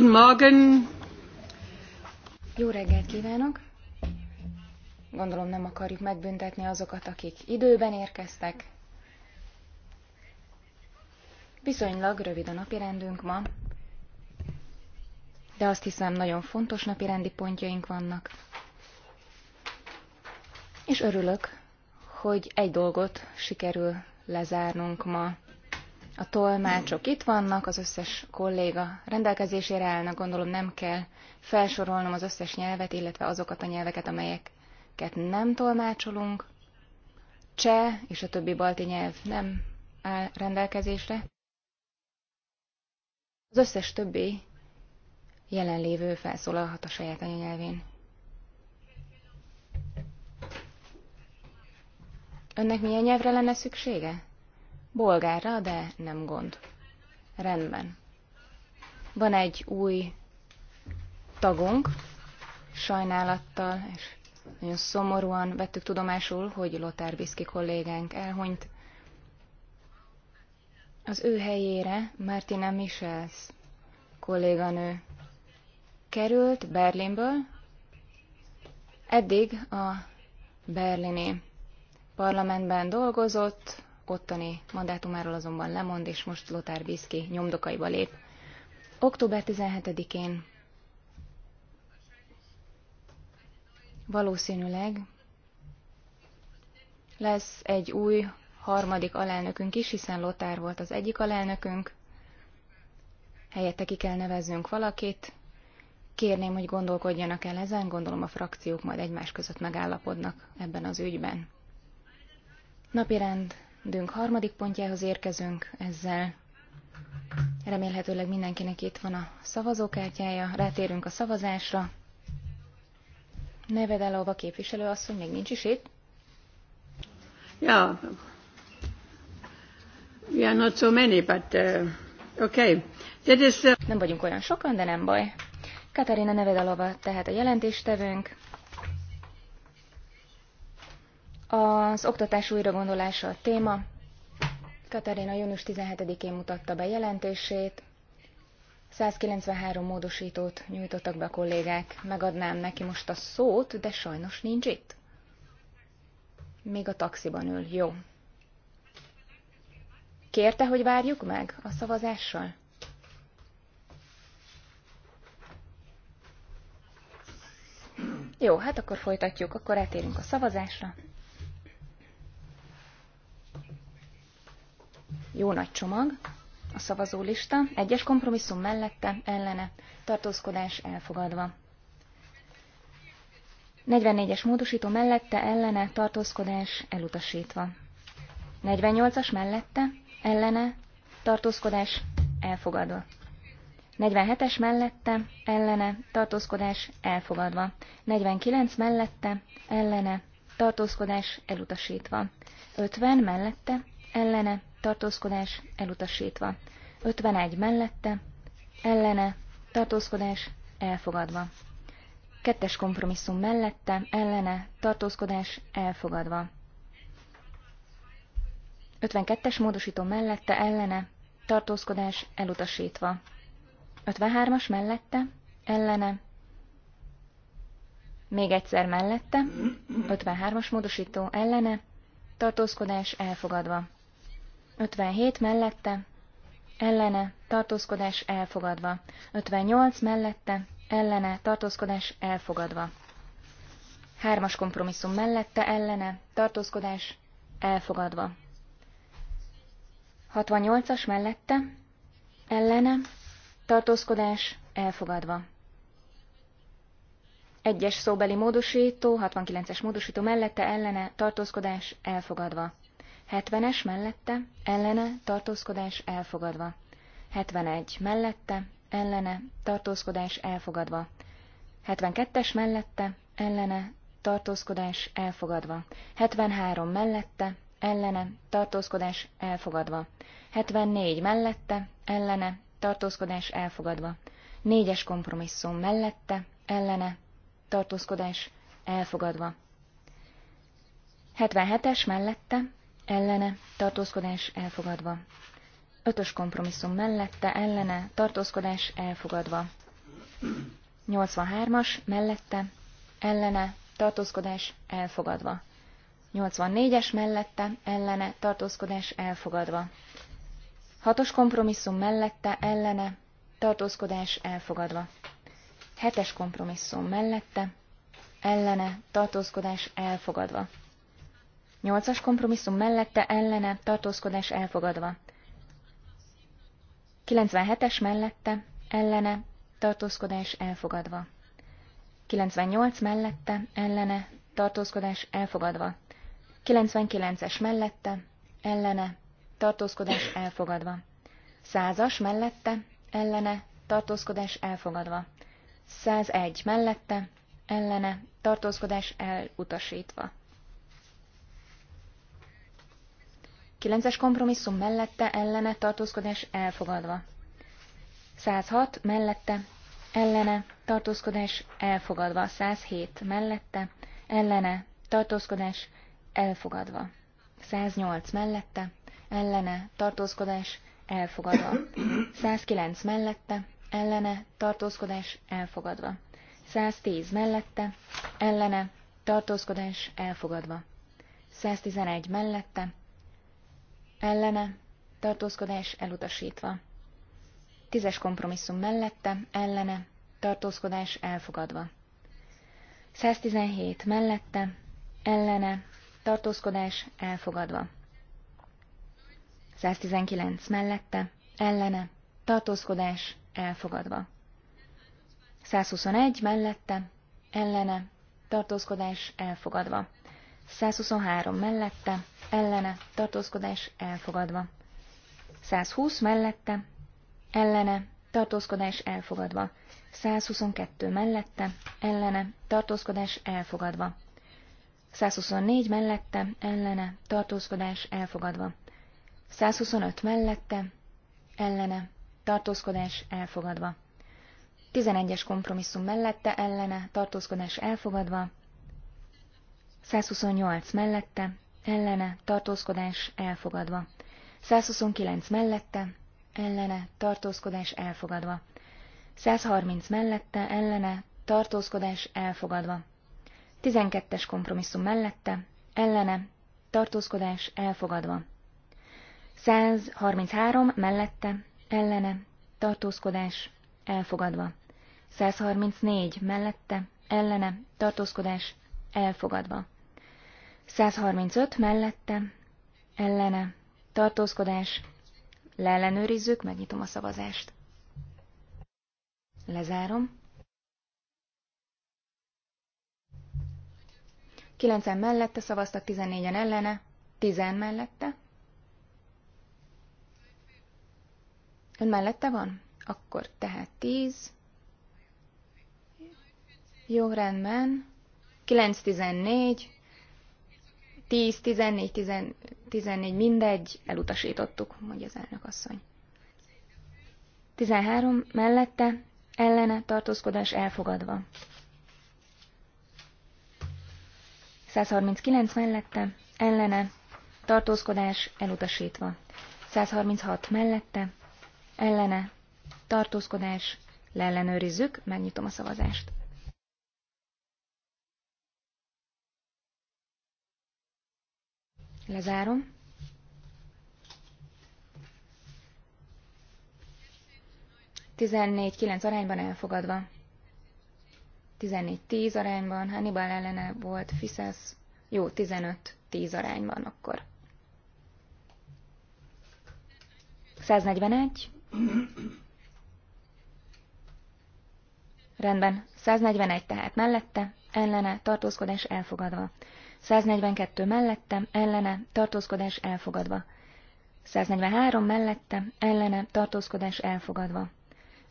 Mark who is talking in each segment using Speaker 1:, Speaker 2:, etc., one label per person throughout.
Speaker 1: Guten Morgen. Jó reggelt kívánok! Gondolom nem akarjuk megbüntetni azokat, akik időben érkeztek. Viszonylag rövid a napirendünk ma, de azt hiszem nagyon fontos napirendi pontjaink vannak. És örülök, hogy egy dolgot sikerül lezárnunk ma a tolmácsok itt vannak, az összes kolléga rendelkezésére állnak, gondolom nem kell felsorolnom az összes nyelvet, illetve azokat a nyelveket, amelyeket nem tolmácsolunk. Cseh és a többi balti nyelv nem áll rendelkezésre. Az összes többi jelenlévő felszólalhat a saját anyanyelvén. Önnek milyen nyelvre lenne szüksége? Bolgárra, de nem gond. Rendben. Van egy új tagunk, sajnálattal és nagyon szomorúan vettük tudomásul, hogy Lothar Biszki kollégánk elhunyt. Az ő helyére Martina Michels kolléganő került Berlinből, eddig a berlini parlamentben dolgozott, ottani mandátumáról azonban lemond, és most Lothar Biszki nyomdokaiba lép. Október 17-én valószínűleg lesz egy új harmadik alelnökünk is, hiszen Lotár volt az egyik alelnökünk. Helyette ki kell neveznünk valakit. Kérném, hogy gondolkodjanak el ezen, gondolom a frakciók majd egymás között megállapodnak ebben az ügyben. Napirend dünk harmadik pontjához érkezünk ezzel. Remélhetőleg mindenkinek itt van a szavazókártyája, rátérünk a szavazásra. Nevedelova képviselő azt mondja, még nincs is itt. Ja, we are not so many, but uh, okay. That is, uh... Nem vagyunk olyan sokan, de nem baj. Katarina Nevedalova tehát a jelentéstevőnk. Az oktatás újragondolása a téma. Katarina június 17-én mutatta be jelentését. 193 módosítót nyújtottak be a kollégák. Megadnám neki most a szót, de sajnos nincs itt. Még a taxiban ül. Jó. Kérte, hogy várjuk meg a szavazással? Jó, hát akkor folytatjuk, akkor eltérünk a szavazásra. Jó nagy csomag. A szavazólista. Egyes kompromisszum mellette, ellene. Tartózkodás elfogadva. 44-es módosító mellette, ellene. Tartózkodás elutasítva. 48-as mellette, ellene. Tartózkodás elfogadva. 47-es mellette, ellene, tartózkodás elfogadva. 49 mellette, ellene, tartózkodás elutasítva. 50 mellette, ellene, tartózkodás elutasítva. 51 mellette, ellene, tartózkodás elfogadva. Kettes kompromisszum mellette, ellene, tartózkodás elfogadva. 52-es módosító mellette, ellene, tartózkodás elutasítva. 53-as mellette, ellene, még egyszer mellette, 53-as módosító ellene, tartózkodás elfogadva. 57 mellette, ellene, tartózkodás elfogadva. 58 mellette, ellene, tartózkodás elfogadva. Hármas kompromisszum mellette, ellene, tartózkodás elfogadva. 68-as mellette, ellene, tartózkodás elfogadva. Egyes szóbeli módosító, 69-es módosító mellette, ellene, tartózkodás elfogadva. 70-es mellette, ellene, tartózkodás elfogadva. 71 mellette, ellene, tartózkodás elfogadva. 72-es mellette, ellene, tartózkodás elfogadva. 73 mellette, ellene, tartózkodás elfogadva. 74 mellette, ellene, tartózkodás elfogadva. 4-es kompromisszum mellette, ellene, tartózkodás elfogadva. 77-es mellette, ellene, tartózkodás elfogadva. Ötös kompromisszum mellette, ellene, tartózkodás elfogadva. 83-as mellette, ellene, tartózkodás elfogadva. 84-es mellette, ellene, tartózkodás elfogadva. Hatos kompromisszum mellette, ellene, tartózkodás elfogadva. Hetes kompromisszum mellette, ellene, tartózkodás elfogadva. Nyolcas kompromisszum mellette ellene tartózkodás elfogadva. 97-es mellette ellene tartózkodás elfogadva. 98 mellette ellene tartózkodás elfogadva. 99-es mellette ellene tartózkodás elfogadva. 100-as mellette ellene tartózkodás elfogadva. 101 mellette ellene tartózkodás elutasítva. 9-es kompromisszum mellette ellene tartózkodás elfogadva. 106 mellette ellene tartózkodás elfogadva. 107 mellette ellene tartózkodás elfogadva. 108 mellette ellene tartózkodás elfogadva. 109 mellette ellene tartózkodás elfogadva. 110 mellette ellene tartózkodás elfogadva. 111 mellette ellene, ellene, tartózkodás elutasítva. Tízes kompromisszum mellette, ellene, tartózkodás elfogadva. 117 mellette, ellene, tartózkodás elfogadva. 119 mellette, ellene, tartózkodás elfogadva. 121 mellette, ellene, tartózkodás elfogadva. 123 mellette, ellene, tartózkodás elfogadva. 120 mellette, ellene, tartózkodás elfogadva. 122 mellette, ellene, tartózkodás elfogadva. 124 mellette, ellene, tartózkodás elfogadva. 125 mellette, ellene, tartózkodás elfogadva. 11-es kompromisszum mellette, ellene, tartózkodás elfogadva. 128 mellette, ellene, tartózkodás elfogadva. 129 mellette, ellene, tartózkodás elfogadva. 130 mellette, ellene, tartózkodás elfogadva. 12-es kompromisszum mellette, ellene, tartózkodás elfogadva. 133 mellette, ellene, tartózkodás elfogadva. 134 mellette, ellene, tartózkodás elfogadva. 135 mellette, ellene, tartózkodás, leellenőrizzük, megnyitom a szavazást. Lezárom. 9 mellette szavaztak, 14-en ellene, 10 mellette. Ön mellette van? Akkor tehát 10. Jó, rendben. 10, 14, 10, 14, mindegy, elutasítottuk, mondja az elnök asszony. 13 mellette, ellene tartózkodás elfogadva. 139 mellette, ellene tartózkodás elutasítva. 136 mellette, ellene tartózkodás leellenőrizzük, megnyitom a szavazást. Lezárom. Tizennégy kilenc arányban elfogadva. 14-10 arányban, Hannibal ellene volt Fiszesz, jó, 15-10 arányban akkor. 141. Rendben, 141 tehát mellette, ellene, tartózkodás elfogadva. 142 mellette, ellene, tartózkodás elfogadva. 143 mellette, ellene, tartózkodás elfogadva.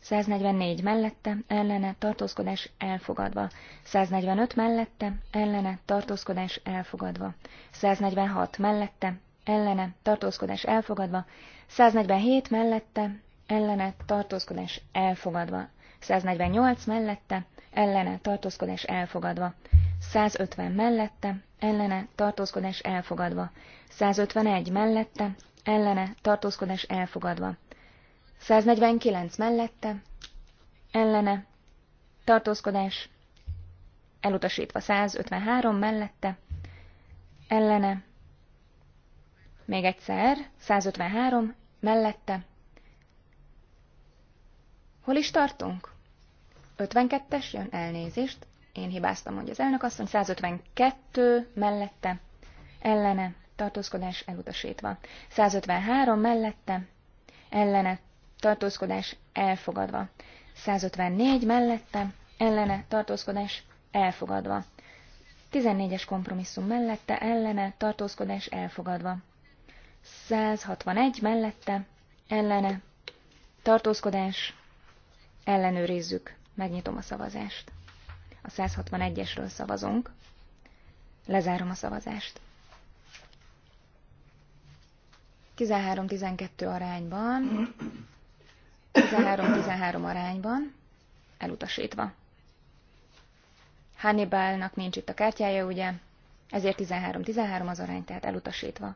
Speaker 1: 144 mellette, ellene, tartózkodás elfogadva. 145 mellette, ellene, tartózkodás elfogadva. 146 mellette, ellene, tartózkodás elfogadva. 147 mellette, ellene, tartózkodás elfogadva. 148 mellette, ellene, tartózkodás elfogadva. 150 mellette, ellene tartózkodás elfogadva. 151 mellette, ellene tartózkodás elfogadva. 149 mellette, ellene tartózkodás elutasítva. 153 mellette, ellene még egyszer, 153 mellette. Hol is tartunk? 52-es jön elnézést én hibáztam, hogy az elnök asszony, 152 mellette, ellene, tartózkodás elutasítva. 153 mellette, ellene, tartózkodás elfogadva. 154 mellette, ellene, tartózkodás elfogadva. 14-es kompromisszum mellette, ellene, tartózkodás elfogadva. 161 mellette, ellene, tartózkodás, ellenőrizzük, megnyitom a szavazást. A 161-esről szavazunk. Lezárom a szavazást. 13-12 arányban, 13-13 arányban, elutasítva. Hannibalnak nincs itt a kártyája, ugye? Ezért 13-13 az arány, tehát elutasítva.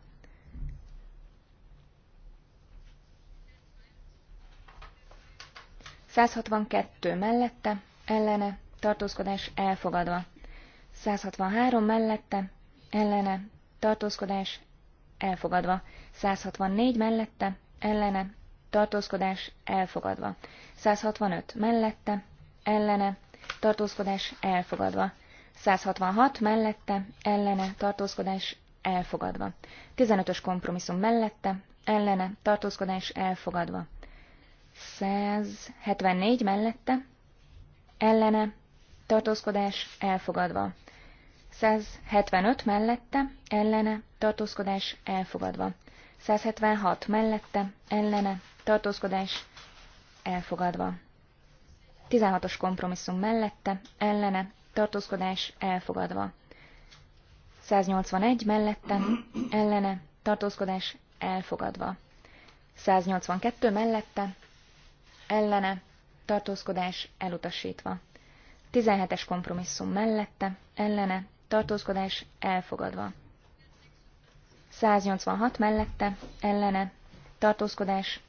Speaker 1: 162 mellette, ellene, tartózkodás elfogadva. 163 mellette, ellene, tartózkodás elfogadva. 164 mellette, ellene, tartózkodás elfogadva. 165 mellette, ellene, tartózkodás elfogadva. 166 mellette, ellene, tartózkodás elfogadva. 15-ös kompromisszum mellette, ellene, tartózkodás elfogadva. 174 mellette, ellene, tartózkodás elfogadva. 175 mellette, ellene, tartózkodás elfogadva. 176 mellette, ellene, tartózkodás elfogadva. 16-os kompromisszum mellette, ellene, tartózkodás elfogadva. 181 mellette, ellene, tartózkodás elfogadva. 182 mellette, ellene, tartózkodás elutasítva. 17-es kompromisszum mellette, ellene, tartózkodás elfogadva. 186 mellette, ellene, tartózkodás,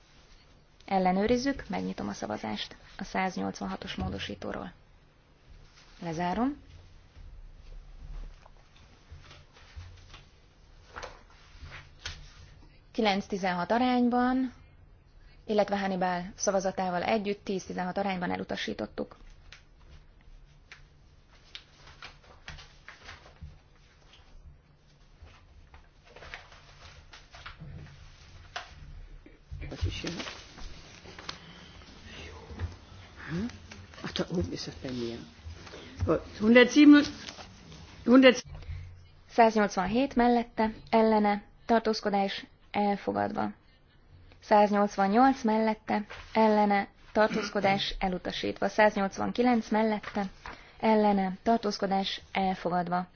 Speaker 1: ellenőrizzük, megnyitom a szavazást a 186-os módosítóról. Lezárom. Kilenc 16 arányban, illetve Hannibal szavazatával együtt 10-16 arányban elutasítottuk. 187 mellette, ellene, tartózkodás elfogadva. 188 mellette, ellene, tartózkodás elutasítva. 189 mellette, ellene, tartózkodás elfogadva.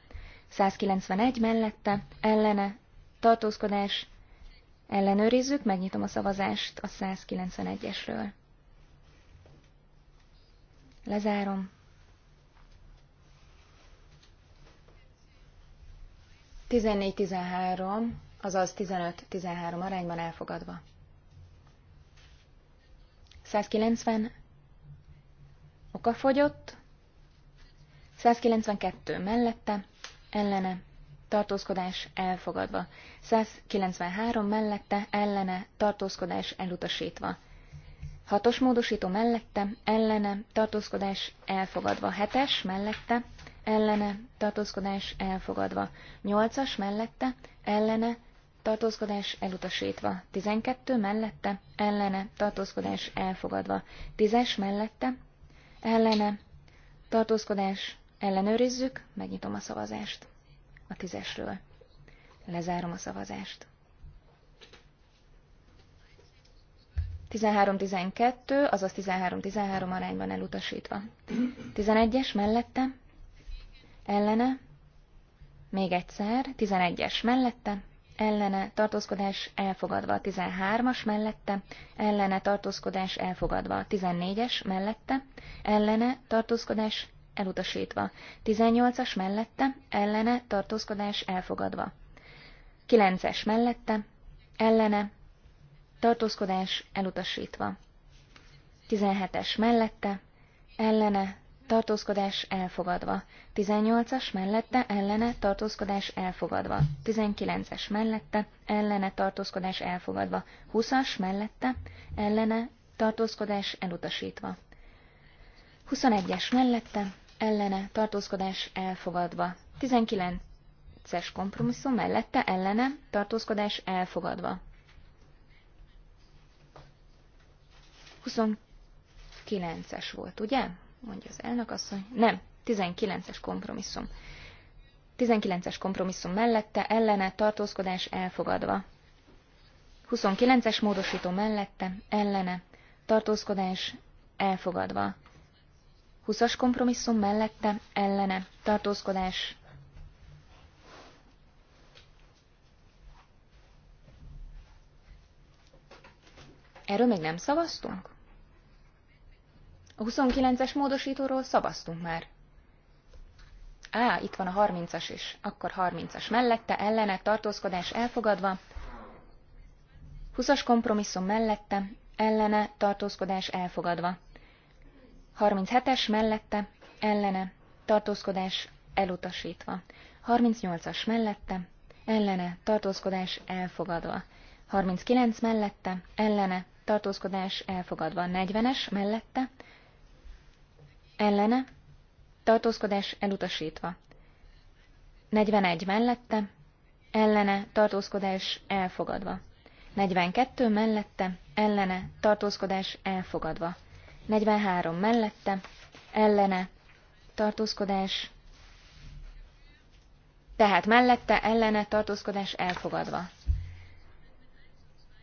Speaker 1: 191 mellette, ellene, tartózkodás ellenőrizzük, megnyitom a szavazást a 191-esről. Lezárom. Tizennégy-tizenhárom, azaz tizenöt-tizenhárom arányban elfogadva. 190 oka fogyott, 192 mellette, ellene, tartózkodás elfogadva, 193 mellette, ellene, tartózkodás elutasítva, Hatos módosító mellette, ellene, tartózkodás elfogadva. Hetes mellette, ellene, tartózkodás elfogadva. Nyolcas mellette, ellene, tartózkodás elutasítva. Tizenkettő mellette, ellene, tartózkodás elfogadva. Tízes mellette, ellene, tartózkodás ellenőrizzük, megnyitom a szavazást. A tízesről. Lezárom a szavazást. 13-12, azaz 13-13 arányban elutasítva. 11-es mellette, ellene, még egyszer, 11-es mellette, ellene tartózkodás elfogadva, 13-as mellette, ellene tartózkodás elfogadva, 14-es mellette, ellene tartózkodás elutasítva, 18-as mellette, ellene tartózkodás elfogadva, 9-es mellette, ellene tartózkodás elutasítva. 17-es mellette, ellene, tartózkodás elfogadva. 18-as mellette, ellene, tartózkodás elfogadva. 19-es mellette, ellene, tartózkodás elfogadva. 20-as mellette, ellene, tartózkodás elutasítva. 21-es mellette, ellene, tartózkodás elfogadva. 19-es kompromisszum mellette, ellene, tartózkodás elfogadva. 29-es volt, ugye? Mondja az elnök asszony. Nem, 19-es kompromisszum. 19-es kompromisszum mellette, ellene, tartózkodás elfogadva. 29-es módosító mellette, ellene, tartózkodás elfogadva. 20-as kompromisszum mellette, ellene, tartózkodás Erről még nem szavaztunk? A 29-es módosítóról szavaztunk már. Á, itt van a 30-as is. Akkor 30-as mellette, ellene, tartózkodás elfogadva. 20-as kompromisszum mellette, ellene, tartózkodás elfogadva. 37-es mellette, ellene, tartózkodás elutasítva. 38-as mellette, ellene, tartózkodás elfogadva. 39 mellette, ellene, tartózkodás elfogadva. 40-es mellette, ellene, tartózkodás elutasítva. 41 mellette, ellene, tartózkodás elfogadva. 42 mellette, ellene, tartózkodás elfogadva. 43 mellette, ellene, tartózkodás. Tehát mellette, ellene, tartózkodás elfogadva.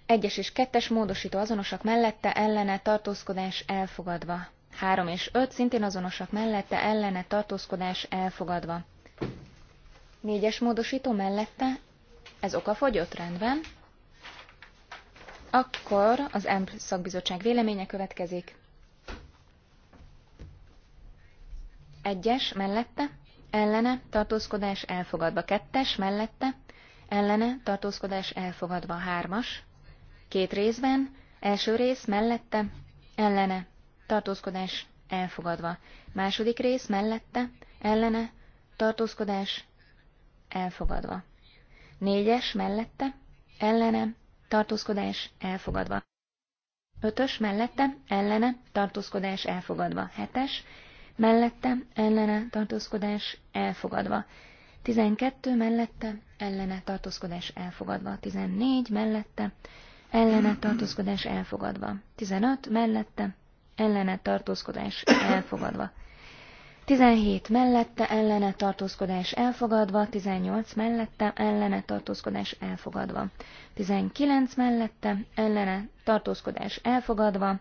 Speaker 1: Egyes és kettes módosító azonosak mellette, ellene, tartózkodás elfogadva. 3 és 5 szintén azonosak mellette ellene tartózkodás elfogadva. 4-es módosító mellette, ez oka fogyott rendben. Akkor az EMP szakbizottság véleménye következik. 1-es mellette, ellene tartózkodás elfogadva. 2-es mellette, ellene tartózkodás elfogadva. 3-as, két részben, első rész mellette, ellene tartózkodás elfogadva. Második rész mellette, ellene, tartózkodás elfogadva. Négyes mellette, ellene, tartózkodás elfogadva. Ötös mellette, ellene, tartózkodás elfogadva. Hetes mellette, ellene, tartózkodás elfogadva. Tizenkettő mellette, ellene, tartózkodás elfogadva. Tizennégy mellette, ellene, tartózkodás elfogadva. Tizenöt mellette, ellene tartózkodás elfogadva. 17 mellette ellene tartózkodás elfogadva, 18 mellette ellene tartózkodás elfogadva, 19 mellette ellene tartózkodás elfogadva.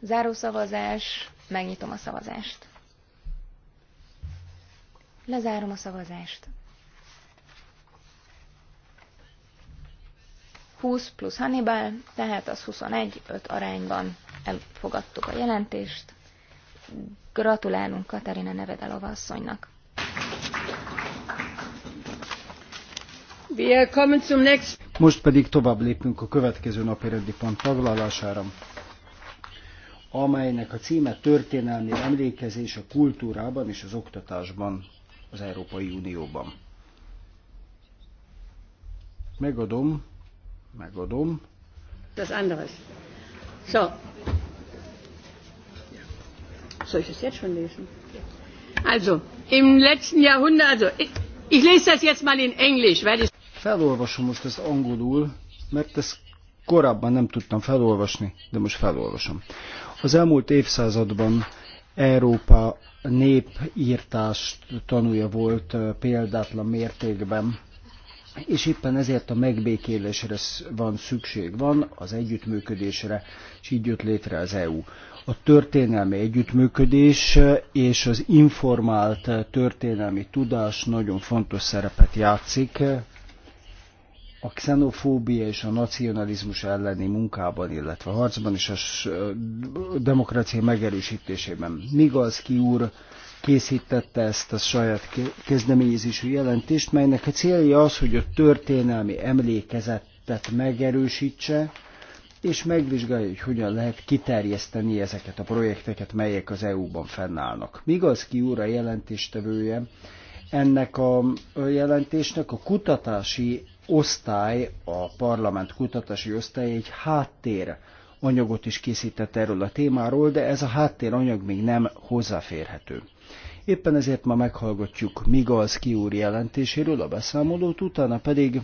Speaker 1: Zárószavazás, megnyitom a szavazást. Lezárom a szavazást. 20 plusz Hannibal, tehát az 21, 5 arányban elfogadtuk a jelentést. Gratulálunk Katarina Nevedelova asszonynak. Most
Speaker 2: pedig tovább lépünk a következő napi rendi pont taglalására, amelynek a címe történelmi emlékezés a kultúrában és az oktatásban
Speaker 3: az Európai Unióban.
Speaker 2: Megadom, megadom. Das andere.
Speaker 3: So, Soll ich das jetzt schon lesen? Also, im letzten Jahrhundert, also, ich, ich lese das jetzt mal in Englisch, weil ich...
Speaker 2: Felolvasom most ezt angolul, mert ezt korábban nem tudtam felolvasni, de most felolvasom. Az elmúlt évszázadban Európa népírtást tanulja volt példátlan mértékben és éppen ezért a megbékélésre van szükség, van az együttműködésre, és így jött létre az EU. A történelmi együttműködés eh, és az informált eh, történelmi tudás nagyon fontos szerepet játszik eh, a xenofóbia és a nacionalizmus elleni munkában, illetve harcban és a demokrácia megerősítésében. Migalszki úr készítette ezt a saját kezdeményezésű jelentést, melynek a célja az, hogy a történelmi emlékezetet megerősítse, és megvizsgálja, hogy hogyan lehet kiterjeszteni ezeket a projekteket, melyek az EU-ban fennállnak. Migalszki úr a jelentéstevője ennek a jelentésnek a kutatási osztály, a parlament kutatási osztály egy háttér anyagot is készített erről a témáról, de ez a háttéranyag még nem hozzáférhető. Éppen ezért ma meghallgatjuk Migalszki úr jelentéséről a beszámolót, utána pedig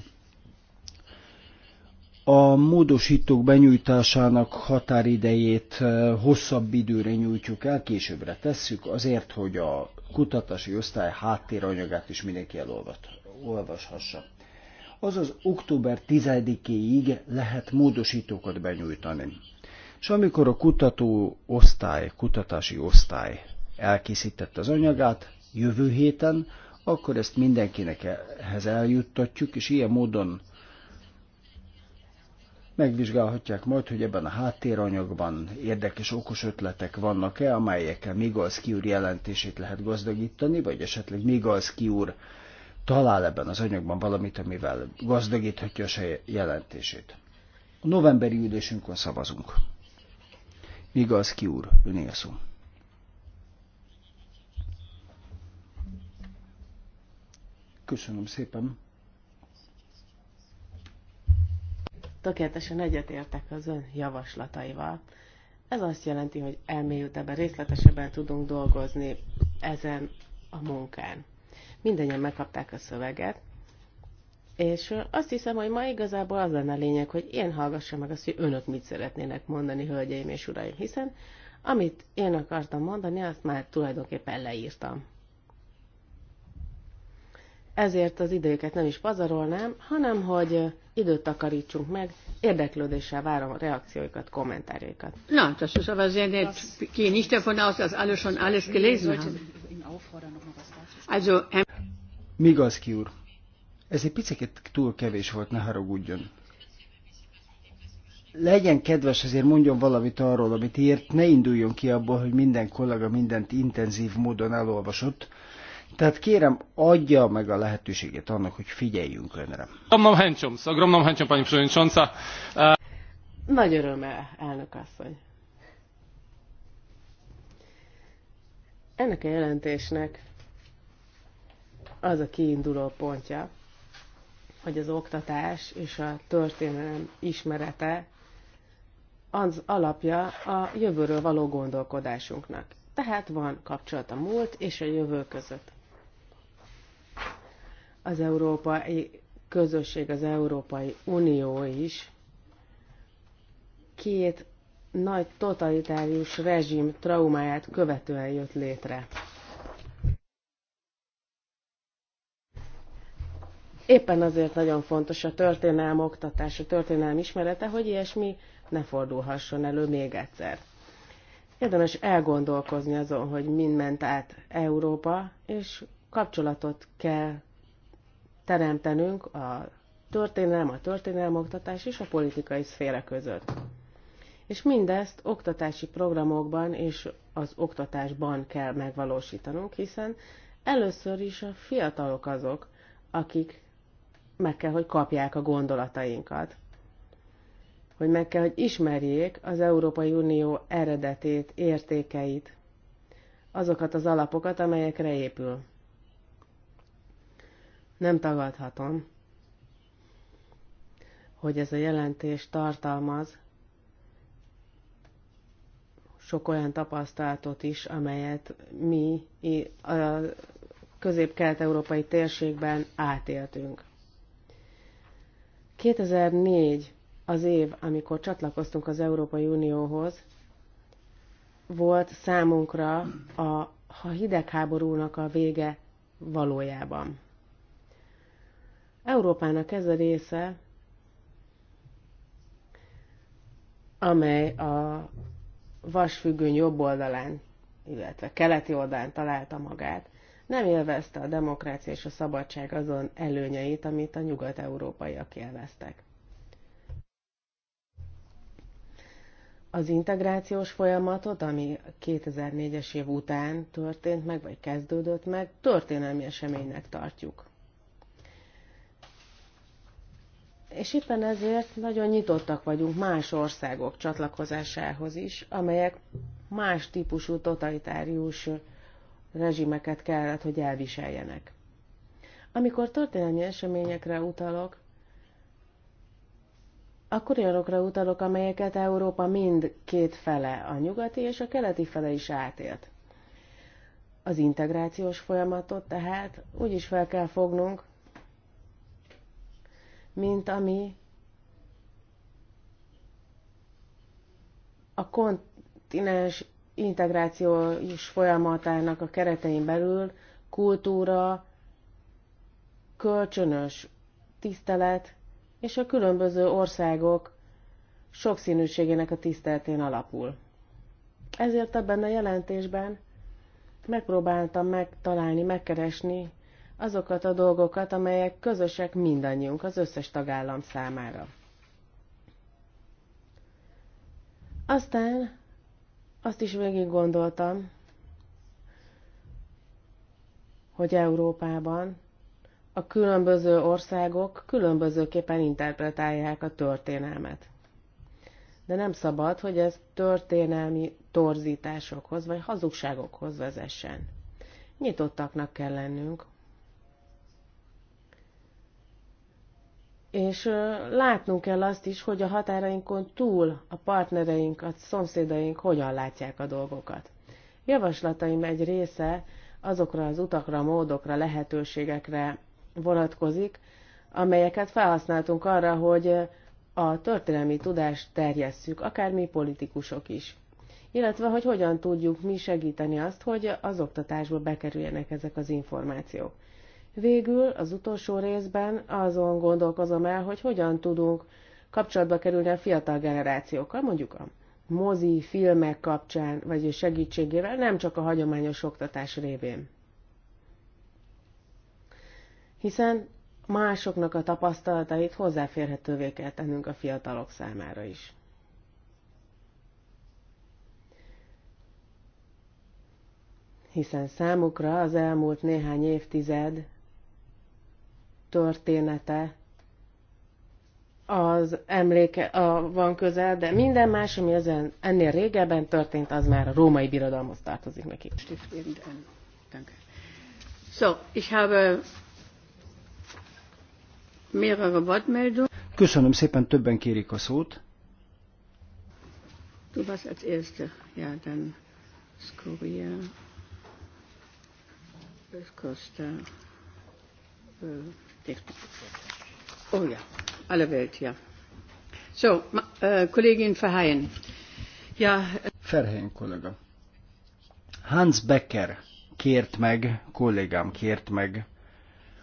Speaker 2: a módosítók benyújtásának határidejét eh, hosszabb időre nyújtjuk el, későbbre tesszük, azért, hogy a kutatási osztály háttéranyagát is mindenki olvashassa. Azaz október 10 ig lehet módosítókat benyújtani. És amikor a kutató osztály, kutatási osztály elkészítette az anyagát, jövő héten, akkor ezt mindenkinek ehhez eljuttatjuk, és ilyen módon megvizsgálhatják majd, hogy ebben a háttéranyagban érdekes, okos ötletek vannak-e, amelyekkel Migalszki úr jelentését lehet gazdagítani, vagy esetleg Migalszki úr talál ebben az anyagban valamit, amivel gazdagíthatja a jelentését. A novemberi ülésünkön szavazunk. Migalszki úr, önél szó.
Speaker 4: Köszönöm szépen. Tökéletesen egyetértek az ön javaslataival. Ez azt jelenti, hogy elmélyültebben, részletesebben tudunk dolgozni ezen a munkán. Mindennyien megkapták a szöveget, és azt hiszem, hogy ma igazából az lenne a lényeg, hogy én hallgassam meg azt, hogy önök mit szeretnének mondani, hölgyeim és uraim, hiszen amit én akartam mondani, azt már tulajdonképpen leírtam ezért az időket nem is pazarolnám, hanem hogy időt takarítsunk meg, érdeklődéssel várom a reakcióikat, kommentárjaikat.
Speaker 3: Na, das ist aber sehr nett. Ich gehe nicht davon aus, dass alle schon alles gelesen haben.
Speaker 4: Also,
Speaker 2: Migalski úr, ez egy picit túl kevés volt, ne haragudjon. Legyen kedves, azért mondjon valamit arról, amit írt, ne induljon ki abból, hogy minden kollega mindent intenzív módon elolvasott, tehát kérem,
Speaker 4: adja meg a
Speaker 2: lehetőséget annak, hogy figyeljünk önre.
Speaker 4: Nagy örömmel, elnök asszony. Ennek a jelentésnek az a kiinduló pontja, hogy az oktatás és a történelem ismerete az alapja a jövőről való gondolkodásunknak. Tehát van kapcsolat a múlt és a jövő között az európai közösség, az Európai Unió is két nagy totalitárius rezsim traumáját követően jött létre. Éppen azért nagyon fontos a történelm oktatás, a történelm ismerete, hogy ilyesmi ne fordulhasson elő még egyszer. Érdemes elgondolkozni azon, hogy mind ment át Európa, és kapcsolatot kell teremtenünk a történelem, a oktatás és a politikai szféra között. És mindezt oktatási programokban és az oktatásban kell megvalósítanunk, hiszen először is a fiatalok azok, akik meg kell, hogy kapják a gondolatainkat, hogy meg kell, hogy ismerjék az Európai Unió eredetét, értékeit, azokat az alapokat, amelyekre épül nem tagadhatom, hogy ez a jelentés tartalmaz sok olyan tapasztalatot is, amelyet mi a közép-kelet-európai térségben átéltünk. 2004 az év, amikor csatlakoztunk az Európai Unióhoz, volt számunkra a hidegháborúnak a vége valójában. Európának ez a része, amely a vasfüggöny jobb oldalán, illetve keleti oldalán találta magát, nem élvezte a demokrácia és a szabadság azon előnyeit, amit a nyugat-európaiak élveztek. Az integrációs folyamatot, ami 2004-es év után történt meg, vagy kezdődött meg, történelmi eseménynek tartjuk. És éppen ezért nagyon nyitottak vagyunk más országok csatlakozásához is, amelyek más típusú totalitárius rezsimeket kellett, hogy elviseljenek. Amikor történelmi eseményekre utalok, akkor olyanokra utalok, amelyeket Európa mind két fele, a nyugati és a keleti fele is átélt. Az integrációs folyamatot tehát úgy is fel kell fognunk, mint ami a kontinens integrációs folyamatának a keretein belül kultúra, kölcsönös tisztelet és a különböző országok sokszínűségének a tiszteletén alapul. Ezért ebben a jelentésben megpróbáltam megtalálni, megkeresni azokat a dolgokat, amelyek közösek mindannyiunk, az összes tagállam számára. Aztán azt is végig gondoltam, hogy Európában a különböző országok különbözőképpen interpretálják a történelmet. De nem szabad, hogy ez történelmi torzításokhoz vagy hazugságokhoz vezessen. Nyitottaknak kell lennünk És látnunk kell azt is, hogy a határainkon túl a partnereink, a szomszédaink hogyan látják a dolgokat. Javaslataim egy része azokra az utakra, módokra, lehetőségekre vonatkozik, amelyeket felhasználtunk arra, hogy a történelmi tudást terjesszük, akár mi politikusok is. Illetve, hogy hogyan tudjuk mi segíteni azt, hogy az oktatásba bekerüljenek ezek az információk. Végül az utolsó részben azon gondolkozom el, hogy hogyan tudunk kapcsolatba kerülni a fiatal generációkkal, mondjuk a mozi, filmek kapcsán, vagy segítségével, nem csak a hagyományos oktatás révén. Hiszen másoknak a tapasztalatait hozzáférhetővé kell tennünk a fiatalok számára is. Hiszen számukra az elmúlt néhány évtized története az emléke a, van közel, de minden más, ami ezen, ennél régebben történt, az már a római birodalmhoz tartozik neki.
Speaker 3: So, ich habe mehrere Wortmeldungen.
Speaker 4: Köszönöm szépen,
Speaker 2: többen kérik a szót.
Speaker 3: Du warst als Erste. Ja, dann Skoria, Costa, äh, Oh ja, alle Welt, ja. So, äh, Kollegin Verheyen. Ja. Äh,
Speaker 2: Verheyen Hans Becker kért meg, kollégám kért meg,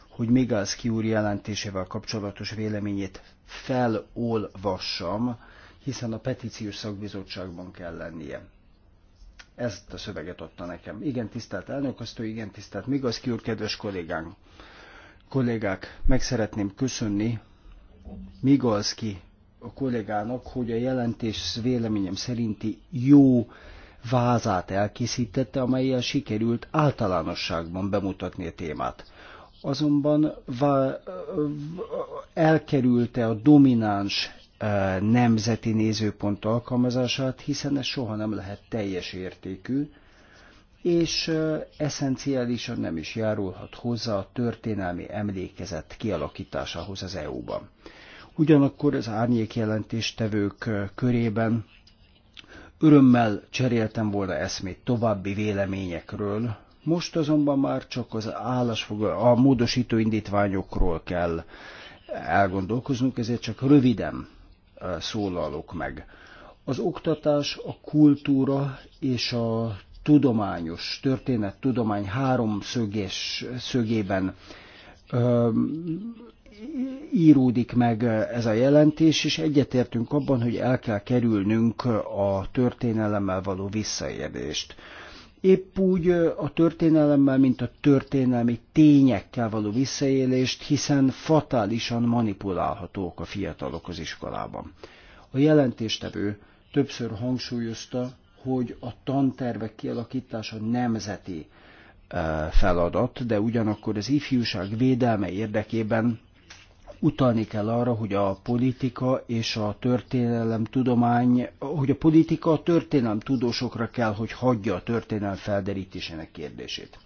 Speaker 2: hogy az úr jelentésével kapcsolatos véleményét felolvassam, hiszen a petíciós szakbizottságban kell lennie. Ezt a szöveget adta nekem. Igen, tisztelt elnök, azt igen, tisztelt Migalszki úr, kedves kollégánk. Kollégák, meg szeretném köszönni Migalski a kollégának, hogy a jelentés véleményem szerinti jó vázát elkészítette, amelyel sikerült általánosságban bemutatni a témát. Azonban elkerülte a domináns e, nemzeti nézőpont alkalmazását, hiszen ez soha nem lehet teljes értékű, és eszenciálisan nem is járulhat hozzá a történelmi emlékezet kialakításához az EU-ban. Ugyanakkor az árnyék jelentéstevők körében örömmel cseréltem volna eszmét további véleményekről, most azonban már csak az állásfogal, a módosító indítványokról kell elgondolkoznunk, ezért csak röviden szólalok meg. Az oktatás, a kultúra és a tudományos történet, tudomány háromszögés szögében ö, íródik meg ez a jelentés, és egyetértünk abban, hogy el kell kerülnünk a történelemmel való visszaérést. Épp úgy a történelemmel, mint a történelmi tényekkel való visszaélést, hiszen fatálisan manipulálhatók a fiatalok az iskolában. A jelentéstevő többször hangsúlyozta, hogy a tantervek kialakítása nemzeti feladat, de ugyanakkor az ifjúság védelme érdekében utalni kell arra, hogy a politika és a történelem tudomány, hogy a politika a történelem tudósokra kell, hogy hagyja a történelem felderítésének kérdését.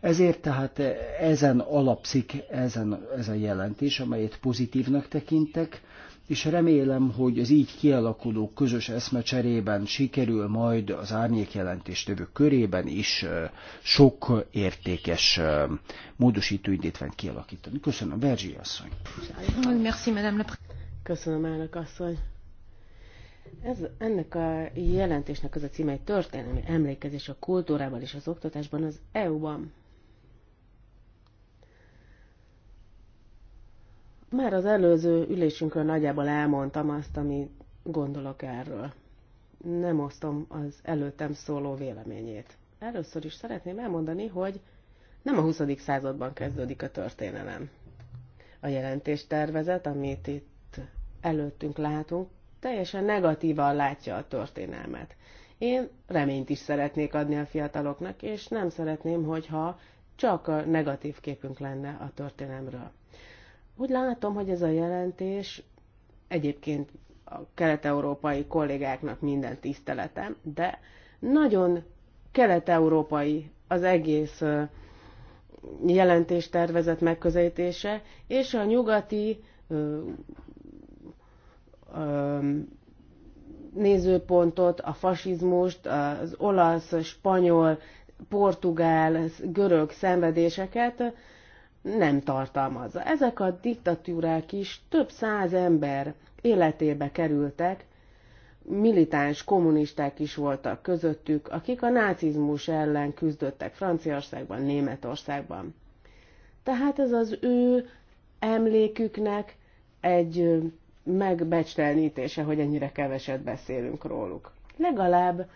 Speaker 2: Ezért tehát ezen alapszik ezen, ez a jelentés, amelyet pozitívnak tekintek, és remélem, hogy az így kialakuló közös eszmecserében sikerül majd az árnyékjelentés jelentéstövők körében is sok értékes módosító indítványt kialakítani. Köszönöm, Berzsi asszony.
Speaker 4: Köszönöm, elnök asszony. Ez, ennek a jelentésnek az a címe egy történelmi emlékezés a kultúrában és az oktatásban az EU-ban. Már az előző ülésünkön nagyjából elmondtam azt, ami gondolok erről. Nem osztom az előttem szóló véleményét. Először is szeretném elmondani, hogy nem a 20. században kezdődik a történelem. A jelentéstervezet, amit itt előttünk látunk, teljesen negatívan látja a történelmet. Én reményt is szeretnék adni a fiataloknak, és nem szeretném, hogyha csak a negatív képünk lenne a történelemről. Úgy látom, hogy ez a jelentés egyébként a kelet-európai kollégáknak minden tiszteletem, de nagyon kelet-európai az egész jelentéstervezet megközelítése, és a nyugati ö, ö, nézőpontot, a fasizmust, az olasz, spanyol, portugál, görög szenvedéseket nem tartalmazza. Ezek a diktatúrák is több száz ember életébe kerültek, militáns kommunisták is voltak közöttük, akik a nácizmus ellen küzdöttek Franciaországban, Németországban. Tehát ez az ő emléküknek egy megbecstelnítése, hogy ennyire keveset beszélünk róluk. Legalább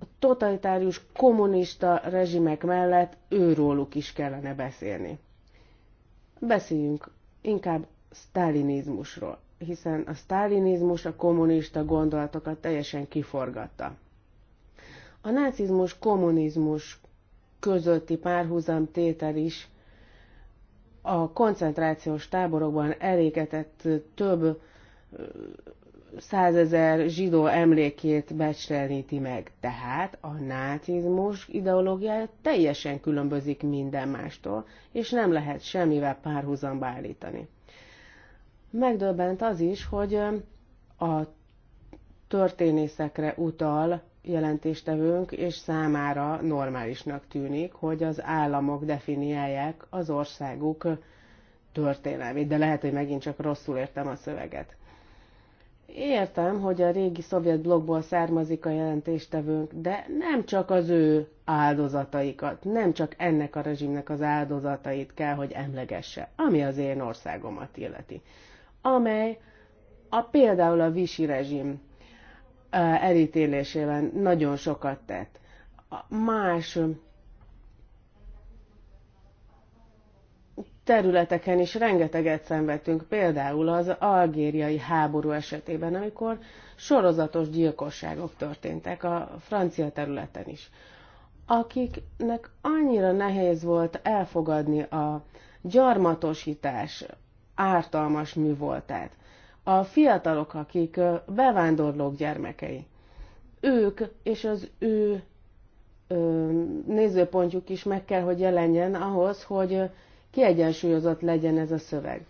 Speaker 4: a totalitárius kommunista rezsimek mellett őróluk is kellene beszélni. Beszéljünk inkább sztálinizmusról, hiszen a sztálinizmus a kommunista gondolatokat teljesen kiforgatta. A nácizmus-kommunizmus közötti párhuzam tétel is a koncentrációs táborokban elégetett több százezer zsidó emlékét becsleníti meg. Tehát a nácizmus ideológiája teljesen különbözik minden mástól, és nem lehet semmivel párhuzamba állítani. Megdöbbent az is, hogy a történészekre utal jelentéstevőnk, és számára normálisnak tűnik, hogy az államok definiálják az országuk történelmét, de lehet, hogy megint csak rosszul értem a szöveget. Értem, hogy a régi szovjet blogból származik a jelentéstevőnk, de nem csak az ő áldozataikat, nem csak ennek a rezsimnek az áldozatait kell, hogy emlegesse, ami az én országomat illeti, amely a például a visi rezsim elítélésében nagyon sokat tett. Más területeken is rengeteget szenvedtünk, például az algériai háború esetében, amikor sorozatos gyilkosságok történtek a francia területen is. Akiknek annyira nehéz volt elfogadni a gyarmatosítás ártalmas voltát. a fiatalok, akik bevándorlók gyermekei, ők és az ő nézőpontjuk is meg kell, hogy jelenjen ahhoz, hogy kiegyensúlyozott legyen ez a szöveg.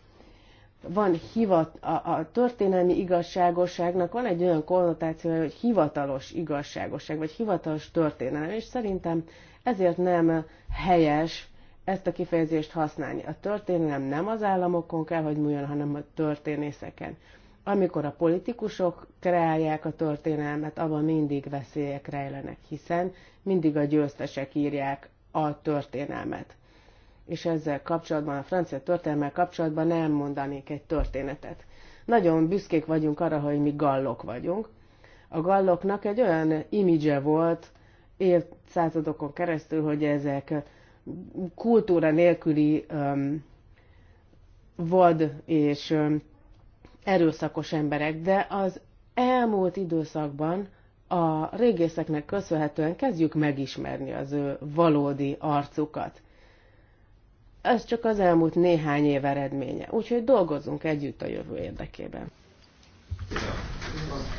Speaker 4: Van hivat, a, a történelmi igazságosságnak van egy olyan konnotációja, hogy hivatalos igazságosság, vagy hivatalos történelem, és szerintem ezért nem helyes ezt a kifejezést használni. A történelem nem az államokon kell, hogy múljon, hanem a történészeken. Amikor a politikusok kreálják a történelmet, abban mindig veszélyek rejlenek, hiszen mindig a győztesek írják a történelmet és ezzel kapcsolatban, a francia történelmel kapcsolatban nem mondanék egy történetet. Nagyon büszkék vagyunk arra, hogy mi gallok vagyunk. A galloknak egy olyan imidzse volt évszázadokon keresztül, hogy ezek kultúra nélküli um, vad és um, erőszakos emberek, de az elmúlt időszakban a régészeknek köszönhetően kezdjük megismerni az ő valódi arcukat. Ez csak az elmúlt néhány év eredménye. Úgyhogy dolgozzunk együtt a jövő érdekében.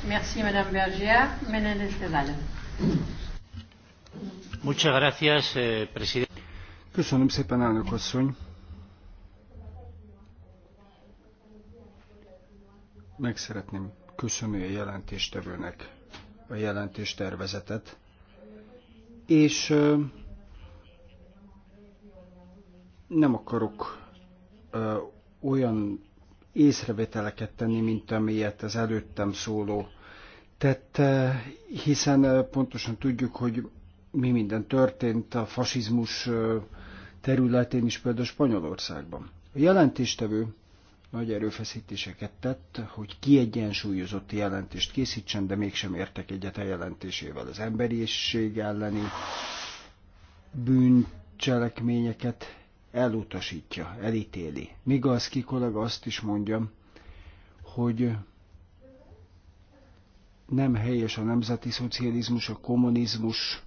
Speaker 3: Merci, Madame Berger. Menéndez de Muchas gracias, eh, presidente.
Speaker 2: Köszönöm szépen, elnök asszony. Meg szeretném köszönni a jelentéstevőnek a jelentéstervezetet, és nem akarok ö, olyan észrevételeket tenni, mint amilyet az előttem szóló tett, hiszen pontosan tudjuk, hogy mi minden történt a fasizmus területén is, például Spanyolországban. A jelentéstevő nagy erőfeszítéseket tett, hogy kiegyensúlyozott jelentést készítsen, de mégsem értek egyet a jelentésével. Az emberiesség elleni bűncselekményeket elutasítja, elítéli. az kikolag azt is mondja, hogy nem helyes a nemzeti szocializmus, a kommunizmus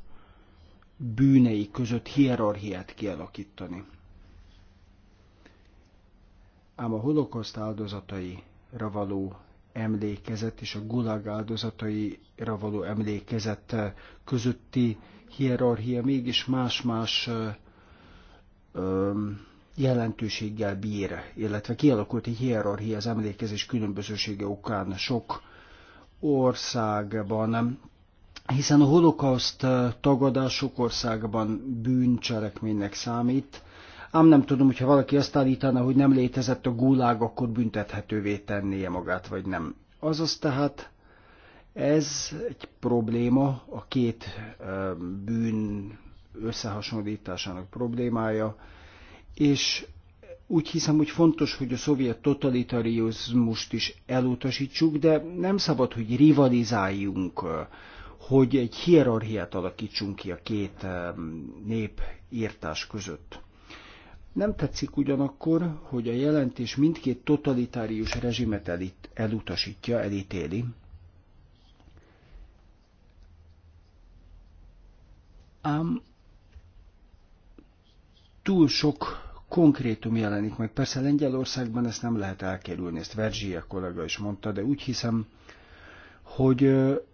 Speaker 2: bűnei között hierarchiát kialakítani. Ám a holokoszt áldozataira való emlékezet és a gulag áldozataira való emlékezet közötti hierarchia mégis más-más jelentőséggel bír, illetve kialakult egy hierarchia az emlékezés különbözősége okán sok országban, hiszen a holokauszt tagadás sok országban bűncselekménynek számít, ám nem tudom, hogyha valaki azt állítaná, hogy nem létezett a gulág, akkor büntethetővé tennie magát, vagy nem. Azaz tehát ez egy probléma, a két bűn összehasonlításának problémája, és úgy hiszem, hogy fontos, hogy a szovjet totalitarizmust is elutasítsuk, de nem szabad, hogy rivalizáljunk, hogy egy hierarchiát alakítsunk ki a két nép írtás között. Nem tetszik ugyanakkor, hogy a jelentés mindkét totalitárius rezsimet elit, elutasítja, elítéli. Ám túl sok konkrétum jelenik meg. Persze Lengyelországban ezt nem lehet elkerülni, ezt Verzsia kollega is mondta, de úgy hiszem, hogy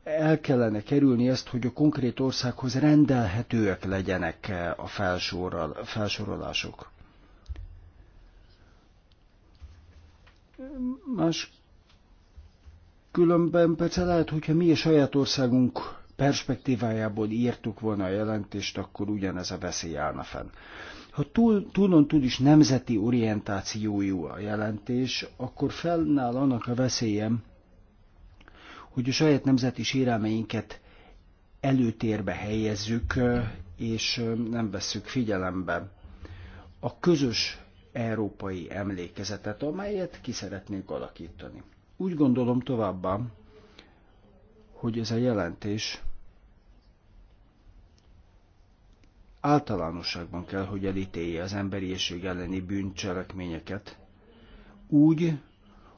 Speaker 2: el kellene kerülni ezt, hogy a konkrét országhoz rendelhetőek legyenek a felsorol, felsorolások. Más különben persze lehet, hogyha mi a saját országunk perspektívájából írtuk volna a jelentést, akkor ugyanez a veszély állna fenn. Ha túl, túlon túl is nemzeti orientációjú a jelentés, akkor fennáll annak a veszélyem, hogy a saját nemzeti sérelmeinket előtérbe helyezzük, és nem vesszük figyelembe a közös európai emlékezetet, amelyet ki szeretnénk alakítani. Úgy gondolom továbbá, hogy ez a jelentés általánosságban kell, hogy elítélje az emberiesség elleni bűncselekményeket, úgy,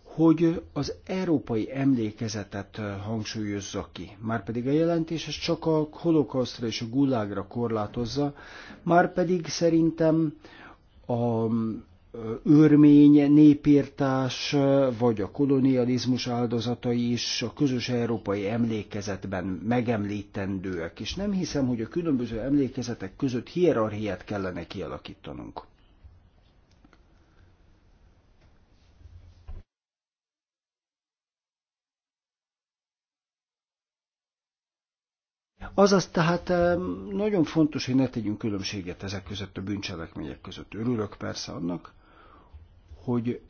Speaker 2: hogy az európai emlékezetet eh, hangsúlyozza ki. Márpedig a jelentés ezt csak a holokausztra és a gulágra korlátozza, márpedig szerintem a örmény népírtás, vagy a kolonializmus áldozatai is a közös európai emlékezetben megemlítendőek, és nem hiszem, hogy a különböző emlékezetek között hierarchiát kellene kialakítanunk. Azaz tehát nagyon fontos, hogy ne tegyünk különbséget ezek között a bűncselekmények között. Örülök persze annak, hogy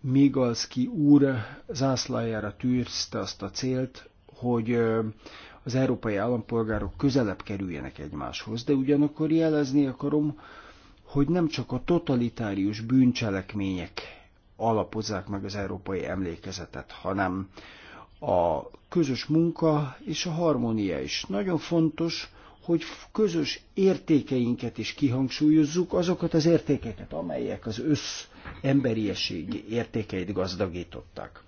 Speaker 2: Migalski úr zászlájára tűzte azt a célt, hogy az európai állampolgárok közelebb kerüljenek egymáshoz, de ugyanakkor jelezni akarom, hogy nem csak a totalitárius bűncselekmények alapozzák meg az európai emlékezetet, hanem a közös munka és a harmónia is. Nagyon fontos, hogy közös értékeinket is kihangsúlyozzuk, azokat az értékeket, amelyek az össz emberiességi értékeit gazdagították.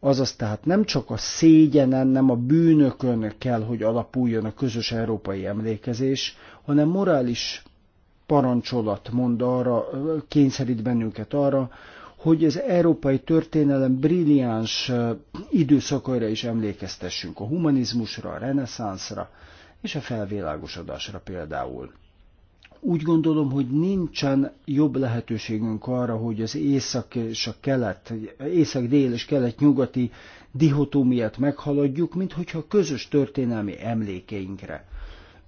Speaker 2: Azaz tehát nem csak a szégyenen, nem a bűnökön kell, hogy alapuljon a közös európai emlékezés, hanem morális parancsolat mond arra, kényszerít bennünket arra, hogy az európai történelem brilliáns időszakaira is emlékeztessünk, a humanizmusra, a reneszánszra, és a felvilágosodásra például. Úgy gondolom, hogy nincsen jobb lehetőségünk arra, hogy az észak és a kelet, észak-dél és kelet-nyugati dihotómiát meghaladjuk, mint hogyha közös történelmi emlékeinkre,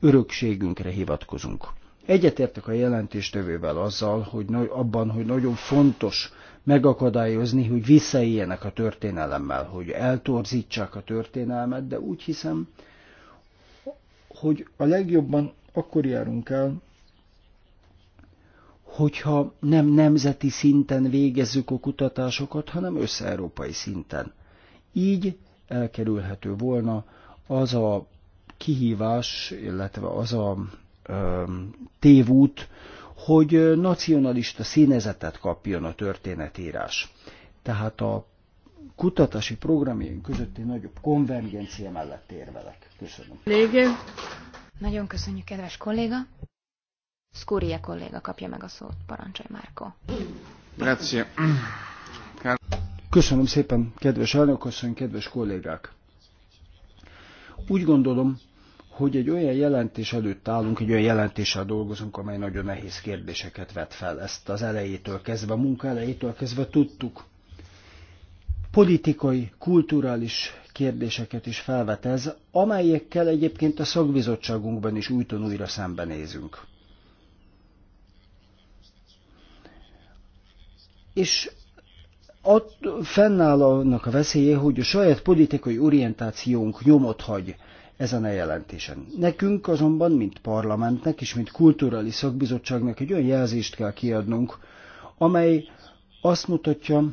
Speaker 2: örökségünkre hivatkozunk. Egyetértek a jelentéstevővel azzal, hogy abban, hogy nagyon fontos megakadályozni, hogy visszaéljenek a történelemmel, hogy eltorzítsák a történelmet, de úgy hiszem, hogy a legjobban akkor járunk el, hogyha nem nemzeti szinten végezzük a kutatásokat, hanem összeurópai szinten. Így elkerülhető volna az a kihívás, illetve az a ö, tévút, hogy nacionalista színezetet kapjon a történetírás. Tehát a kutatási programjaink közötti nagyobb konvergencia mellett érvelek. Köszönöm.
Speaker 3: Légy.
Speaker 1: Nagyon köszönjük, kedves kolléga. Skúria kolléga kapja meg a szót, parancsolj Márko.
Speaker 2: Grazie. Köszönöm szépen, kedves elnökasszony, kedves kollégák! Úgy gondolom, hogy egy olyan jelentés előtt állunk, egy olyan jelentéssel dolgozunk, amely nagyon nehéz kérdéseket vet fel. Ezt az elejétől kezdve, a munka elejétől kezdve tudtuk politikai, kulturális kérdéseket is felvet ez, amelyekkel egyébként a szakbizottságunkban is újton újra szembenézünk. És ott fennáll annak a veszélye, hogy a saját politikai orientációnk nyomot hagy ezen a jelentésen. Nekünk azonban, mint parlamentnek és mint kulturális szakbizottságnak egy olyan jelzést kell kiadnunk, amely azt mutatja,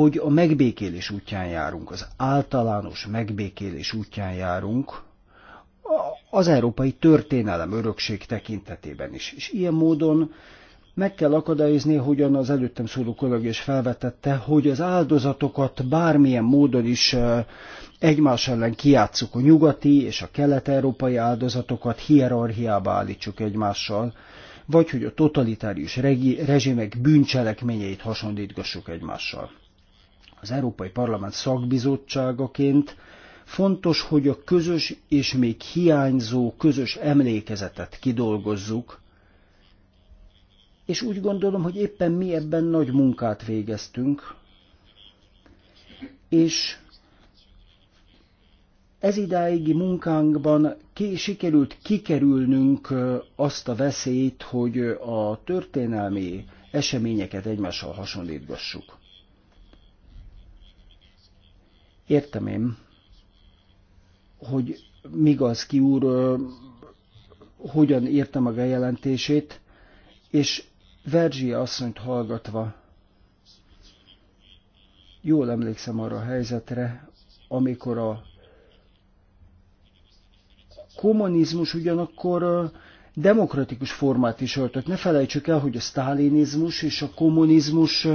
Speaker 2: hogy a megbékélés útján járunk, az általános megbékélés útján járunk, az európai történelem örökség tekintetében is. És ilyen módon meg kell akadályozni, hogyan az előttem szóló kollég is felvetette, hogy az áldozatokat bármilyen módon is egymás ellen kiátszuk a nyugati és a kelet-európai áldozatokat, hierarchiába állítsuk egymással, vagy hogy a totalitárius rezsimek bűncselekményeit hasonlítgassuk egymással az Európai Parlament szakbizottságaként fontos, hogy a közös és még hiányzó közös emlékezetet kidolgozzuk, és úgy gondolom, hogy éppen mi ebben nagy munkát végeztünk, és ez idáigi munkánkban ki, sikerült kikerülnünk azt a veszélyt, hogy a történelmi eseményeket egymással hasonlítgassuk. Értem én, hogy míg ki úr hogyan írta meg a jelentését, és Verzsia asszonyt hallgatva jól emlékszem arra a helyzetre, amikor a kommunizmus ugyanakkor demokratikus formát is öltött. Ne felejtsük el, hogy a sztálinizmus és a kommunizmus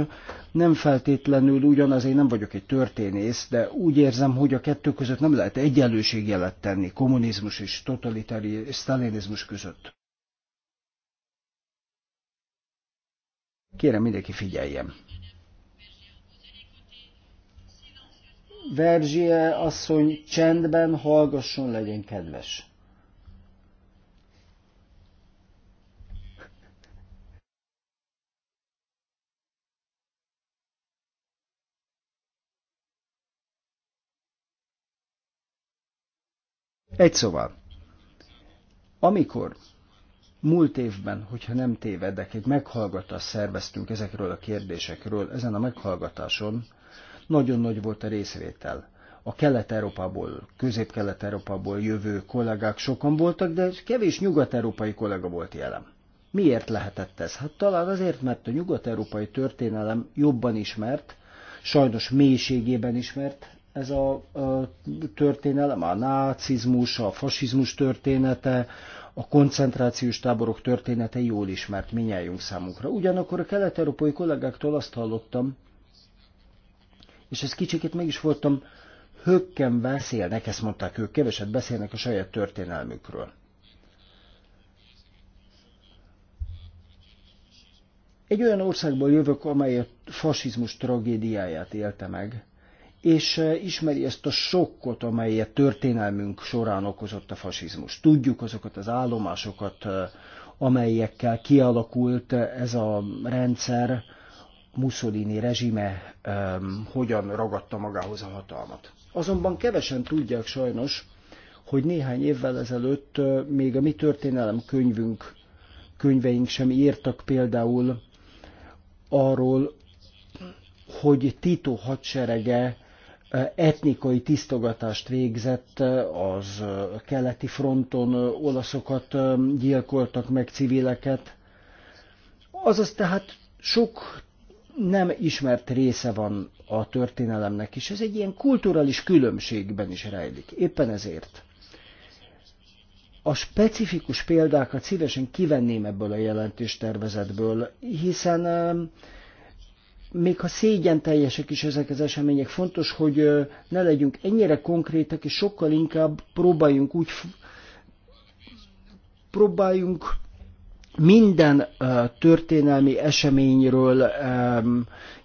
Speaker 2: nem feltétlenül ugyanaz, én nem vagyok egy történész, de úgy érzem, hogy a kettő között nem lehet egyenlőségjelet tenni, kommunizmus és totalitári és sztálinizmus között. Kérem mindenki figyeljem. Verzsie asszony csendben hallgasson, legyen kedves. Egy szóval, amikor múlt évben, hogyha nem tévedek, egy meghallgatást szerveztünk ezekről a kérdésekről, ezen a meghallgatáson nagyon nagy volt a részvétel. A Kelet-Európából, Közép-Kelet-Európából jövő kollégák sokan voltak, de kevés nyugat-európai kollega volt jelen. Miért lehetett ez? Hát talán azért, mert a nyugat-európai történelem jobban ismert, sajnos mélységében ismert, ez a, a történelem, a nácizmus, a fasizmus története, a koncentrációs táborok története jól ismert minnyájunk számunkra. Ugyanakkor a kelet-európai kollégáktól azt hallottam, és ez kicsikét meg is voltam, hökken beszélnek, ezt mondták ők, keveset beszélnek a saját történelmükről. Egy olyan országból jövök, amely a fasizmus tragédiáját élte meg, és ismeri ezt a sokkot, amelyet történelmünk során okozott a fasizmus. Tudjuk azokat az állomásokat, amelyekkel kialakult ez a rendszer, Mussolini rezsime um, hogyan ragadta magához a hatalmat. Azonban kevesen tudják sajnos, hogy néhány évvel ezelőtt még a mi történelem könyvünk, könyveink sem írtak például arról, hogy Tito hadserege etnikai tisztogatást végzett az keleti fronton, olaszokat gyilkoltak meg civileket. Azaz tehát sok nem ismert része van a történelemnek, és ez egy ilyen kulturális különbségben is rejlik. Éppen ezért a specifikus példákat szívesen kivenném ebből a jelentéstervezetből, hiszen még ha szégyen teljesek is ezek az események, fontos, hogy ne legyünk ennyire konkrétak, és sokkal inkább próbáljunk úgy, próbáljunk minden történelmi eseményről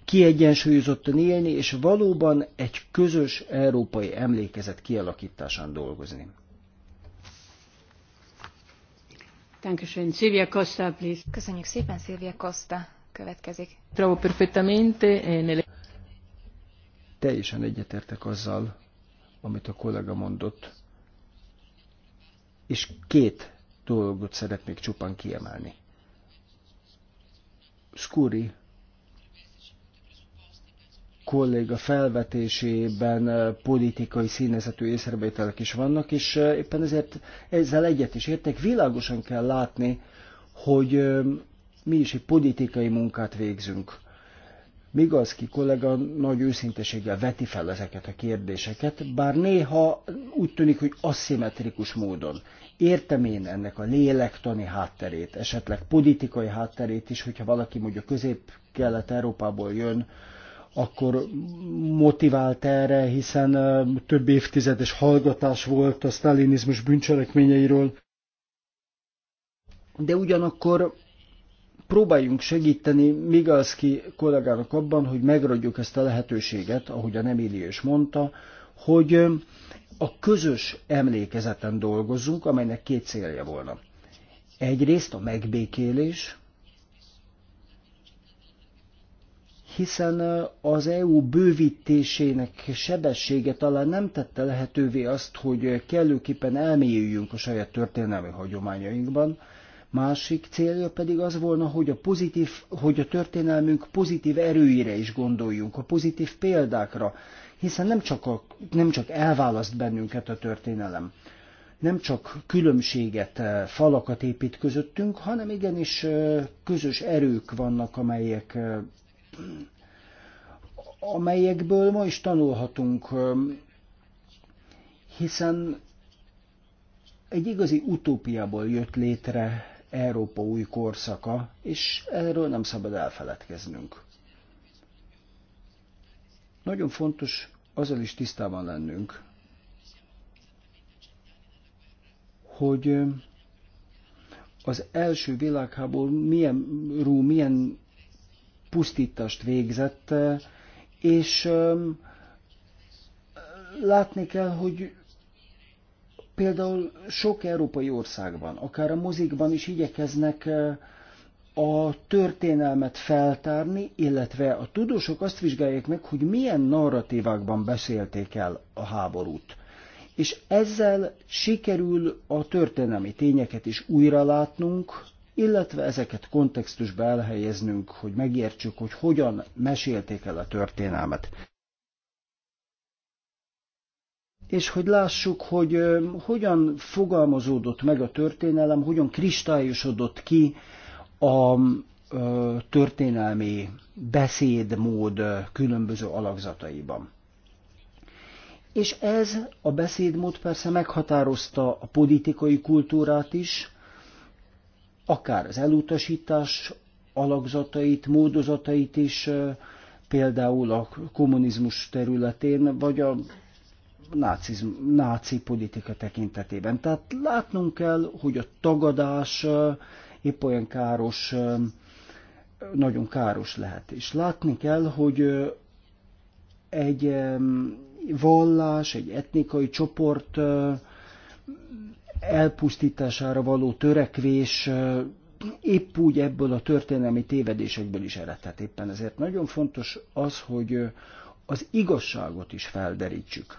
Speaker 2: kiegyensúlyozottan élni, és valóban egy közös európai emlékezet kialakításán dolgozni.
Speaker 3: Köszönjük szépen, Szilvia
Speaker 1: Costa következik.
Speaker 3: Trovo perfettamente. Eh,
Speaker 2: Teljesen egyetértek azzal, amit a kollega mondott, és két dolgot szeretnék csupán kiemelni. Skuri kolléga felvetésében eh, politikai színezetű észrevételek is vannak, és eh, éppen ezért ezzel egyet is értek. Világosan kell látni, hogy mi is egy politikai munkát végzünk. Migalski kollega nagy őszinteséggel veti fel ezeket a kérdéseket, bár néha úgy tűnik, hogy aszimmetrikus módon. Értem én ennek a lélektani hátterét, esetleg politikai hátterét is, hogyha valaki mondjuk közép-kelet-európából jön, akkor motivált erre, hiszen több évtizedes hallgatás volt a sztálinizmus bűncselekményeiről. De ugyanakkor próbáljunk segíteni Migalski kollégának abban, hogy megradjuk ezt a lehetőséget, ahogy a Emília is mondta, hogy a közös emlékezeten dolgozzunk, amelynek két célja volna. Egyrészt a megbékélés, hiszen az EU bővítésének sebessége talán nem tette lehetővé azt, hogy kellőképpen elmélyüljünk a saját történelmi hagyományainkban, Másik célja pedig az volna, hogy a, pozitív, hogy a történelmünk pozitív erőire is gondoljunk, a pozitív példákra, hiszen nem csak, a, nem csak elválaszt bennünket a történelem, nem csak különbséget, eh, falakat épít közöttünk, hanem igenis eh, közös erők vannak, amelyek eh, amelyekből ma is tanulhatunk, hiszen egy igazi utópiából jött létre Európa új korszaka, és erről nem szabad elfeledkeznünk. Nagyon fontos azzal is tisztában lennünk, hogy az első világháború milyen, rú, milyen pusztítást végzett, és látni kell, hogy Például sok európai országban, akár a mozikban is igyekeznek a történelmet feltárni, illetve a tudósok azt vizsgálják meg, hogy milyen narratívákban beszélték el a háborút. És ezzel sikerül a történelmi tényeket is újra látnunk, illetve ezeket kontextusba elhelyeznünk, hogy megértsük, hogy hogyan mesélték el a történelmet és hogy lássuk, hogy hogyan fogalmazódott meg a történelem, hogyan kristályosodott ki a történelmi beszédmód különböző alakzataiban. És ez a beszédmód persze meghatározta a politikai kultúrát is, akár az elutasítás alakzatait, módozatait is, például a kommunizmus területén, vagy a nácizm, náci politika tekintetében. Tehát látnunk kell, hogy a tagadás épp olyan káros, nagyon káros lehet. És látni kell, hogy egy vallás, egy etnikai csoport elpusztítására való törekvés épp úgy ebből a történelmi tévedésekből is eredhet éppen. Ezért nagyon fontos az, hogy az igazságot is felderítsük.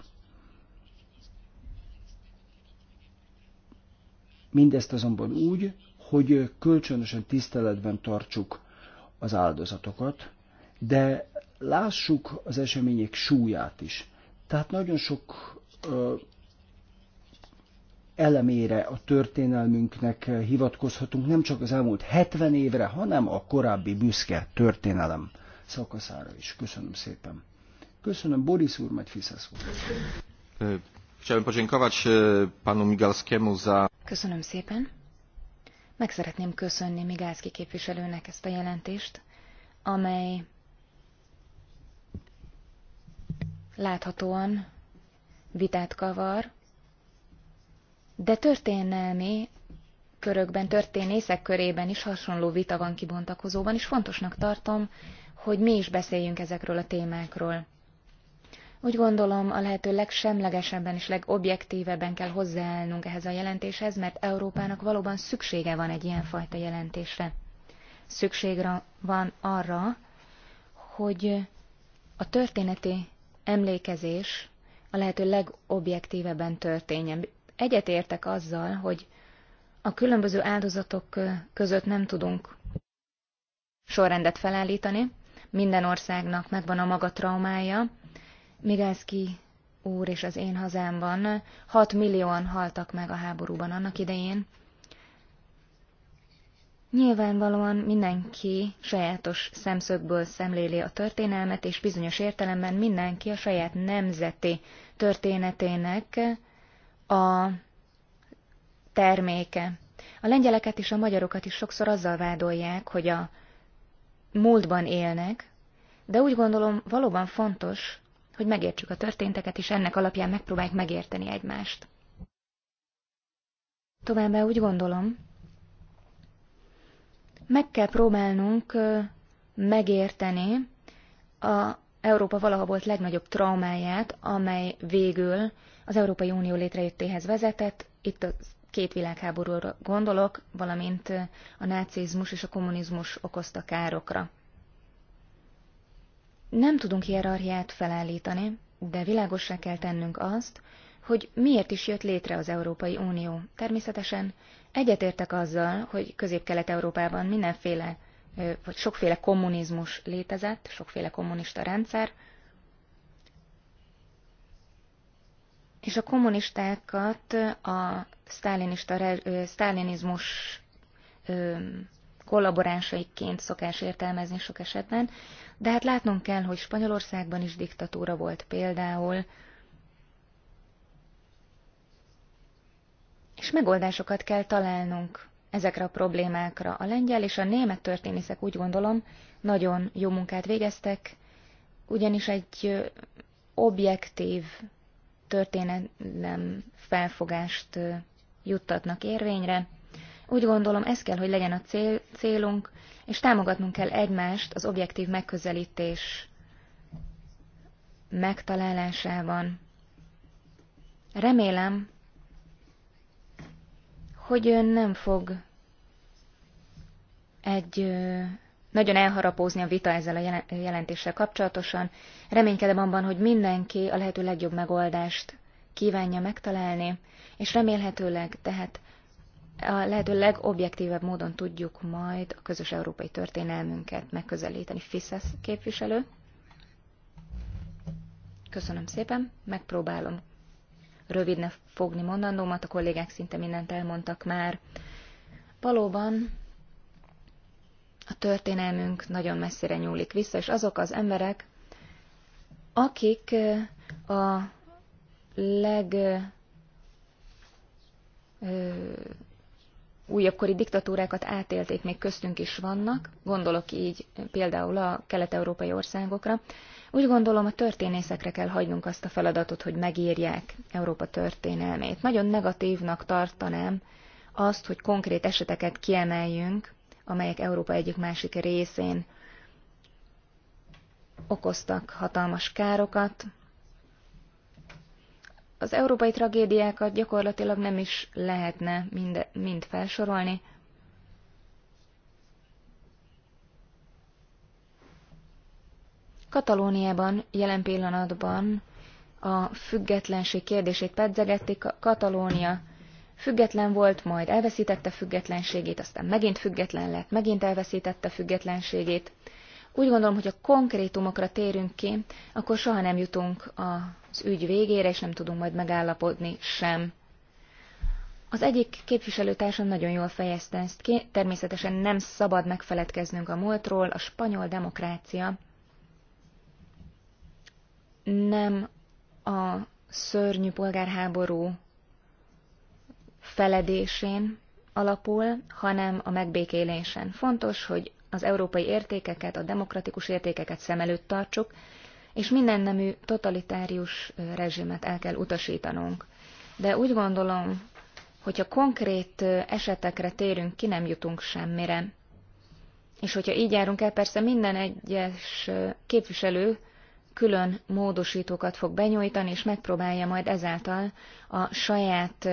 Speaker 2: Mindezt azonban úgy, hogy kölcsönösen tiszteletben tartsuk az áldozatokat, de lássuk az események súlyát is. Tehát nagyon sok ö, elemére a történelmünknek hivatkozhatunk, nem csak az elmúlt 70 évre, hanem a korábbi büszke történelem szakaszára is. Köszönöm szépen. Köszönöm Boris úr, majd Fiszesz úr.
Speaker 5: Chciałbym podziękować e, panu Migalskiemu za
Speaker 1: Köszönöm szépen. Meg szeretném köszönni Migászki képviselőnek ezt a jelentést, amely láthatóan vitát kavar, de történelmi körökben, történészek körében is hasonló vita van kibontakozóban, és fontosnak tartom, hogy mi is beszéljünk ezekről a témákról. Úgy gondolom, a lehető legsemlegesebben és legobjektívebben kell hozzáállnunk ehhez a jelentéshez, mert Európának valóban szüksége van egy ilyenfajta jelentésre. Szükség van arra, hogy a történeti emlékezés a lehető legobjektívebben történjen. Egyetértek azzal, hogy a különböző áldozatok között nem tudunk sorrendet felállítani, minden országnak megvan a maga traumája, Migelszki úr és az én hazámban 6 millióan haltak meg a háborúban annak idején. Nyilvánvalóan mindenki sajátos szemszögből szemléli a történelmet, és bizonyos értelemben mindenki a saját nemzeti történetének a terméke. A lengyeleket és a magyarokat is sokszor azzal vádolják, hogy a múltban élnek, de úgy gondolom valóban fontos, hogy megértsük a történteket, és ennek alapján megpróbáljuk megérteni egymást. Továbbá úgy gondolom, meg kell próbálnunk megérteni a Európa valaha volt legnagyobb traumáját, amely végül az Európai Unió létrejöttéhez vezetett. Itt a két világháborúra gondolok, valamint a nácizmus és a kommunizmus okozta károkra. Nem tudunk hierarchiát felállítani, de világosra kell tennünk azt, hogy miért is jött létre az Európai Unió. Természetesen egyetértek azzal, hogy Közép-Kelet-Európában mindenféle, vagy sokféle kommunizmus létezett, sokféle kommunista rendszer, és a kommunistákat a sztálinista, sztálinizmus kollaboránsaiként szokás értelmezni sok esetben, de hát látnunk kell, hogy Spanyolországban is diktatúra volt például, és megoldásokat kell találnunk ezekre a problémákra. A lengyel és a német történészek úgy gondolom nagyon jó munkát végeztek, ugyanis egy objektív történelem felfogást juttatnak érvényre, úgy gondolom, ez kell, hogy legyen a cél, célunk, és támogatnunk kell egymást az objektív megközelítés megtalálásában. Remélem, hogy ön nem fog egy nagyon elharapózni a vita ezzel a jelentéssel kapcsolatosan. Reménykedem abban, hogy mindenki a lehető legjobb megoldást kívánja megtalálni, és remélhetőleg tehát a lehető legobjektívebb módon tudjuk majd a közös európai történelmünket megközelíteni. Fiszesz képviselő. Köszönöm szépen, megpróbálom rövidne fogni mondandómat, a kollégák szinte mindent elmondtak már. Valóban a történelmünk nagyon messzire nyúlik vissza, és azok az emberek, akik eh, a leg eh, újabbkori diktatúrákat átélték, még köztünk is vannak, gondolok így például a kelet-európai országokra. Úgy gondolom, a történészekre kell hagynunk azt a feladatot, hogy megírják Európa történelmét. Nagyon negatívnak tartanám azt, hogy konkrét eseteket kiemeljünk, amelyek Európa egyik másik részén okoztak hatalmas károkat, az európai tragédiákat gyakorlatilag nem is lehetne mind, mind felsorolni. Katalóniában jelen pillanatban a függetlenség kérdését pedzegették. Katalónia független volt, majd elveszítette függetlenségét, aztán megint független lett, megint elveszítette függetlenségét. Úgy gondolom, hogy a konkrétumokra térünk ki, akkor soha nem jutunk az ügy végére, és nem tudunk majd megállapodni sem. Az egyik képviselőtársam nagyon jól fejezte ezt ki, természetesen nem szabad megfeledkeznünk a múltról, a spanyol demokrácia nem a szörnyű polgárháború feledésén alapul, hanem a megbékélésen. Fontos, hogy az európai értékeket, a demokratikus értékeket szem előtt tartsuk, és minden nemű totalitárius rezsimet el kell utasítanunk. De úgy gondolom, hogyha konkrét esetekre térünk ki, nem jutunk semmire. És hogyha így járunk el, persze minden egyes képviselő külön módosítókat fog benyújtani, és megpróbálja majd ezáltal a saját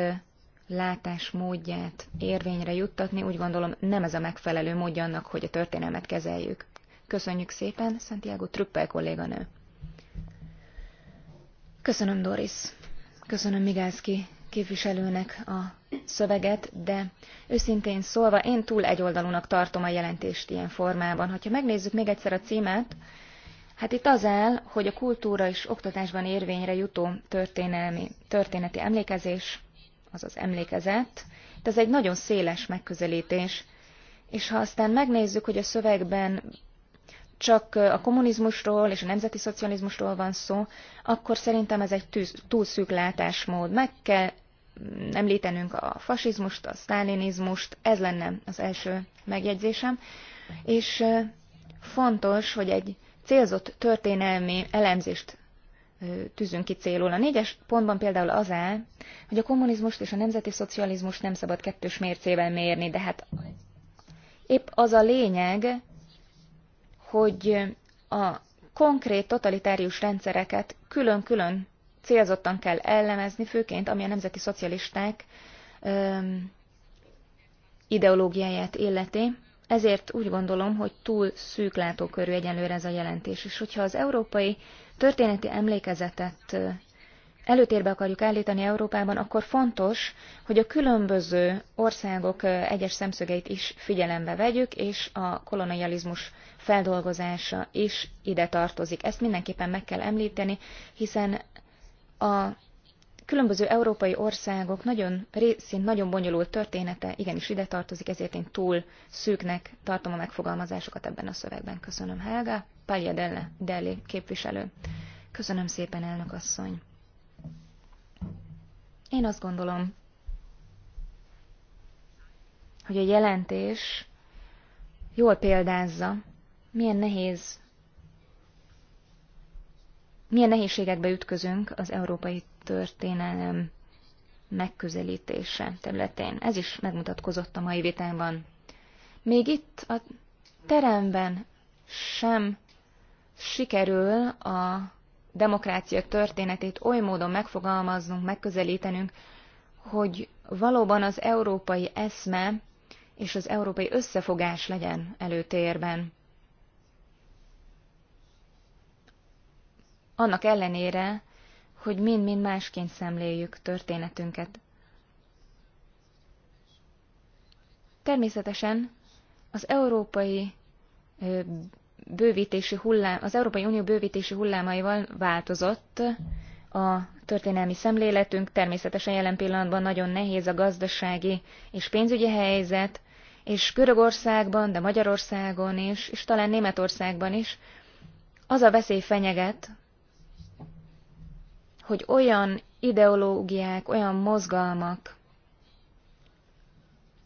Speaker 1: látásmódját érvényre juttatni, úgy gondolom nem ez a megfelelő módja annak, hogy a történelmet kezeljük. Köszönjük szépen, Santiago Trüppel kolléganő. Köszönöm, Doris. Köszönöm Migászki képviselőnek a szöveget, de őszintén szólva én túl egyoldalúnak tartom a jelentést ilyen formában. Ha megnézzük még egyszer a címet, Hát itt az áll, hogy a kultúra és oktatásban érvényre jutó történelmi, történeti emlékezés azaz emlékezett, de ez egy nagyon széles megközelítés. És ha aztán megnézzük, hogy a szövegben csak a kommunizmusról és a nemzeti szocializmusról van szó, akkor szerintem ez egy túl szűk látásmód. Meg kell mm, említenünk a fasizmust, a sztálinizmust, ez lenne az első megjegyzésem, és fontos, hogy egy célzott történelmi elemzést tűzünk ki célul. A négyes pontban például az áll, hogy a kommunizmust és a nemzeti szocializmust nem szabad kettős mércével mérni, de hát épp az a lényeg, hogy a konkrét totalitárius rendszereket külön-külön célzottan kell ellemezni, főként ami a nemzeti szocialisták öm, ideológiáját illeti. Ezért úgy gondolom, hogy túl szűklátókörű egyenlőre ez a jelentés. És hogyha az európai történeti emlékezetet előtérbe akarjuk állítani Európában, akkor fontos, hogy a különböző országok egyes szemszögeit is figyelembe vegyük, és a kolonializmus feldolgozása is ide tartozik. Ezt mindenképpen meg kell említeni, hiszen a különböző európai országok nagyon részint nagyon bonyolult története igenis ide tartozik, ezért én túl szűknek tartom a megfogalmazásokat ebben a szövegben. Köszönöm, Helga. Pálya Delle, képviselő. Köszönöm szépen, elnök asszony. Én azt gondolom, hogy a jelentés jól példázza, milyen nehéz, milyen nehézségekbe ütközünk az európai történelem megközelítése területén. Ez is megmutatkozott a mai vitánban. Még itt a teremben sem sikerül a demokrácia történetét oly módon megfogalmaznunk, megközelítenünk, hogy valóban az európai eszme és az európai összefogás legyen előtérben. Annak ellenére, hogy mind-mind másként szemléljük történetünket. Természetesen az európai bővítési hullám, az Európai Unió bővítési hullámaival változott a történelmi szemléletünk. Természetesen jelen pillanatban nagyon nehéz a gazdasági és pénzügyi helyzet, és Görögországban, de Magyarországon is, és talán Németországban is az a veszély fenyeget, hogy olyan ideológiák, olyan mozgalmak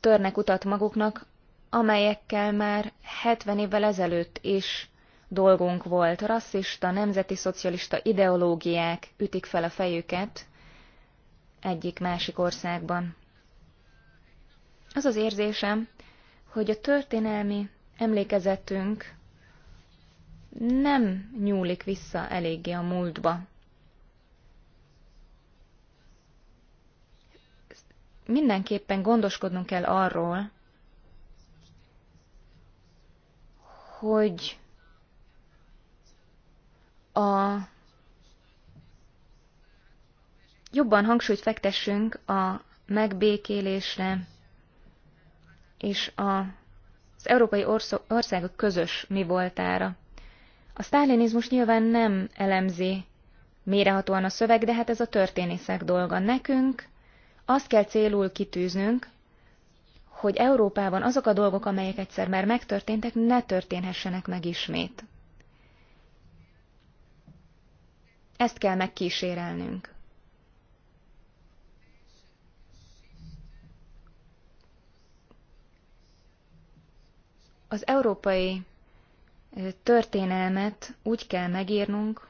Speaker 1: törnek utat maguknak, amelyekkel már 70 évvel ezelőtt is dolgunk volt. Rasszista, nemzeti szocialista ideológiák ütik fel a fejüket egyik-másik országban. Az az érzésem, hogy a történelmi emlékezetünk nem nyúlik vissza eléggé a múltba. Mindenképpen gondoskodnunk kell arról, hogy a jobban hangsúlyt fektessünk a megbékélésre és a, az európai országok közös mi voltára. A sztálinizmus nyilván nem elemzi mérehatóan a szöveg, de hát ez a történészek dolga. Nekünk azt kell célul kitűznünk, hogy Európában azok a dolgok, amelyek egyszer már megtörténtek, ne történhessenek meg ismét. Ezt kell megkísérelnünk. Az európai történelmet úgy kell megírnunk,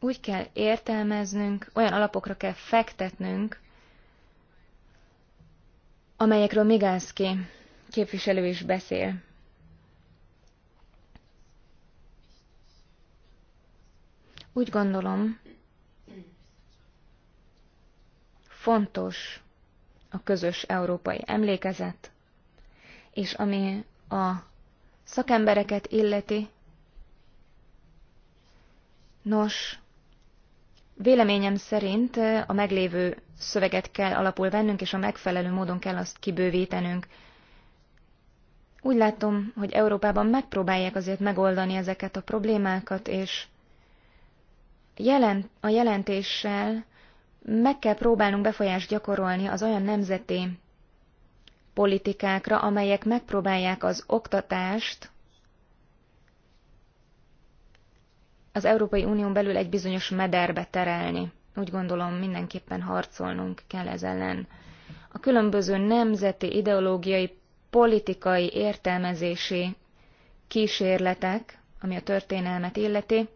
Speaker 1: úgy kell értelmeznünk, olyan alapokra kell fektetnünk, amelyekről Migánszki képviselő is beszél. Úgy gondolom, fontos a közös európai emlékezet, és ami a szakembereket illeti, nos, véleményem szerint a meglévő szöveget kell alapul vennünk, és a megfelelő módon kell azt kibővítenünk. Úgy látom, hogy Európában megpróbálják azért megoldani ezeket a problémákat, és jelent, a jelentéssel meg kell próbálnunk befolyást gyakorolni az olyan nemzeti politikákra, amelyek megpróbálják az oktatást az Európai Unión belül egy bizonyos mederbe terelni úgy gondolom mindenképpen harcolnunk kell ez ellen. A különböző nemzeti, ideológiai, politikai értelmezési kísérletek, ami a történelmet illeti,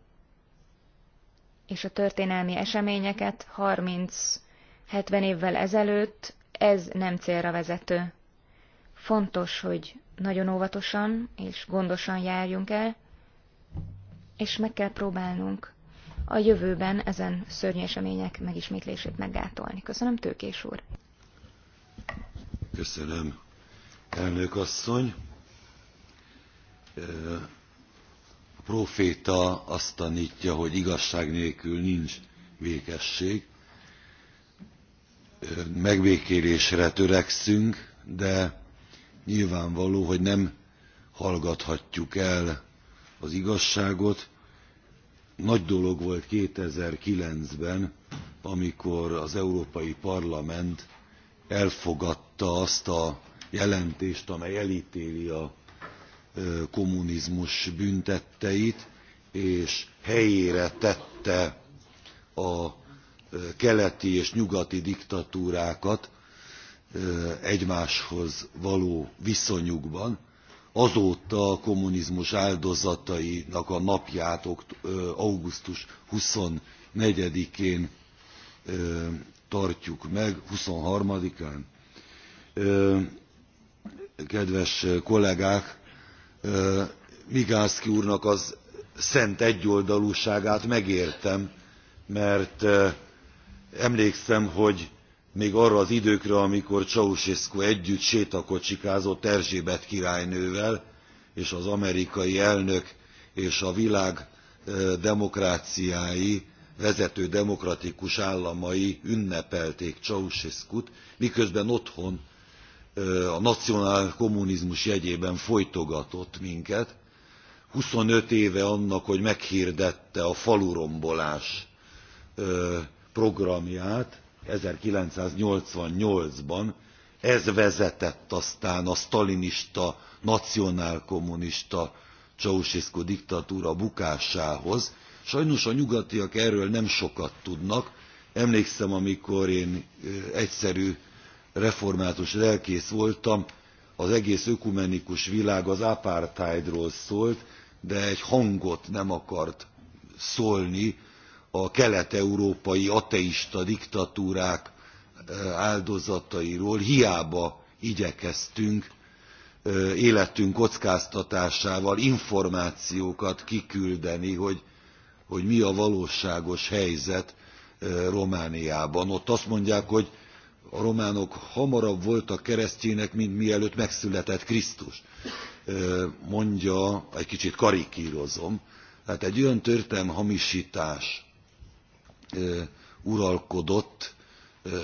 Speaker 1: és a történelmi eseményeket 30-70 évvel ezelőtt, ez nem célra vezető. Fontos, hogy nagyon óvatosan és gondosan járjunk el, és meg kell próbálnunk a jövőben ezen szörnyű események megismétlését meggátolni. Köszönöm, Tőkés úr!
Speaker 5: Köszönöm, elnök asszony! A proféta azt tanítja, hogy igazság nélkül nincs vékesség. Megbékélésre törekszünk, de nyilvánvaló, hogy nem hallgathatjuk el az igazságot, nagy dolog volt 2009-ben, amikor az Európai Parlament elfogadta azt a jelentést, amely elítéli a kommunizmus büntetteit, és helyére tette a keleti és nyugati diktatúrákat egymáshoz való viszonyukban azóta a kommunizmus áldozatainak a napját augusztus 24-én tartjuk meg, 23-án. Kedves kollégák, Migászki úrnak az szent egyoldalúságát megértem, mert emlékszem, hogy még arra az időkre amikor ceausescu együtt sétakocsikázott erzsébet királynővel és az amerikai elnök és a világ demokráciái vezető demokratikus államai ünnepelték Ceausescu-t, miközben otthon a kommunizmus jegyében folytogatott minket. 25 éve annak hogy meghirdette a falurombolás programját 1988 ban ez vezetett aztán a sztalinista nacionálkommunista ceausescu diktatúra bukásához. sajnos a nyugatiak erről nem sokat tudnak. emlékszem amikor én egyszerű református lelkész voltam az egész ökumenikus világ az apartheidról szólt de egy hangot nem akart szólni a kelet-európai ateista diktatúrák eh, áldozatairól hiába igyekeztünk eh, életünk kockáztatásával információkat kiküldeni, hogy, hogy mi a valóságos helyzet eh, Romániában. Ott azt mondják, hogy a románok hamarabb voltak keresztjének, mint mielőtt megszületett Krisztus. Mondja, egy kicsit karikírozom, tehát egy olyan történelmhamisítás uralkodott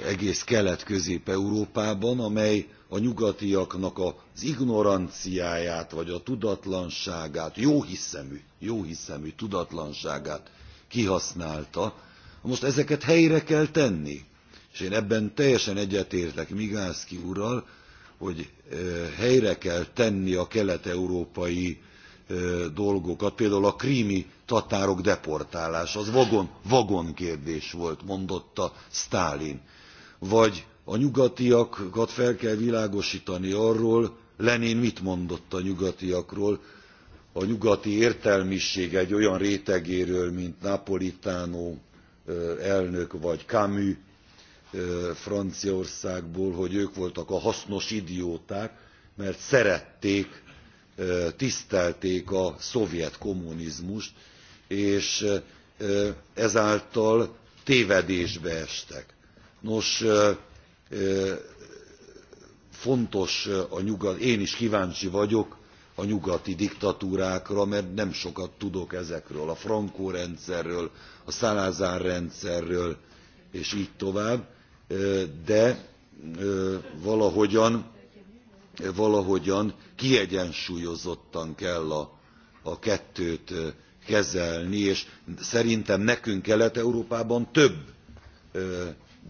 Speaker 5: egész Kelet-Közép-Európában, amely a nyugatiaknak az ignoranciáját, vagy a tudatlanságát, jóhiszemű, jóhiszemű tudatlanságát kihasználta. Most ezeket helyre kell tenni. És én ebben teljesen egyetértek migalski úrral, hogy helyre kell tenni a kelet-európai dolgokat, például a krími tatárok deportálása, az vagon, vagon kérdés volt, mondotta Sztálin. Vagy a nyugatiakat fel kell világosítani arról, Lenin mit mondott a nyugatiakról, a nyugati értelmiség egy olyan rétegéről, mint Napolitánó elnök vagy Camus Franciaországból, hogy ők voltak a hasznos idióták, mert szerették tisztelték a szovjet kommunizmust és ezáltal tévedésbe estek. nos fontos a nyugat én is kváncsi vagyok a nyugati diktatúrákra mert nem sokat tudok ezekről a frankó rendszerről a salazar rendszerről és gy tovább de valahogyan valahogyan kiegyensúlyozottan kell a, a kettőt kezelni és szerintem nekünk kelet európában több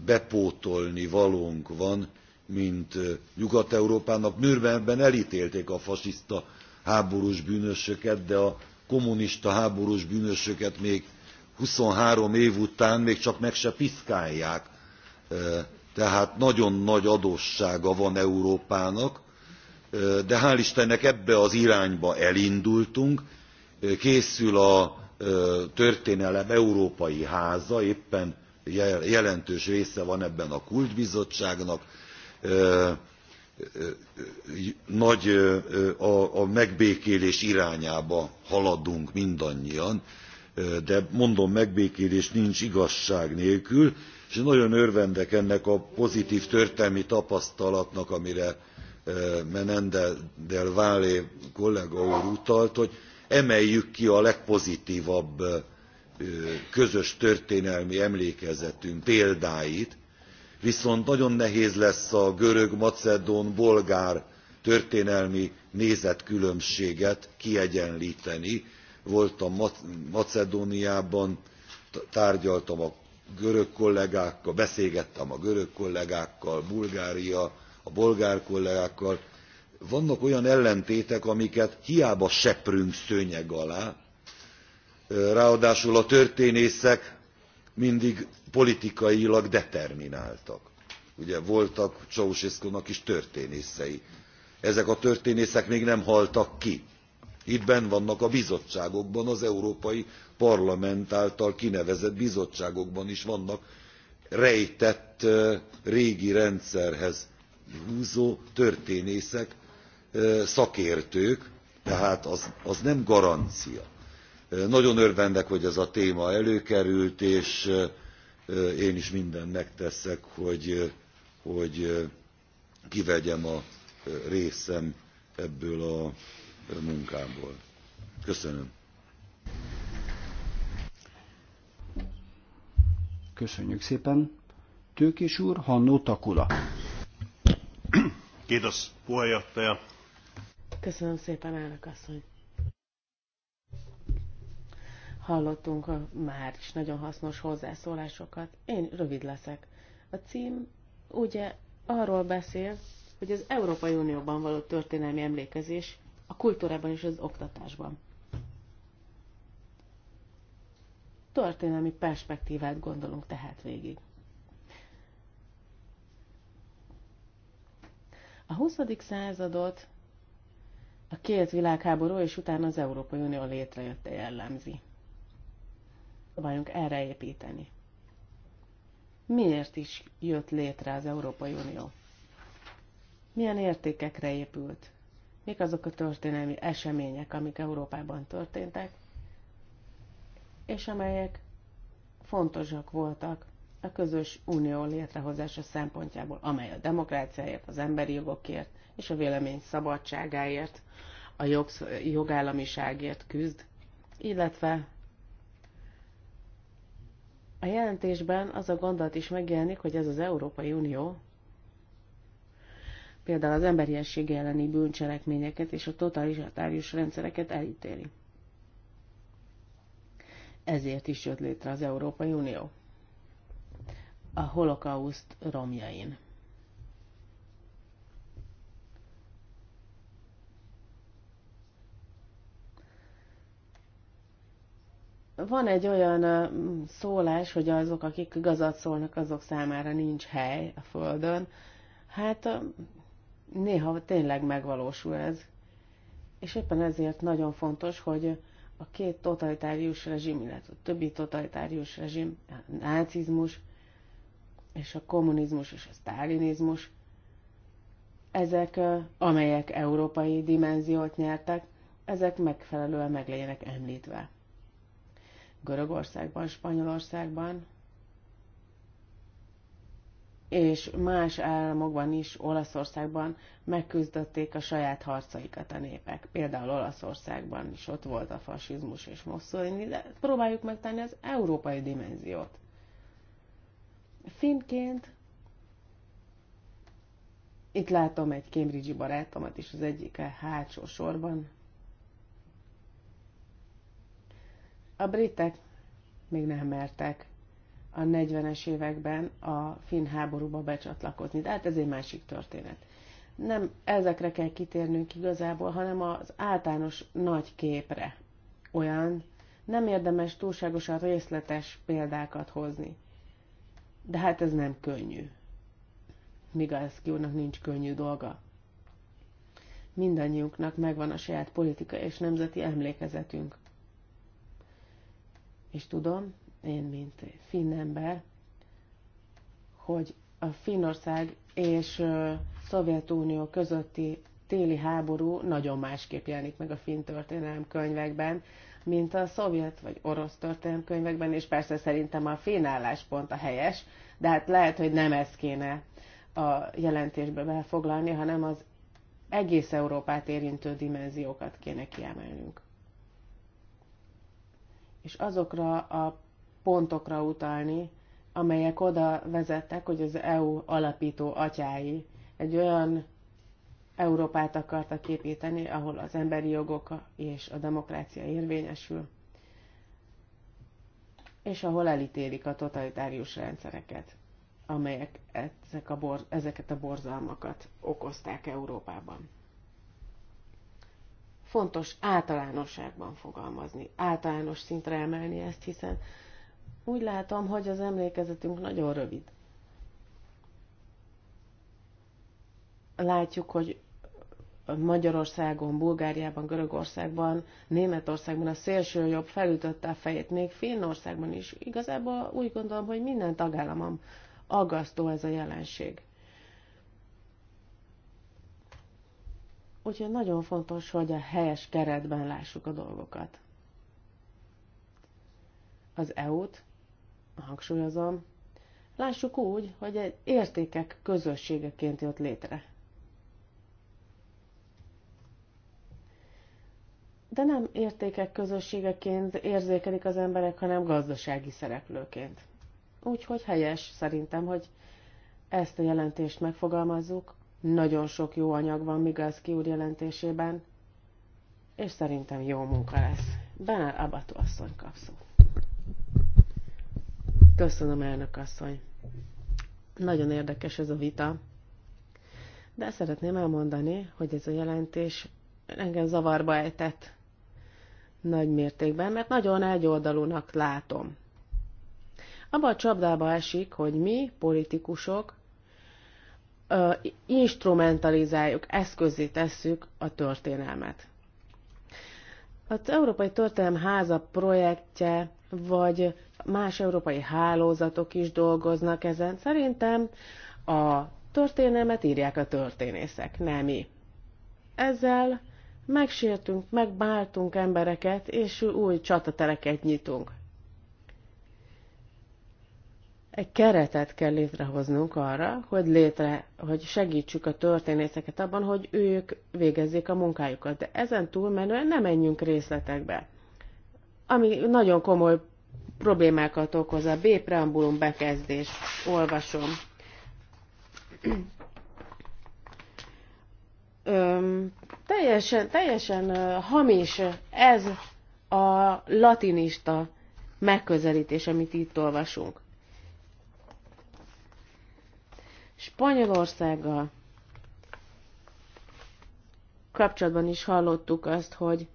Speaker 5: bepótolni valónk van mint nyugat európának. nürnbergben eltélték a fasiszta háborús bűnösöket de a kommunista háborús bűnösöket még twenty three év után még csak meg se piszkálják tehát nagyon nagy adóssága van európának de hál' istennek ebbe az irányba elindultunk készül a történelem európai háza éppen jelentős része van ebben a kult bizottságnak nagy a, a megbékélés irányába haladunk mindannyian de mondom megbékélés nincs igazság nélkül és nagyon örvendek ennek a pozitv történelmi tapasztalatnak amire menéndez del Valle kollega úr utalt, hogy emeljük ki a legpozitvabb közös történelmi emlékezetünk példáit, viszont nagyon nehéz lesz a görög, macedón, bolgár történelmi nézetkülönbséget kiegyenlteni. Voltam Macedóniában, tárgyaltam a görög kollégákkal, beszélgettem a görög kollégákkal, Bulgária, a bolgár kollégákkal. Vannak olyan ellentétek, amiket hiába seprünk szőnyeg alá, ráadásul a történészek mindig politikailag determináltak. Ugye voltak Ceausescu-nak is történészei. Ezek a történészek még nem haltak ki. Itt benn vannak a bizottságokban, az Európai Parlament által kinevezett bizottságokban is vannak rejtett régi rendszerhez húzó történészek szakértők tehát az, az nem garancia. nagyon örvendek hogy ez a téma előkerült és én is mindent megteszek hogy, hogy kivegyem a részem ebből a munkából. köszönöm.
Speaker 2: Köszönjük szépen. Tőkés úr, Hannó
Speaker 5: Takula. Kiitos puheenjohtaja.
Speaker 4: Köszönöm szépen, elnök asszony. Hallottunk a már is nagyon hasznos hozzászólásokat. Én rövid leszek. A cím ugye arról beszél, hogy az Európai Unióban való történelmi emlékezés a kultúrában és az oktatásban. Történelmi perspektívát gondolunk tehát végig. A 20. századot a két világháború és utána az Európai Unió létrejötte jellemzi. Próbáljunk erre építeni. Miért is jött létre az Európai Unió? Milyen értékekre épült? Mik azok a történelmi események, amik Európában történtek, és amelyek fontosak voltak a közös unió létrehozása szempontjából, amely a demokráciáért, az emberi jogokért és a vélemény szabadságáért, a jogsz, jogállamiságért küzd, illetve a jelentésben az a gondolat is megjelenik, hogy ez az Európai Unió például az emberiesség elleni bűncselekményeket és a totalitárius rendszereket elítéli. Ezért is jött létre az Európai Unió a holokauszt romjain. Van egy olyan szólás, hogy azok, akik igazat szólnak, azok számára nincs hely a Földön. Hát néha tényleg megvalósul ez. És éppen ezért nagyon fontos, hogy a két totalitárius rezsim, illetve a többi totalitárius rezsim, a nácizmus és a kommunizmus és a sztálinizmus, ezek, amelyek európai dimenziót nyertek, ezek megfelelően meg legyenek említve. Görögországban, Spanyolországban, és más államokban is, Olaszországban megküzdötték a saját harcaikat a népek. Például Olaszországban is ott volt a fasizmus és Mussolini, de próbáljuk megtenni az európai dimenziót. Finként itt látom egy cambridge barátomat is az egyik hátsó sorban. A britek még nem mertek a 40-es években a finn háborúba becsatlakozni, de hát ez egy másik történet. Nem ezekre kell kitérnünk igazából, hanem az általános nagy képre. Olyan nem érdemes túlságosan részletes példákat hozni. De hát ez nem könnyű. Migalszki úrnak nincs könnyű dolga. Mindannyiunknak megvan a saját politika és nemzeti emlékezetünk. És tudom, én, mint finn ember, hogy a Finnország és Szovjetunió közötti téli háború nagyon másképp jelenik meg a finn történelem könyvekben, mint a szovjet vagy orosz történelmkönyvekben, és persze szerintem a fénállás pont a helyes, de hát lehet, hogy nem ezt kéne a jelentésbe befoglalni, hanem az egész Európát érintő dimenziókat kéne kiemelnünk. És azokra a pontokra utalni, amelyek oda vezettek, hogy az EU alapító atyái egy olyan Európát akarta képíteni, ahol az emberi jogok és a demokrácia érvényesül, és ahol elítélik a totalitárius rendszereket, amelyek ezek a bor, ezeket a borzalmakat okozták Európában. Fontos általánosságban fogalmazni, általános szintre emelni ezt, hiszen úgy látom, hogy az emlékezetünk nagyon rövid. látjuk, hogy Magyarországon, Bulgáriában, Görögországban, Németországban a szélső jobb felütötte a fejét, még Finnországban is. Igazából úgy gondolom, hogy minden tagállamom aggasztó ez a jelenség. Úgyhogy nagyon fontos, hogy a helyes keretben lássuk a dolgokat. Az EU-t, hangsúlyozom, lássuk úgy, hogy egy értékek közösségeként jött létre de nem értékek közösségeként érzékelik az emberek, hanem gazdasági szereplőként. Úgyhogy helyes szerintem, hogy ezt a jelentést megfogalmazzuk. Nagyon sok jó anyag van Migalszki úr jelentésében, és szerintem jó munka lesz. Benel Abatu asszony kapszó. Köszönöm, elnök asszony. Nagyon érdekes ez a vita, de szeretném elmondani, hogy ez a jelentés engem zavarba ejtett nagy mértékben, mert nagyon egyoldalúnak látom. Abba a csapdába esik, hogy mi, politikusok, instrumentalizáljuk, eszközé tesszük a történelmet. Az Európai Történelem Háza projektje, vagy más európai hálózatok is dolgoznak ezen. Szerintem a történelmet írják a történészek, nem mi. Ezzel megsértünk, megbáltunk embereket, és új csatatereket nyitunk. Egy keretet kell létrehoznunk arra, hogy, létre, hogy segítsük a történészeket abban, hogy ők végezzék a munkájukat. De ezen túlmenően nem menjünk részletekbe. Ami nagyon komoly problémákat okoz a B preambulum bekezdés. Olvasom öm, teljesen, teljesen ö, hamis ez a latinista megközelítés, amit itt olvasunk. Spanyolországgal kapcsolatban is hallottuk azt, hogy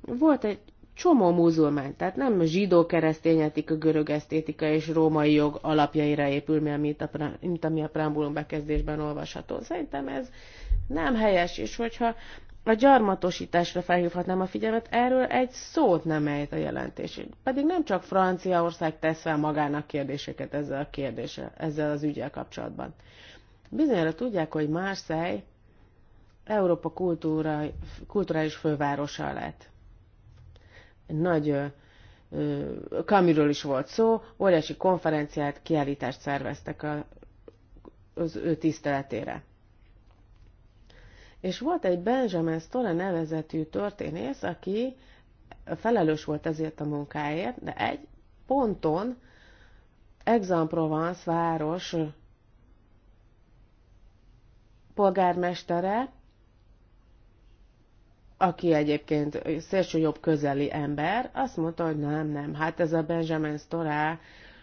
Speaker 4: volt egy csomó muzulmán, tehát nem zsidó keresztény etika, görög esztétika és római jog alapjaira épül, mint, ami a preambulum bekezdésben olvasható. Szerintem ez nem helyes, és hogyha a gyarmatosításra felhívhatnám a figyelmet, erről egy szót nem ejt a jelentés. Pedig nem csak Franciaország tesz fel magának kérdéseket ezzel a kérdéssel, ezzel az ügyel kapcsolatban. Bizonyára tudják, hogy Marseille Európa kultúra, kulturális fővárosa lett nagy kamiről is volt szó, óriási konferenciát, kiállítást szerveztek a, az ő tiszteletére. És volt egy Benjamin Stolle nevezetű történész, aki felelős volt ezért a munkáért, de egy ponton Aix-en-Provence város polgármestere aki egyébként szélső jobb közeli ember, azt mondta, hogy nem, nem, hát ez a Benjamin Storá,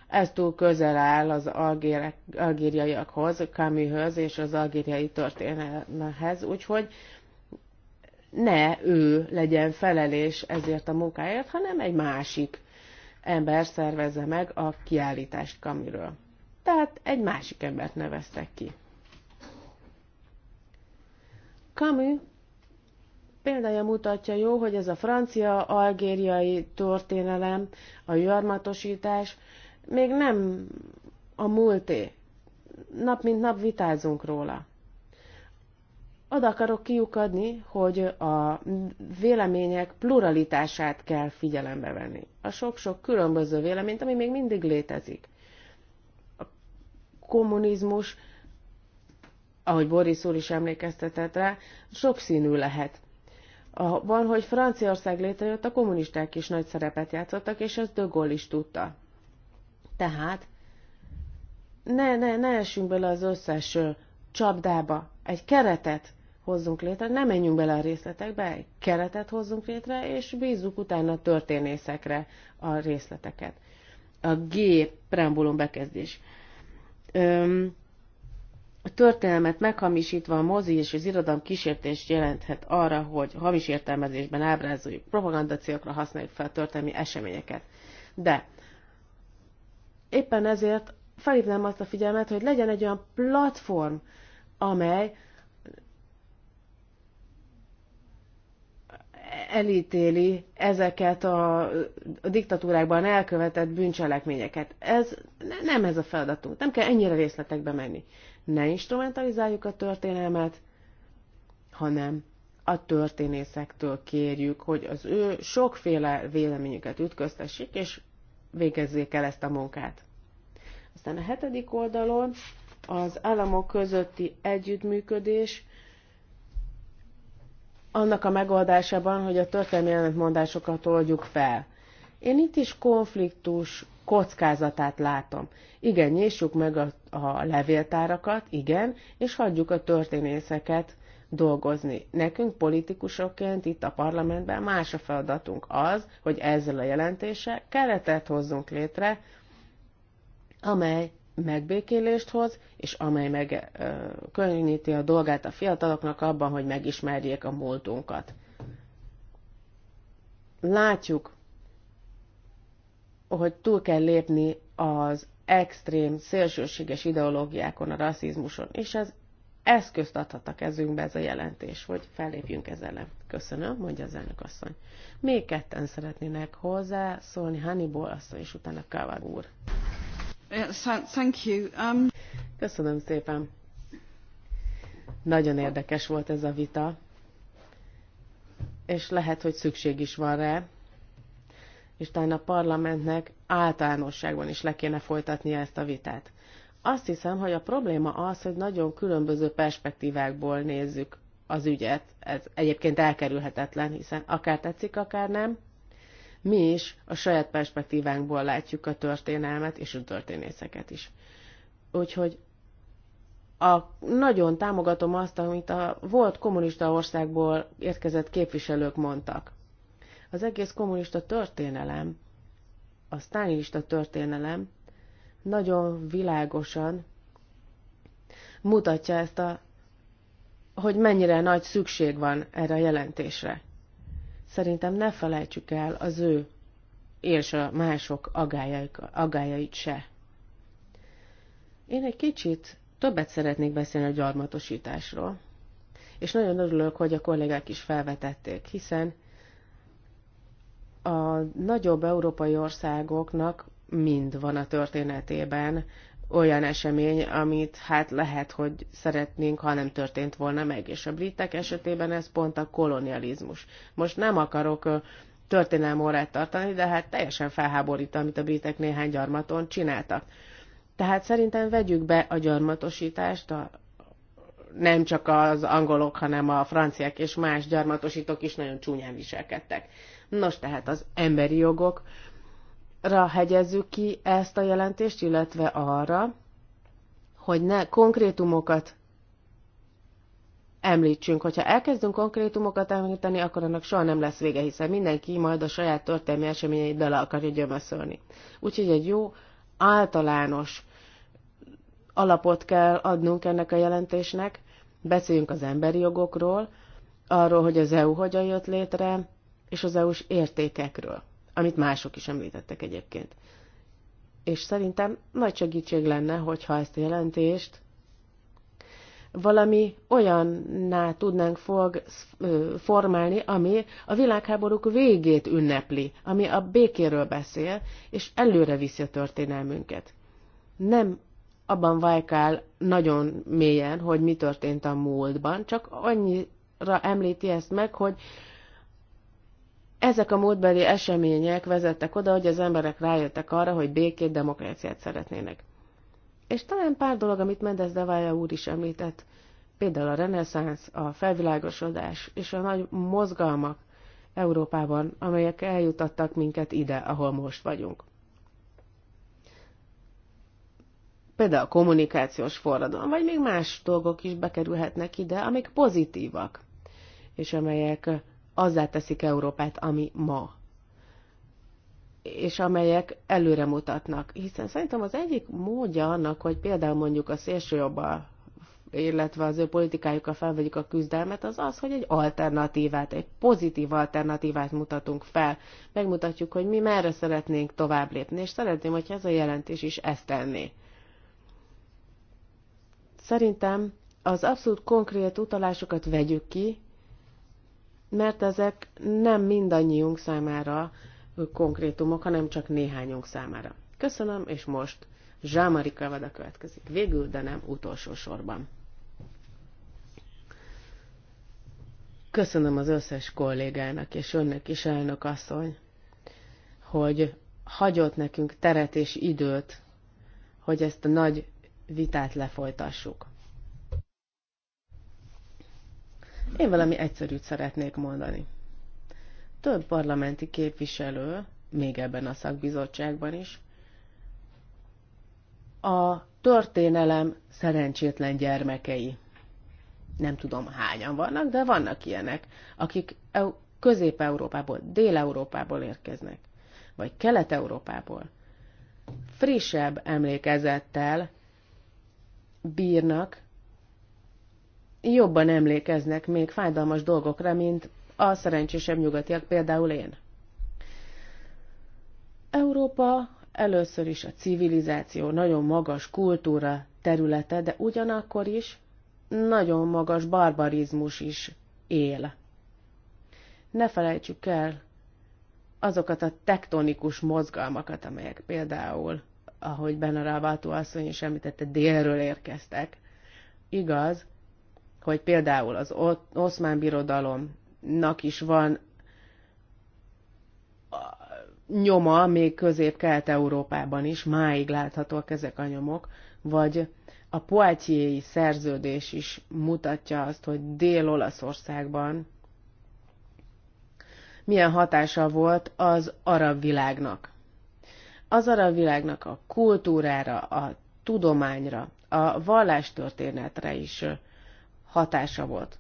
Speaker 4: ez túl közel áll az algérek, algériaiakhoz, Camushoz és az algériai történelmehez, úgyhogy ne ő legyen felelés ezért a munkáért, hanem egy másik ember szervezze meg a kiállítást Kamiről. Tehát egy másik embert neveztek ki. Camus példája mutatja jó, hogy ez a francia-algériai történelem, a gyarmatosítás még nem a múlté. Nap mint nap vitázunk róla. Oda akarok kiukadni, hogy a vélemények pluralitását kell figyelembe venni. A sok-sok különböző véleményt, ami még mindig létezik. A kommunizmus, ahogy Boris úr is emlékeztetett rá, sokszínű lehet abban, hogy Franciaország létrejött, a kommunisták is nagy szerepet játszottak, és ezt De Gaulle is tudta. Tehát ne, ne, ne essünk bele az összes csapdába, egy keretet hozzunk létre, nem menjünk bele a részletekbe, egy keretet hozzunk létre, és bízzuk utána a történészekre a részleteket. A G preambulum bekezdés. Öm, a történelmet meghamisítva a mozi és az irodalom kísértést jelenthet arra, hogy hamis értelmezésben ábrázoljuk, propaganda célokra használjuk fel a történelmi eseményeket. De éppen ezért felhívnám azt a figyelmet, hogy legyen egy olyan platform, amely elítéli ezeket a, a diktatúrákban elkövetett bűncselekményeket. Ez nem ez a feladatunk, nem kell ennyire részletekbe menni ne instrumentalizáljuk a történelmet, hanem a történészektől kérjük, hogy az ő sokféle véleményüket ütköztessék, és végezzék el ezt a munkát. Aztán a hetedik oldalon az államok közötti együttműködés annak a megoldásában, hogy a történelmi ellentmondásokat oldjuk fel. Én itt is konfliktus kockázatát látom. Igen, nyissuk meg a, a levéltárakat, igen, és hagyjuk a történészeket dolgozni. Nekünk politikusokként itt a parlamentben más a feladatunk az, hogy ezzel a jelentéssel keretet hozzunk létre, amely megbékélést hoz, és amely meg ö, könnyíti a dolgát a fiataloknak abban, hogy megismerjék a múltunkat. Látjuk hogy túl kell lépni az extrém, szélsőséges ideológiákon, a rasszizmuson, és ez eszközt adhat a kezünkbe ez a jelentés, hogy fellépjünk ezzel ellen. Köszönöm, mondja az elnök asszony. Még ketten szeretnének hozzá szólni Hannibal asszony, és utána Kávár úr. Thank you. Um... Köszönöm szépen. Nagyon érdekes volt ez a vita, és lehet, hogy szükség is van rá, és talán a parlamentnek általánosságban is le kéne folytatnia ezt a vitát. Azt hiszem, hogy a probléma az, hogy nagyon különböző perspektívákból nézzük az ügyet. Ez egyébként elkerülhetetlen, hiszen akár tetszik, akár nem. Mi is a saját perspektívánkból látjuk a történelmet és a történészeket is. Úgyhogy a, nagyon támogatom azt, amit a volt kommunista országból érkezett képviselők mondtak. Az egész kommunista történelem, a sztálinista történelem nagyon világosan mutatja ezt a, hogy mennyire nagy szükség van erre a jelentésre. Szerintem ne felejtsük el az ő és a mások agájait se. Én egy kicsit többet szeretnék beszélni a gyarmatosításról, és nagyon örülök, hogy a kollégák is felvetették, hiszen a nagyobb európai országoknak mind van a történetében olyan esemény, amit hát lehet, hogy szeretnénk, ha nem történt volna meg, és a britek esetében ez pont a kolonializmus. Most nem akarok történelmi órát tartani, de hát teljesen felháborít, amit a britek néhány gyarmaton csináltak. Tehát szerintem vegyük be a gyarmatosítást, a, nem csak az angolok, hanem a franciák és más gyarmatosítók is nagyon csúnyán viselkedtek. Nos, tehát az emberi jogokra hegyezzük ki ezt a jelentést, illetve arra, hogy ne konkrétumokat említsünk. Hogyha elkezdünk konkrétumokat említeni, akkor annak soha nem lesz vége, hiszen mindenki majd a saját történelmi eseményeit bele akarja gyömeszölni. Úgyhogy egy jó általános alapot kell adnunk ennek a jelentésnek. Beszéljünk az emberi jogokról, arról, hogy az EU hogyan jött létre, és az EU-s értékekről, amit mások is említettek egyébként. És szerintem nagy segítség lenne, hogyha ezt a jelentést valami olyanná tudnánk fog formálni, ami a világháborúk végét ünnepli, ami a békéről beszél, és előre viszi a történelmünket. Nem abban vajkál nagyon mélyen, hogy mi történt a múltban, csak annyira említi ezt meg, hogy ezek a múltbeli események vezettek oda, hogy az emberek rájöttek arra, hogy békét, demokráciát szeretnének. És talán pár dolog, amit Mendez de Valle úr is említett, például a reneszánsz, a felvilágosodás és a nagy mozgalmak Európában, amelyek eljutattak minket ide, ahol most vagyunk. Például a kommunikációs forradalom, vagy még más dolgok is bekerülhetnek ide, amik pozitívak, és amelyek azzá teszik Európát, ami ma és amelyek előre mutatnak. Hiszen szerintem az egyik módja annak, hogy például mondjuk a szélsőjobbal, illetve az ő politikájukkal felvegyük a küzdelmet, az az, hogy egy alternatívát, egy pozitív alternatívát mutatunk fel. Megmutatjuk, hogy mi merre szeretnénk tovább lépni, és szeretném, hogy ez a jelentés is ezt tenné. Szerintem az abszolút konkrét utalásokat vegyük ki, mert ezek nem mindannyiunk számára konkrétumok, hanem csak néhányunk számára. Köszönöm, és most Zsámari Kavada következik. Végül, de nem utolsó sorban. Köszönöm az összes kollégának és önnek is, elnök asszony, hogy hagyott nekünk teret és időt, hogy ezt a nagy vitát lefolytassuk. Én valami egyszerűt szeretnék mondani. Több parlamenti képviselő, még ebben a szakbizottságban is, a történelem szerencsétlen gyermekei. Nem tudom hányan vannak, de vannak ilyenek, akik Közép-Európából, Dél-Európából érkeznek, vagy Kelet-Európából. Frissebb emlékezettel bírnak, jobban emlékeznek még fájdalmas dolgokra, mint a szerencsésebb nyugatiak, például én. Európa először is a civilizáció nagyon magas kultúra területe, de ugyanakkor is nagyon magas barbarizmus is él. Ne felejtsük el azokat a tektonikus mozgalmakat, amelyek például, ahogy Benarabátó asszony is említette, délről érkeztek. Igaz, hogy például az oszmán birodalomnak is van nyoma még közép-kelet-európában is, máig láthatóak ezek a nyomok, vagy a poátyéi szerződés is mutatja azt, hogy Dél-Olaszországban milyen hatása volt az arab világnak. Az arab világnak a kultúrára, a tudományra, a vallástörténetre is hatása volt.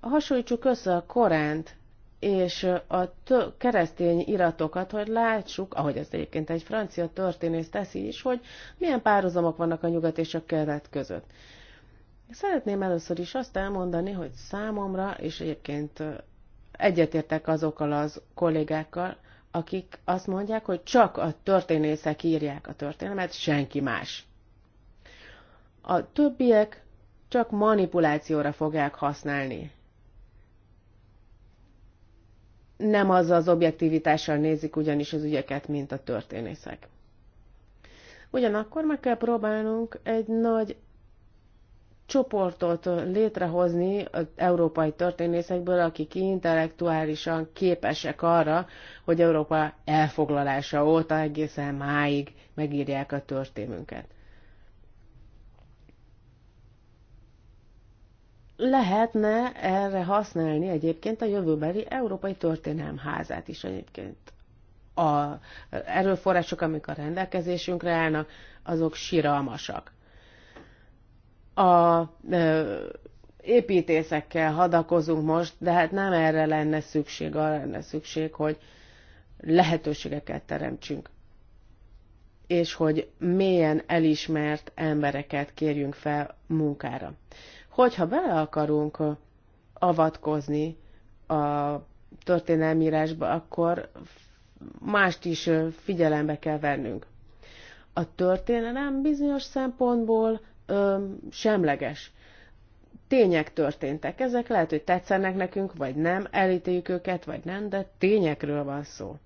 Speaker 4: Hasonlítsuk össze a Koránt és a keresztény iratokat, hogy látsuk, ahogy ez egyébként egy francia történész teszi is, hogy milyen párhuzamok vannak a nyugat és a kelet között. Szeretném először is azt elmondani, hogy számomra, és egyébként egyetértek azokkal az kollégákkal, akik azt mondják, hogy csak a történészek írják a történelmet, senki más. A többiek csak manipulációra fogják használni. Nem az az objektivitással nézik ugyanis az ügyeket, mint a történészek. Ugyanakkor meg kell próbálnunk egy nagy csoportot létrehozni az európai történészekből, akik intellektuálisan képesek arra, hogy Európa elfoglalása óta egészen máig megírják a történünket. lehetne erre használni egyébként a jövőbeli Európai Történelmházát is egyébként. A erőforrások, amik a rendelkezésünkre állnak, azok siralmasak. A ö, építészekkel hadakozunk most, de hát nem erre lenne szükség, arra lenne szükség, hogy lehetőségeket teremtsünk és hogy mélyen elismert embereket kérjünk fel munkára. Hogyha bele akarunk avatkozni a történelmírásba, akkor mást is figyelembe kell vennünk. A történelem bizonyos szempontból ö, semleges. Tények történtek, ezek lehet, hogy tetszenek nekünk, vagy nem, elítéljük őket, vagy nem, de tényekről van szó.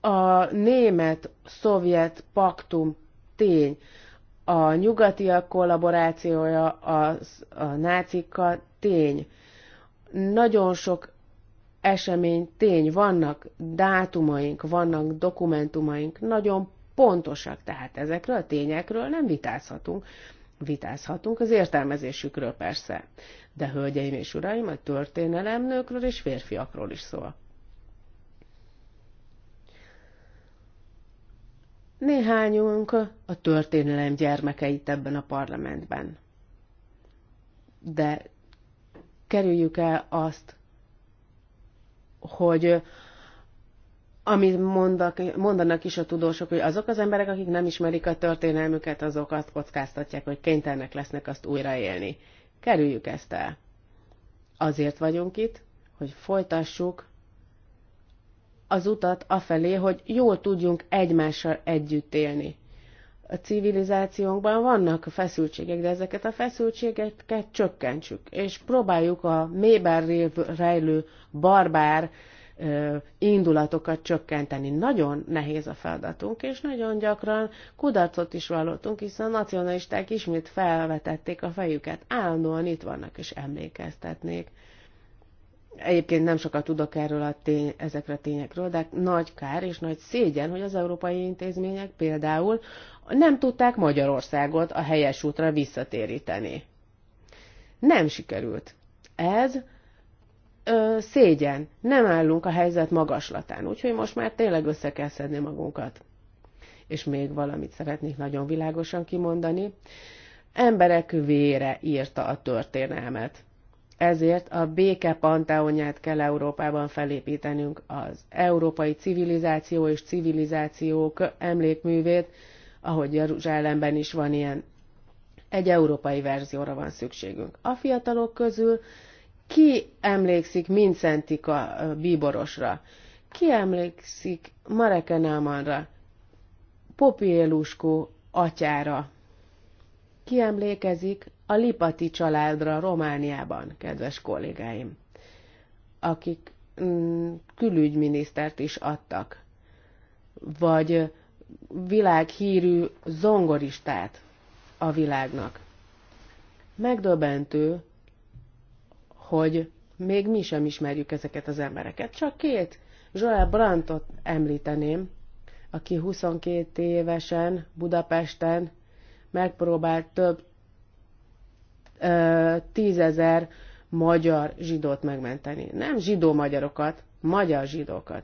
Speaker 4: A német-szovjet paktum tény a nyugatiak kollaborációja az, a nácikkal tény. Nagyon sok esemény tény, vannak dátumaink, vannak dokumentumaink, nagyon pontosak, tehát ezekről a tényekről nem vitázhatunk. Vitázhatunk az értelmezésükről persze, de hölgyeim és uraim, a történelem nőkről és férfiakról is szól. Néhányunk a történelem gyermekeit ebben a parlamentben. De kerüljük el azt, hogy amit mondak, mondanak is a tudósok, hogy azok az emberek, akik nem ismerik a történelmüket, azok azt kockáztatják, hogy kénytelenek lesznek azt újraélni. Kerüljük ezt el. Azért vagyunk itt, hogy folytassuk az utat afelé, hogy jól tudjunk egymással együtt élni. A civilizációnkban vannak feszültségek, de ezeket a feszültségeket csökkentsük, és próbáljuk a mélyben rejlő barbár indulatokat csökkenteni. Nagyon nehéz a feladatunk, és nagyon gyakran kudarcot is vallottunk, hiszen a nacionalisták ismét felvetették a fejüket. Állandóan itt vannak és emlékeztetnék Egyébként nem sokat tudok erről a tény, ezekre a tényekről, de nagy kár és nagy szégyen, hogy az európai intézmények például nem tudták Magyarországot a helyes útra visszatéríteni. Nem sikerült. Ez ö, szégyen. Nem állunk a helyzet magaslatán, úgyhogy most már tényleg össze kell szedni magunkat. És még valamit szeretnék nagyon világosan kimondani. Emberek vére írta a történelmet ezért a béke panteonját kell Európában felépítenünk, az európai civilizáció és civilizációk emlékművét, ahogy Jeruzsálemben is van ilyen. Egy európai verzióra van szükségünk. A fiatalok közül ki emlékszik Mincentika bíborosra? Ki emlékszik Mareke Námanra? Popiéluskó atyára? kiemlékezik a Lipati családra Romániában, kedves kollégáim, akik mm, külügyminisztert is adtak, vagy világhírű zongoristát a világnak. Megdöbbentő, hogy még mi sem ismerjük ezeket az embereket. Csak két Joel Brantot említeném, aki 22 évesen Budapesten megpróbált több ö, tízezer magyar zsidót megmenteni. Nem zsidó magyarokat, magyar zsidókat.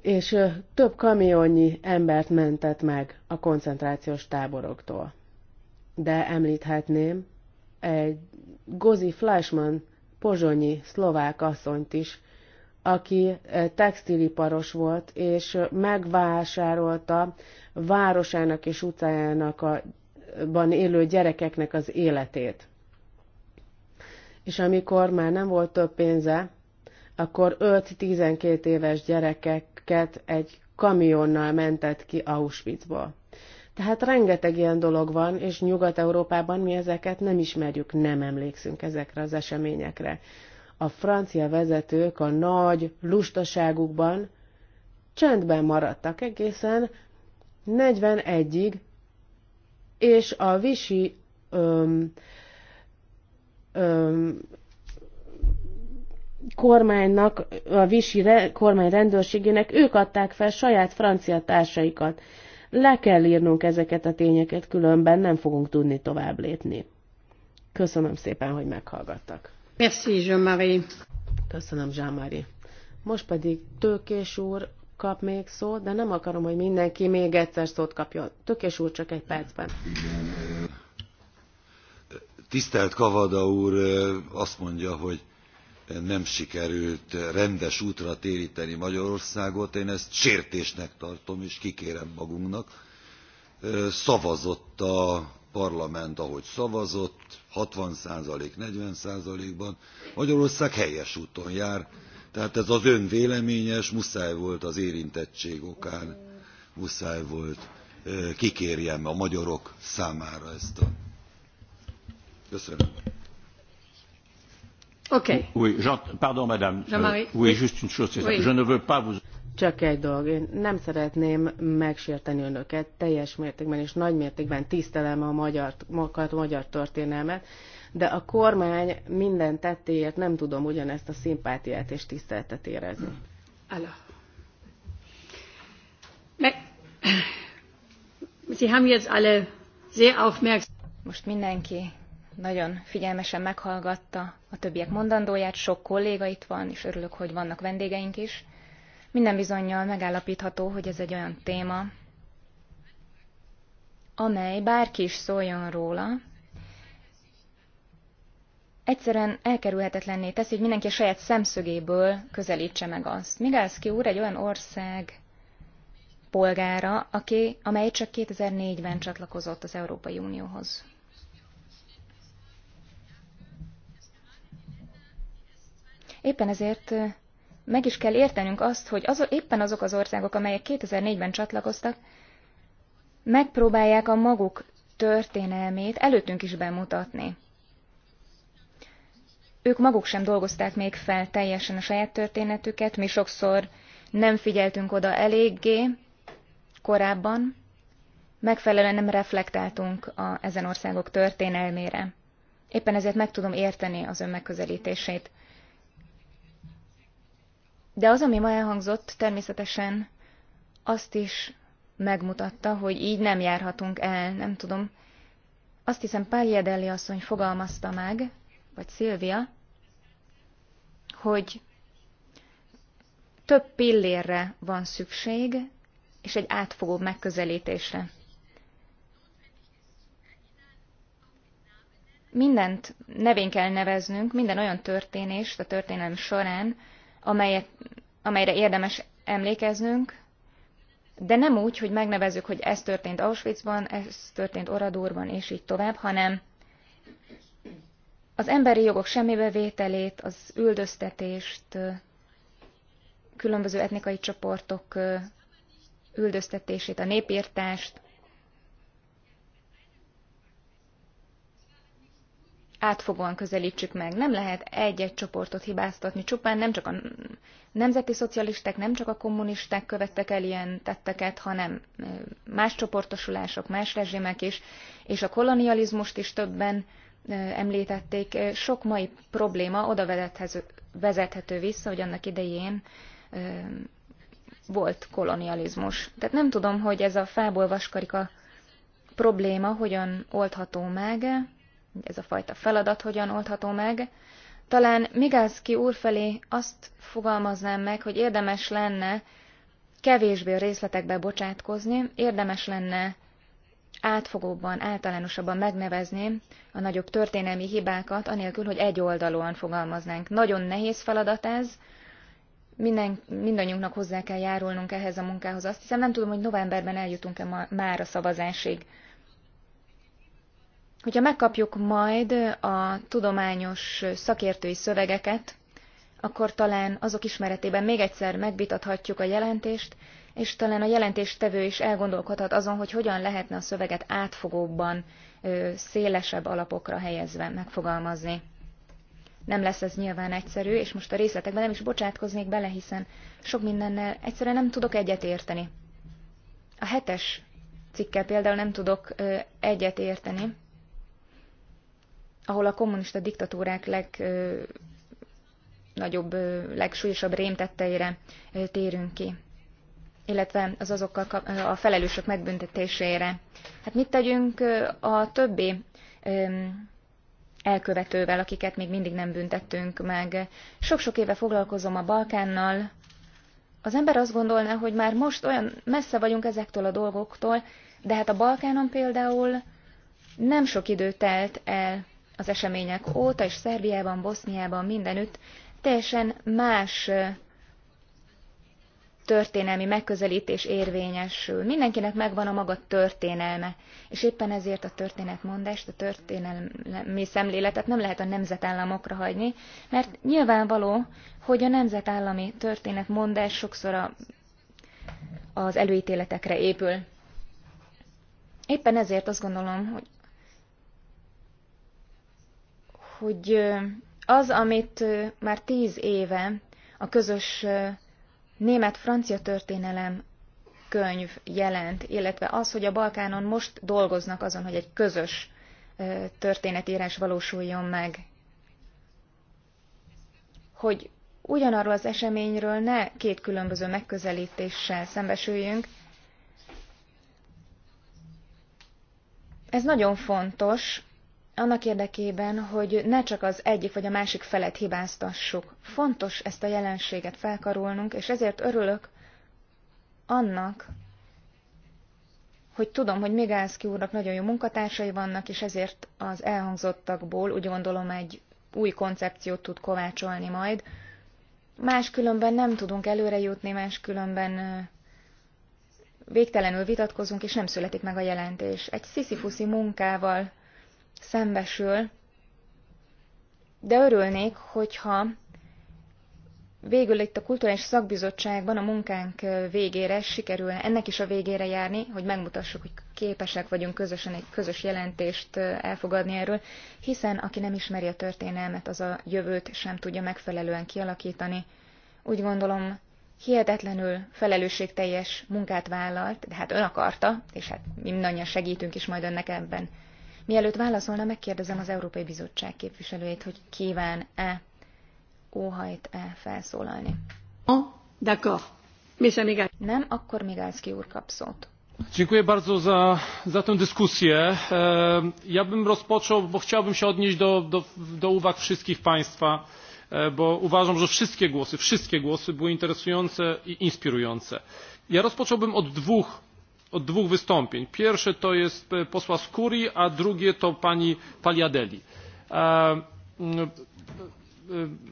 Speaker 4: És ö, több kamionnyi embert mentett meg a koncentrációs táboroktól. De említhetném egy Gozi Fleischmann pozsonyi szlovák asszonyt is, aki eh, textiliparos volt, és eh, megvásárolta városának és utcájának a, ban élő gyerekeknek az életét. És amikor már nem volt több pénze, akkor 5-12 éves gyerekeket egy kamionnal mentett ki Auschwitzból. Tehát rengeteg ilyen dolog van, és Nyugat-Európában mi ezeket nem ismerjük, nem emlékszünk ezekre az eseményekre a francia vezetők a nagy lustaságukban csendben maradtak egészen 41-ig, és a visi öm, öm, kormánynak, a visi re, kormány rendőrségének ők adták fel saját francia társaikat. Le kell írnunk ezeket a tényeket, különben nem fogunk tudni tovább lépni. Köszönöm szépen, hogy meghallgattak. Merci, Jean-Marie. Köszönöm, Jean-Marie. Most pedig Tőkés úr kap még szót, de nem akarom, hogy mindenki még egyszer szót kapjon. Tőkés úr csak egy percben.
Speaker 5: Tisztelt Kavada úr azt mondja, hogy nem sikerült rendes útra téríteni Magyarországot. Én ezt sértésnek tartom, és kikérem magunknak. Szavazott a parlament, ahogy szavazott, 60%-40%-ban, Magyarország helyes úton jár, tehát ez az ön véleményes, muszáj volt az érintettség okán, muszáj volt kikérjem a magyarok számára ezt a... Köszönöm. Okay. Oui, pardon madame, euh, oui, juste une chose, c'est oui. ça. Je ne veux pas vous
Speaker 4: csak egy dolog, én nem szeretném megsérteni önöket teljes mértékben és nagy mértékben tisztelem a magyar, magat, magyar történelmet, de a kormány minden tettéért nem tudom ugyanezt a szimpátiát és tiszteletet érezni.
Speaker 3: Alá.
Speaker 1: Sie haben jetzt alle sehr aufmerksam. Most mindenki nagyon figyelmesen meghallgatta a többiek mondandóját, sok kolléga itt van, és örülök, hogy vannak vendégeink is. Minden bizonyal megállapítható, hogy ez egy olyan téma, amely bárki is szóljon róla, egyszerűen elkerülhetetlenné teszi, hogy mindenki a saját szemszögéből közelítse meg azt. Migalszki úr egy olyan ország polgára, aki, amely csak 2004-ben csatlakozott az Európai Unióhoz. Éppen ezért meg is kell értenünk azt, hogy az, éppen azok az országok, amelyek 2004-ben csatlakoztak, megpróbálják a maguk történelmét előttünk is bemutatni. Ők maguk sem dolgozták még fel teljesen a saját történetüket, mi sokszor nem figyeltünk oda eléggé korábban, megfelelően nem reflektáltunk a, ezen országok történelmére. Éppen ezért meg tudom érteni az ön megközelítését. De az, ami ma elhangzott, természetesen azt is megmutatta, hogy így nem járhatunk el, nem tudom. Azt hiszem, Páljedelli asszony fogalmazta meg, vagy Szilvia, hogy több pillérre van szükség, és egy átfogó megközelítésre. Mindent nevén kell neveznünk, minden olyan történést a történelem során, amelyet, amelyre érdemes emlékeznünk, de nem úgy, hogy megnevezzük, hogy ez történt Auschwitzban, ez történt Oradorban, és így tovább, hanem az emberi jogok semmibevételét, az üldöztetést, különböző etnikai csoportok üldöztetését, a népírtást, átfogóan közelítsük meg. Nem lehet egy-egy csoportot hibáztatni csupán, nem csak a nemzeti szocialisták, nem csak a kommunisták követtek el ilyen tetteket, hanem más csoportosulások, más rezsimek is, és a kolonializmust is többen említették. Sok mai probléma oda vezethető vissza, hogy annak idején volt kolonializmus. Tehát nem tudom, hogy ez a fából vaskarika probléma hogyan oldható meg, ez a fajta feladat hogyan oldható meg. Talán Migalski úr felé azt fogalmaznám meg, hogy érdemes lenne kevésbé a részletekbe bocsátkozni, érdemes lenne átfogóbban, általánosabban megnevezni a nagyobb történelmi hibákat, anélkül, hogy egyoldalúan fogalmaznánk. Nagyon nehéz feladat ez, minden, mindannyiunknak hozzá kell járulnunk ehhez a munkához. Azt hiszem, nem tudom, hogy novemberben eljutunk-e ma, már a szavazásig. Hogyha megkapjuk majd a tudományos szakértői szövegeket, akkor talán azok ismeretében még egyszer megvitathatjuk a jelentést, és talán a jelentéstevő is elgondolkodhat azon, hogy hogyan lehetne a szöveget átfogóbban, szélesebb alapokra helyezve megfogalmazni. Nem lesz ez nyilván egyszerű, és most a részletekben nem is bocsátkoznék bele, hiszen sok mindennel egyszerűen nem tudok egyetérteni. A hetes cikkel például nem tudok egyetérteni, ahol a kommunista diktatúrák legnagyobb, legsúlyosabb rémtetteire térünk ki, illetve az azokkal a felelősök megbüntetésére. Hát mit tegyünk a többi elkövetővel, akiket még mindig nem büntettünk meg. Sok-sok éve foglalkozom a Balkánnal. Az ember azt gondolná, hogy már most olyan messze vagyunk ezektől a dolgoktól, de hát a Balkánon például nem sok idő telt el az események óta, és Szerbiában, Boszniában, mindenütt teljesen más történelmi megközelítés érvényesül. Mindenkinek megvan a maga történelme, és éppen ezért a történetmondást, a történelmi szemléletet nem lehet a nemzetállamokra hagyni, mert nyilvánvaló, hogy a nemzetállami történetmondás sokszor a, az előítéletekre épül. Éppen ezért azt gondolom, hogy hogy az, amit már tíz éve a közös német-francia történelem könyv jelent, illetve az, hogy a Balkánon most dolgoznak azon, hogy egy közös történetírás valósuljon meg. Hogy ugyanarról az eseményről ne két különböző megközelítéssel szembesüljünk, ez nagyon fontos, annak érdekében, hogy ne csak az egyik vagy a másik felet hibáztassuk. Fontos ezt a jelenséget felkarolnunk, és ezért örülök annak, hogy tudom, hogy Migászki úrnak nagyon jó munkatársai vannak, és ezért az elhangzottakból úgy gondolom egy új koncepciót tud kovácsolni majd. Máskülönben nem tudunk előre jutni, máskülönben végtelenül vitatkozunk, és nem születik meg a jelentés. Egy sziszifuszi munkával szembesül, de örülnék, hogyha végül itt a Kulturális Szakbizottságban a munkánk végére sikerülne ennek is a végére járni, hogy megmutassuk, hogy képesek vagyunk közösen egy közös jelentést elfogadni erről, hiszen aki nem ismeri a történelmet, az a jövőt sem tudja megfelelően kialakítani. Úgy gondolom, hihetetlenül felelősségteljes munkát vállalt, de hát ön akarta, és hát mindannyian segítünk is majd önnek ebben. Mielőtt válaszolna, megkérdezem az Európai Bizottság képviselőjét, hogy kíván-e, óhajt-e felszólalni. Oh, d'accord. Nem, akkor Migalski úr kap szót.
Speaker 6: Dziękuję bardzo za, za tę dyskusję. E, ja bym rozpoczął, bo chciałbym się odnieść do, do, do uwag wszystkich Państwa, e, bo uważam, że wszystkie głosy, wszystkie głosy były interesujące i inspirujące. Ja rozpocząłbym od dwóch od dwóch wystąpień. Pierwsze to jest e, posła Skuri, a drugie to pani Paliadeli. E, e,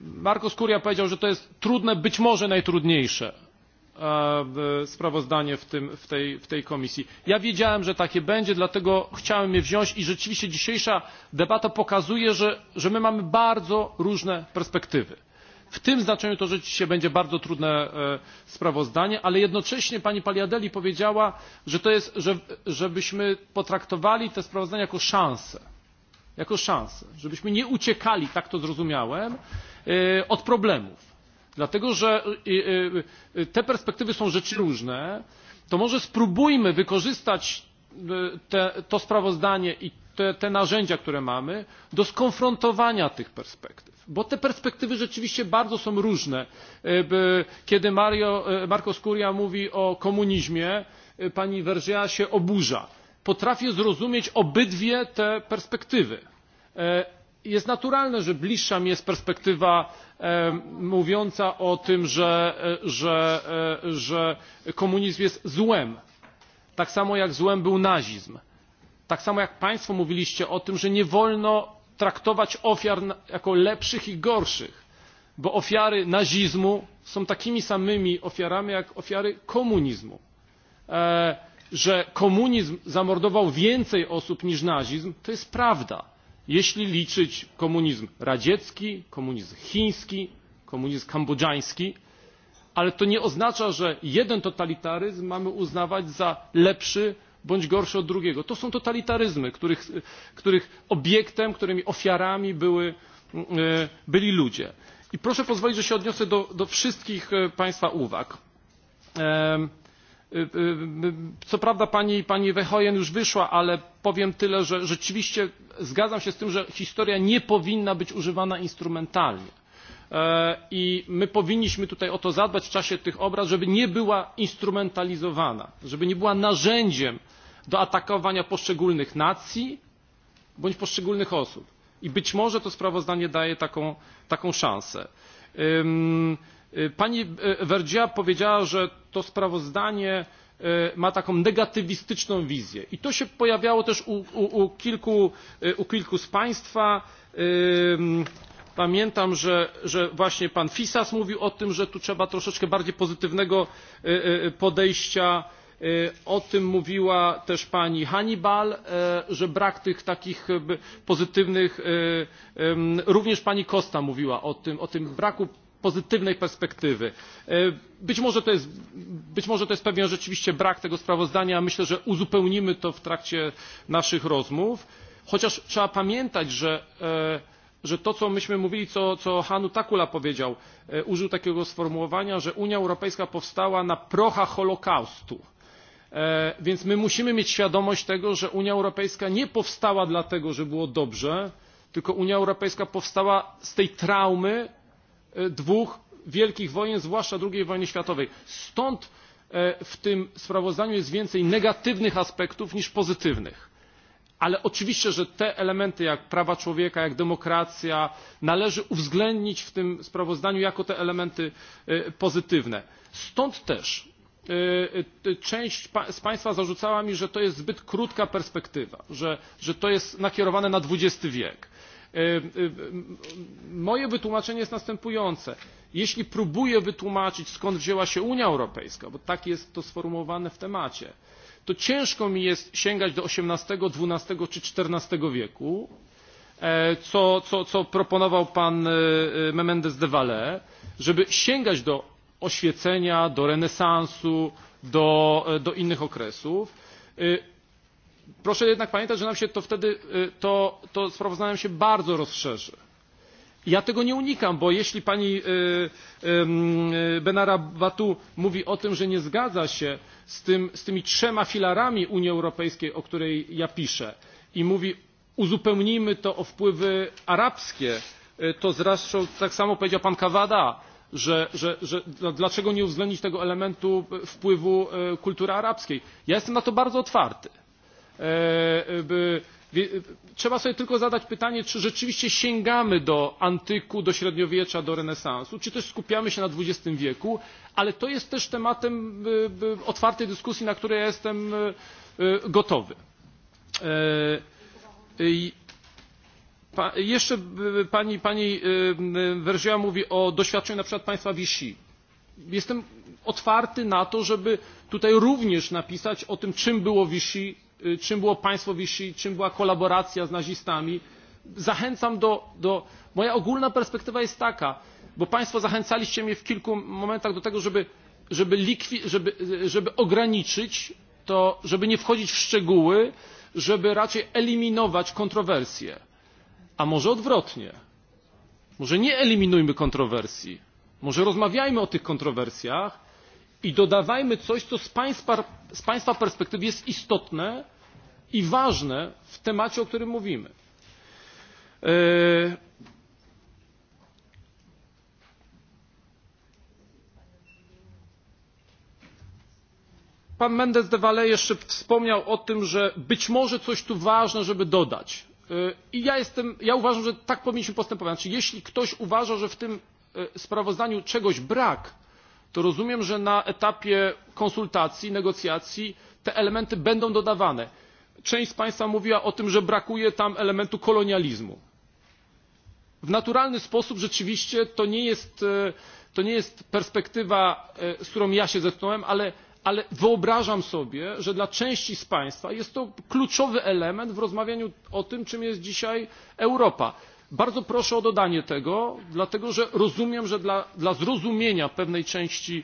Speaker 6: Marco Skuria powiedział, że to jest trudne, być może najtrudniejsze sprawozdanie w, tym, w, tej, w tej komisji. Ja wiedziałem, że takie będzie, dlatego chciałem je wziąć i rzeczywiście dzisiejsza debata pokazuje, że, że my mamy bardzo różne perspektywy w tym znaczeniu to rzeczywiście będzie bardzo trudne e, sprawozdanie ale jednocześnie pani paliadeli powiedziała że to jest żebyśmy potraktowali to sprawozdanie jako szansę jako szansę żebyśmy nie uciekali tak to zrozumiałem e, od problemów dlatego że e, te perspektywy są rzeczywiście różne to może spróbujmy wykorzystać te, to sprawozdanie i te, te narzędzia, które mamy, do skonfrontowania tych perspektyw. Bo te perspektywy rzeczywiście bardzo są różne. Kiedy Mario, Marco Scuria mówi o komunizmie, pani Vergea się oburza. Potrafię zrozumieć obydwie te perspektywy. Jest naturalne, że bliższa mi jest perspektywa mówiąca o tym, że, że, że komunizm jest złem tak samo jak złem był nazizm tak samo jak państwo mówiliście o tym że nie wolno traktować ofiar jako lepszych i gorszych bo ofiary nazizmu są takimi samymi ofiarami jak ofiary komunizmu e, że komunizm zamordował więcej osób niż nazizm to jest prawda jeśli liczyć komunizm radziecki komunizm chiński komunizm kambodżański ale to nie oznacza że jeden totalitaryzm mamy uznawać za lepszy bądź gorszy od drugiego. to są totalitaryzmy których, obiektem których ofiarami mm, e, byli ludzie. i proszę pozwolić że się odniosę do, wszystkich e, państwa uwag. E, co prawda pani verheugen już wyszła ale powiem tyle że rzeczywiście zgadzam się z tym że historia nie powinna być używana instrumentalnie E, i my powinniśmy tutaj o to zadbać w czasie tych obrad, żeby nie była instrumentalizowana, żeby nie była narzędziem do atakowania poszczególnych nacji bądź poszczególnych osób. I być może to sprawozdanie daje taką, taką szansę. Pani e, Vergia powiedziała, że to sprawozdanie e, ma taką negatywistyczną wizję. I to się pojawiało też u, u, u, kilku, u kilku z Państwa pamiętam że, właśnie pan fisas mówił o tym że tu trzeba troszeczkę bardziej pozytywnego e, e, podejścia e, o tym mówiła też pani hannibal że brak tych takich pozytywnych również pani costa mówiła o tym, o tym braku pozytywnej perspektywy. Być może, to jest, pewien rzeczywiście brak tego sprawozdania. Myślę, że uzupełnimy to w trakcie naszych rozmów. Chociaż trzeba pamiętać, że że to co myśmy mówili co, co hannu takula powiedział e, użył takiego sformułowania że unia europejska powstała na prochach holokaustu e, więc my musimy mieć świadomość tego że unia europejska nie powstała dlatego że było dobrze tylko unia europejska powstała z tej traumy e, dwóch wielkich wojen zwłaszcza ii wojny światowej. stąd w tym sprawozdaniu jest więcej negatywnych aspektów niż pozytywnych ale oczywiście że te elementy jak prawa człowieka jak demokracja należy uwzględnić w tym sprawozdaniu jako te elementy pozytywne. stąd też część z państwa zarzucała mi że to jest zbyt krótka perspektywa że, to jest nakierowane na dwudziesty wiek. moje wytłumaczenie jest następujące jeśli próbuję wytłumaczyć skąd wzięła się unia europejska bo tak jest to sformułowane w temacie to ciężko mi jest sięgać do xviii xii czy xiv wieku e, co, co, co proponował pan e, e, Memendez de Valle, żeby sięgać do oświecenia, do renesansu, do, do innych okresów. Proszę jednak pamiętać, że nam się to wtedy, to, to sprawozdaniem się bardzo rozszerzy ja tego nie unikam bo jeśli pani e, e, e, batu mówi o tym że nie zgadza się z, tym, z tymi trzema filarami unii europejskiej o której ja piszę i mówi uzupełnijmy to o wpływy arabskie to zresztą tak samo powiedział pan cavada że, że, że dlaczego nie uwzględnić tego elementu wpływu kultury arabskiej. ja jestem na to bardzo otwarty trzeba sobie tylko zadać pytanie czy rzeczywiście sięgamy do antyku do średniowiecza do renesansu czy też skupiamy się na xx wieku ale to jest też tematem otwartej dyskusji na której ja jestem gotowy. E, jeszcze pani, pani Vergia mówi o doświadczeniu na przykład państwa Vichy. Jestem otwarty na to, żeby tutaj również napisać o tym, czym było Vichy czym było państwo Vichy, czym była kolaboracja z nazistami. Zachęcam do, do... Moja ogólna perspektywa jest taka, bo państwo zachęcaliście mnie w kilku momentach do tego, żeby, żeby, likwi, żeby, żeby ograniczyć to, żeby nie wchodzić w szczegóły, żeby raczej eliminować kontrowersje. A może odwrotnie. Może nie eliminujmy kontrowersji. Może rozmawiajmy o tych kontrowersjach, i dodawajmy coś co z państwa, z państwa perspektywy jest istotne i ważne w temacie o którym mówimy. E, pan Mendes de valle jeszcze wspomniał o tym że być może coś tu ważne żeby dodać e, i ja, jestem, ja uważam że tak powinniśmy postępować. Znaczy, jeśli ktoś uważa że w tym e, sprawozdaniu czegoś brak to rozumiem że na etapie konsultacji negocjacji te elementy będą dodawane. część z państwa mówiła o tym że brakuje tam elementu kolonializmu. w naturalny sposób rzeczywiście to nie jest, e, perspektywa e, z którą ja się zetknąłem ale wyobrażam sobie że dla części z państwa jest to kluczowy element w rozmawianiu o tym czym jest dzisiaj europa. Bardzo proszę o dodanie tego, dlatego że rozumiem, że dla, zrozumienia pewnej części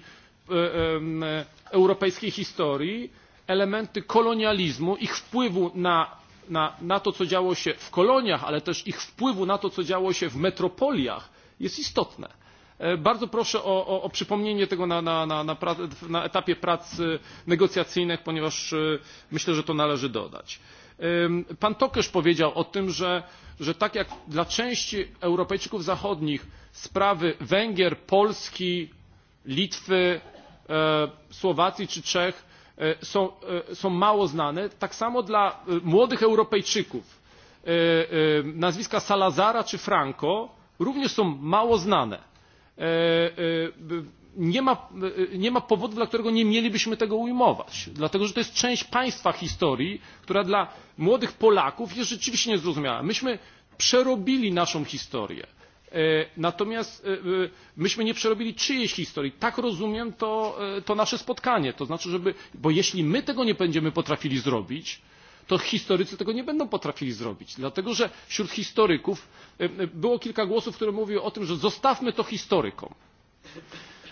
Speaker 6: e, e, europejskiej historii elementy kolonializmu, ich wpływu na, to, co działo się w koloniach, ale też ich wpływu na to, co działo się w metropoliach jest istotne. E, bardzo proszę o, przypomnienie tego na, etapie prac negocjacyjnych, ponieważ myślę, że to należy dodać. Pan Tokesz powiedział o tym, że że tak jak dla części Europejczyków zachodnich sprawy Węgier, Polski, Litwy, e, Słowacji czy Czech e, e, są, mało znane, tak samo dla młodych Europejczyków nazwiska Salazara czy Franco również są mało znane nie ma, e, nie ma powodu, dla którego nie mielibyśmy tego ujmować. Dlatego, że to jest część państwa historii, która dla młodych Polaków jest rzeczywiście niezrozumiała. Myśmy przerobili naszą historię. E, natomiast e, myśmy nie przerobili czyjejś historii. Tak rozumiem to, to nasze spotkanie. To znaczy, żeby, bo jeśli my tego nie będziemy potrafili zrobić, to historycy tego nie będą potrafili zrobić. Dlatego, że wśród historyków było kilka głosów, które mówiły o tym, że zostawmy to historykom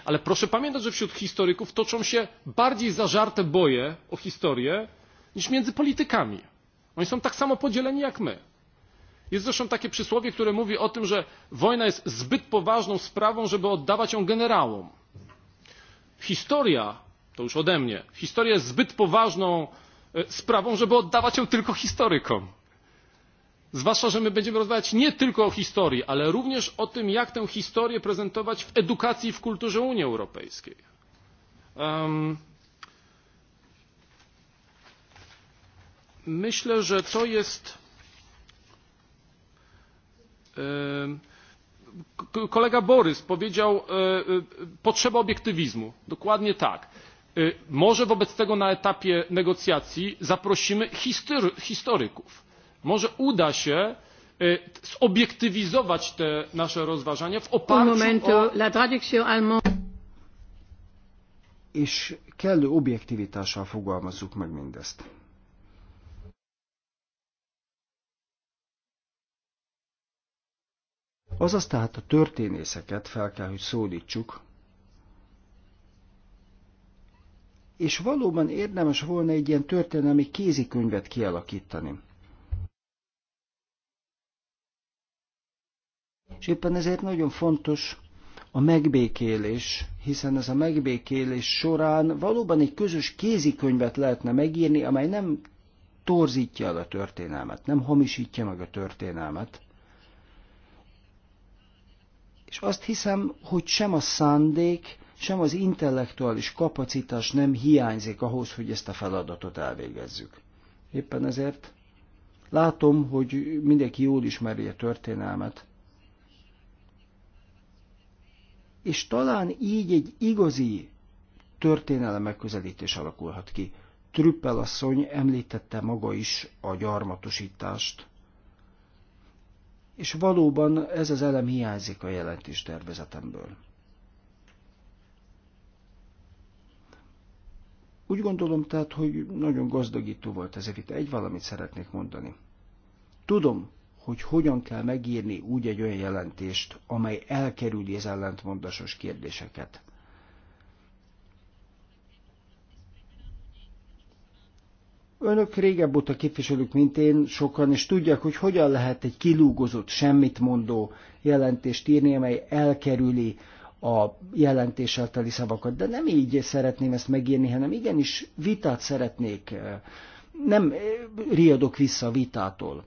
Speaker 6: ale proszę pamiętać że wśród historyków toczą się bardziej zażarte boje o historię niż między politykami. oni są tak samo podzieleni jak my. jest zresztą takie przysłowie które mówi o tym że wojna jest zbyt poważną sprawą żeby oddawać ją generałom. historia to już ode mnie historia jest zbyt poważną e, sprawą żeby oddawać ją tylko historykom Zwłaszcza, że my będziemy rozmawiać nie tylko o historii, ale również o tym, jak tę historię prezentować w edukacji i w kulturze Unii Europejskiej. myślę, że to jest. kolega borys powiedział e, e, potrzeba obiektywizmu dokładnie tak. E, może wobec tego na etapie negocjacji zaprosimy historyków Może uda się zobiektywizować te nasze rozważania w oparciu
Speaker 3: o...
Speaker 2: És kellő objektivitással fogalmazzuk meg mindezt. Azaz tehát a történészeket fel kell, hogy szólítsuk, és valóban érdemes volna egy ilyen történelmi kézikönyvet kialakítani. És éppen ezért nagyon fontos a megbékélés, hiszen ez a megbékélés során valóban egy közös kézikönyvet lehetne megírni, amely nem torzítja el a történelmet, nem hamisítja meg a történelmet. És azt hiszem, hogy sem a szándék, sem az intellektuális kapacitás nem hiányzik ahhoz, hogy ezt a feladatot elvégezzük. Éppen ezért látom, hogy mindenki jól ismeri a történelmet, és talán így egy igazi történelem megközelítés alakulhat ki. Trüppel asszony említette maga is a gyarmatosítást, és valóban ez az elem hiányzik a jelentés tervezetemből. Úgy gondolom tehát, hogy nagyon gazdagító volt ez a vita. Egy valamit szeretnék mondani. Tudom, hogy hogyan kell megírni úgy egy olyan jelentést, amely elkerüli az ellentmondásos kérdéseket. Önök régebb óta képviselők, mint én, sokan, és tudják, hogy hogyan lehet egy kilúgozott, semmit mondó jelentést írni, amely elkerüli a jelentéssel teli szavakat. De nem így szeretném ezt megírni, hanem igenis vitát szeretnék. Eh, nem eh, riadok vissza a vitától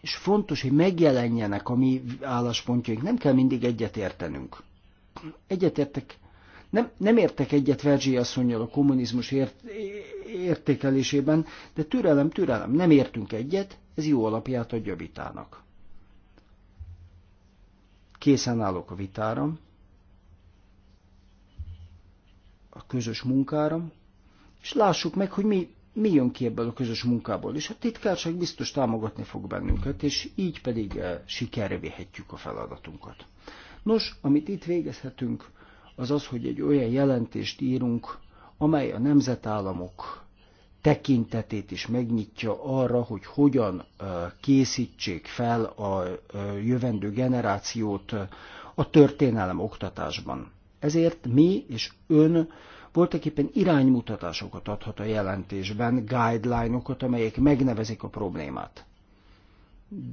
Speaker 2: és fontos, hogy megjelenjenek a mi álláspontjaink. Nem kell mindig egyet értenünk. értek, nem, nem értek egyet Verzsi asszonynal a kommunizmus ért, értékelésében, de türelem, türelem, nem értünk egyet, ez jó alapját adja a vitának. Készen állok a vitára, a közös munkára, és lássuk meg, hogy mi mi jön ki ebből a közös munkából, és a titkárság biztos támogatni fog bennünket, és így pedig eh, sikerre vihetjük a feladatunkat. Nos, amit itt végezhetünk, az az, hogy egy olyan jelentést írunk, amely a nemzetállamok tekintetét is megnyitja arra, hogy hogyan eh, készítsék fel a eh, jövendő generációt a történelem oktatásban. Ezért mi és ön voltak éppen iránymutatásokat adhat a jelentésben, guideline-okat, amelyek megnevezik a problémát.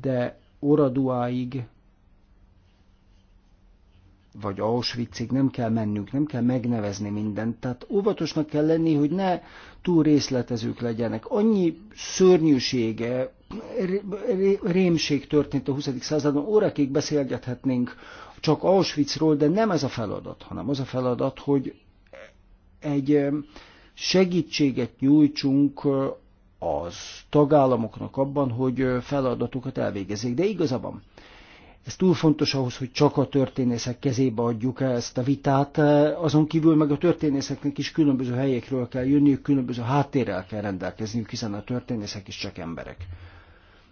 Speaker 2: De Oraduáig vagy Auschwitzig nem kell mennünk, nem kell megnevezni mindent. Tehát óvatosnak kell lenni, hogy ne túl részletezők legyenek. Annyi szörnyűsége, rémség történt a 20. században, órakig beszélgethetnénk csak Auschwitzról, de nem ez a feladat, hanem az a feladat, hogy egy segítséget nyújtsunk az tagállamoknak abban, hogy feladatokat elvégezzék. De igazabban Ez túl fontos ahhoz, hogy csak a történészek kezébe adjuk -e ezt a vitát, azon kívül meg a történészeknek is különböző helyekről kell jönniük, különböző háttérrel kell rendelkezniük, hiszen a történészek is csak emberek.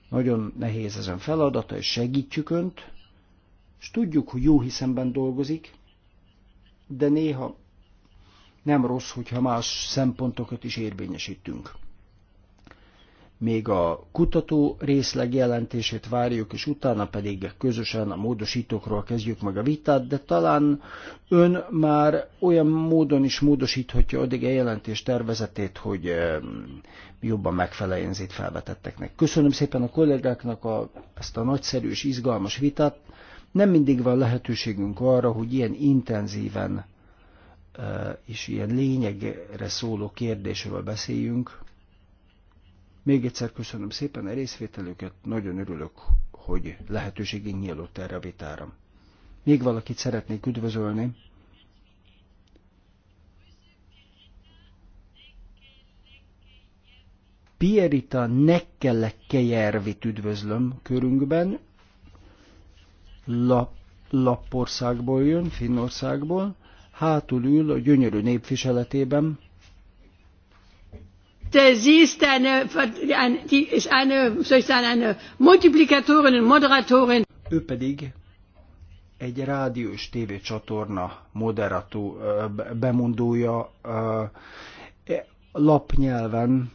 Speaker 2: Nagyon nehéz ezen feladata, és segítjük Önt, és tudjuk, hogy jó hiszemben dolgozik, de néha nem rossz, hogyha más szempontokat is érvényesítünk. Még a kutató részleg jelentését várjuk, és utána pedig közösen a módosítókról kezdjük meg a vitát, de talán ön már olyan módon is módosíthatja addig a jelentés tervezetét, hogy jobban megfeleljen az itt felvetetteknek. Köszönöm szépen a kollégáknak a, ezt a nagyszerű és izgalmas vitát. Nem mindig van lehetőségünk arra, hogy ilyen intenzíven és ilyen lényegre szóló kérdésről beszéljünk. Még egyszer köszönöm szépen a részvételőket, nagyon örülök, hogy lehetőségén nyílott erre a vitára. Még valakit szeretnék üdvözölni. Pierita Nekkelekkejervit üdvözlöm körünkben. Lap Lappországból jön, Finnországból hátul ül a gyönyörű népviseletében.
Speaker 3: Te ist eine, die ist eine, soll ich sagen, eine Multiplikatorin eine Moderatorin.
Speaker 2: Ő pedig egy rádiós tévécsatorna moderató, bemondója lapnyelven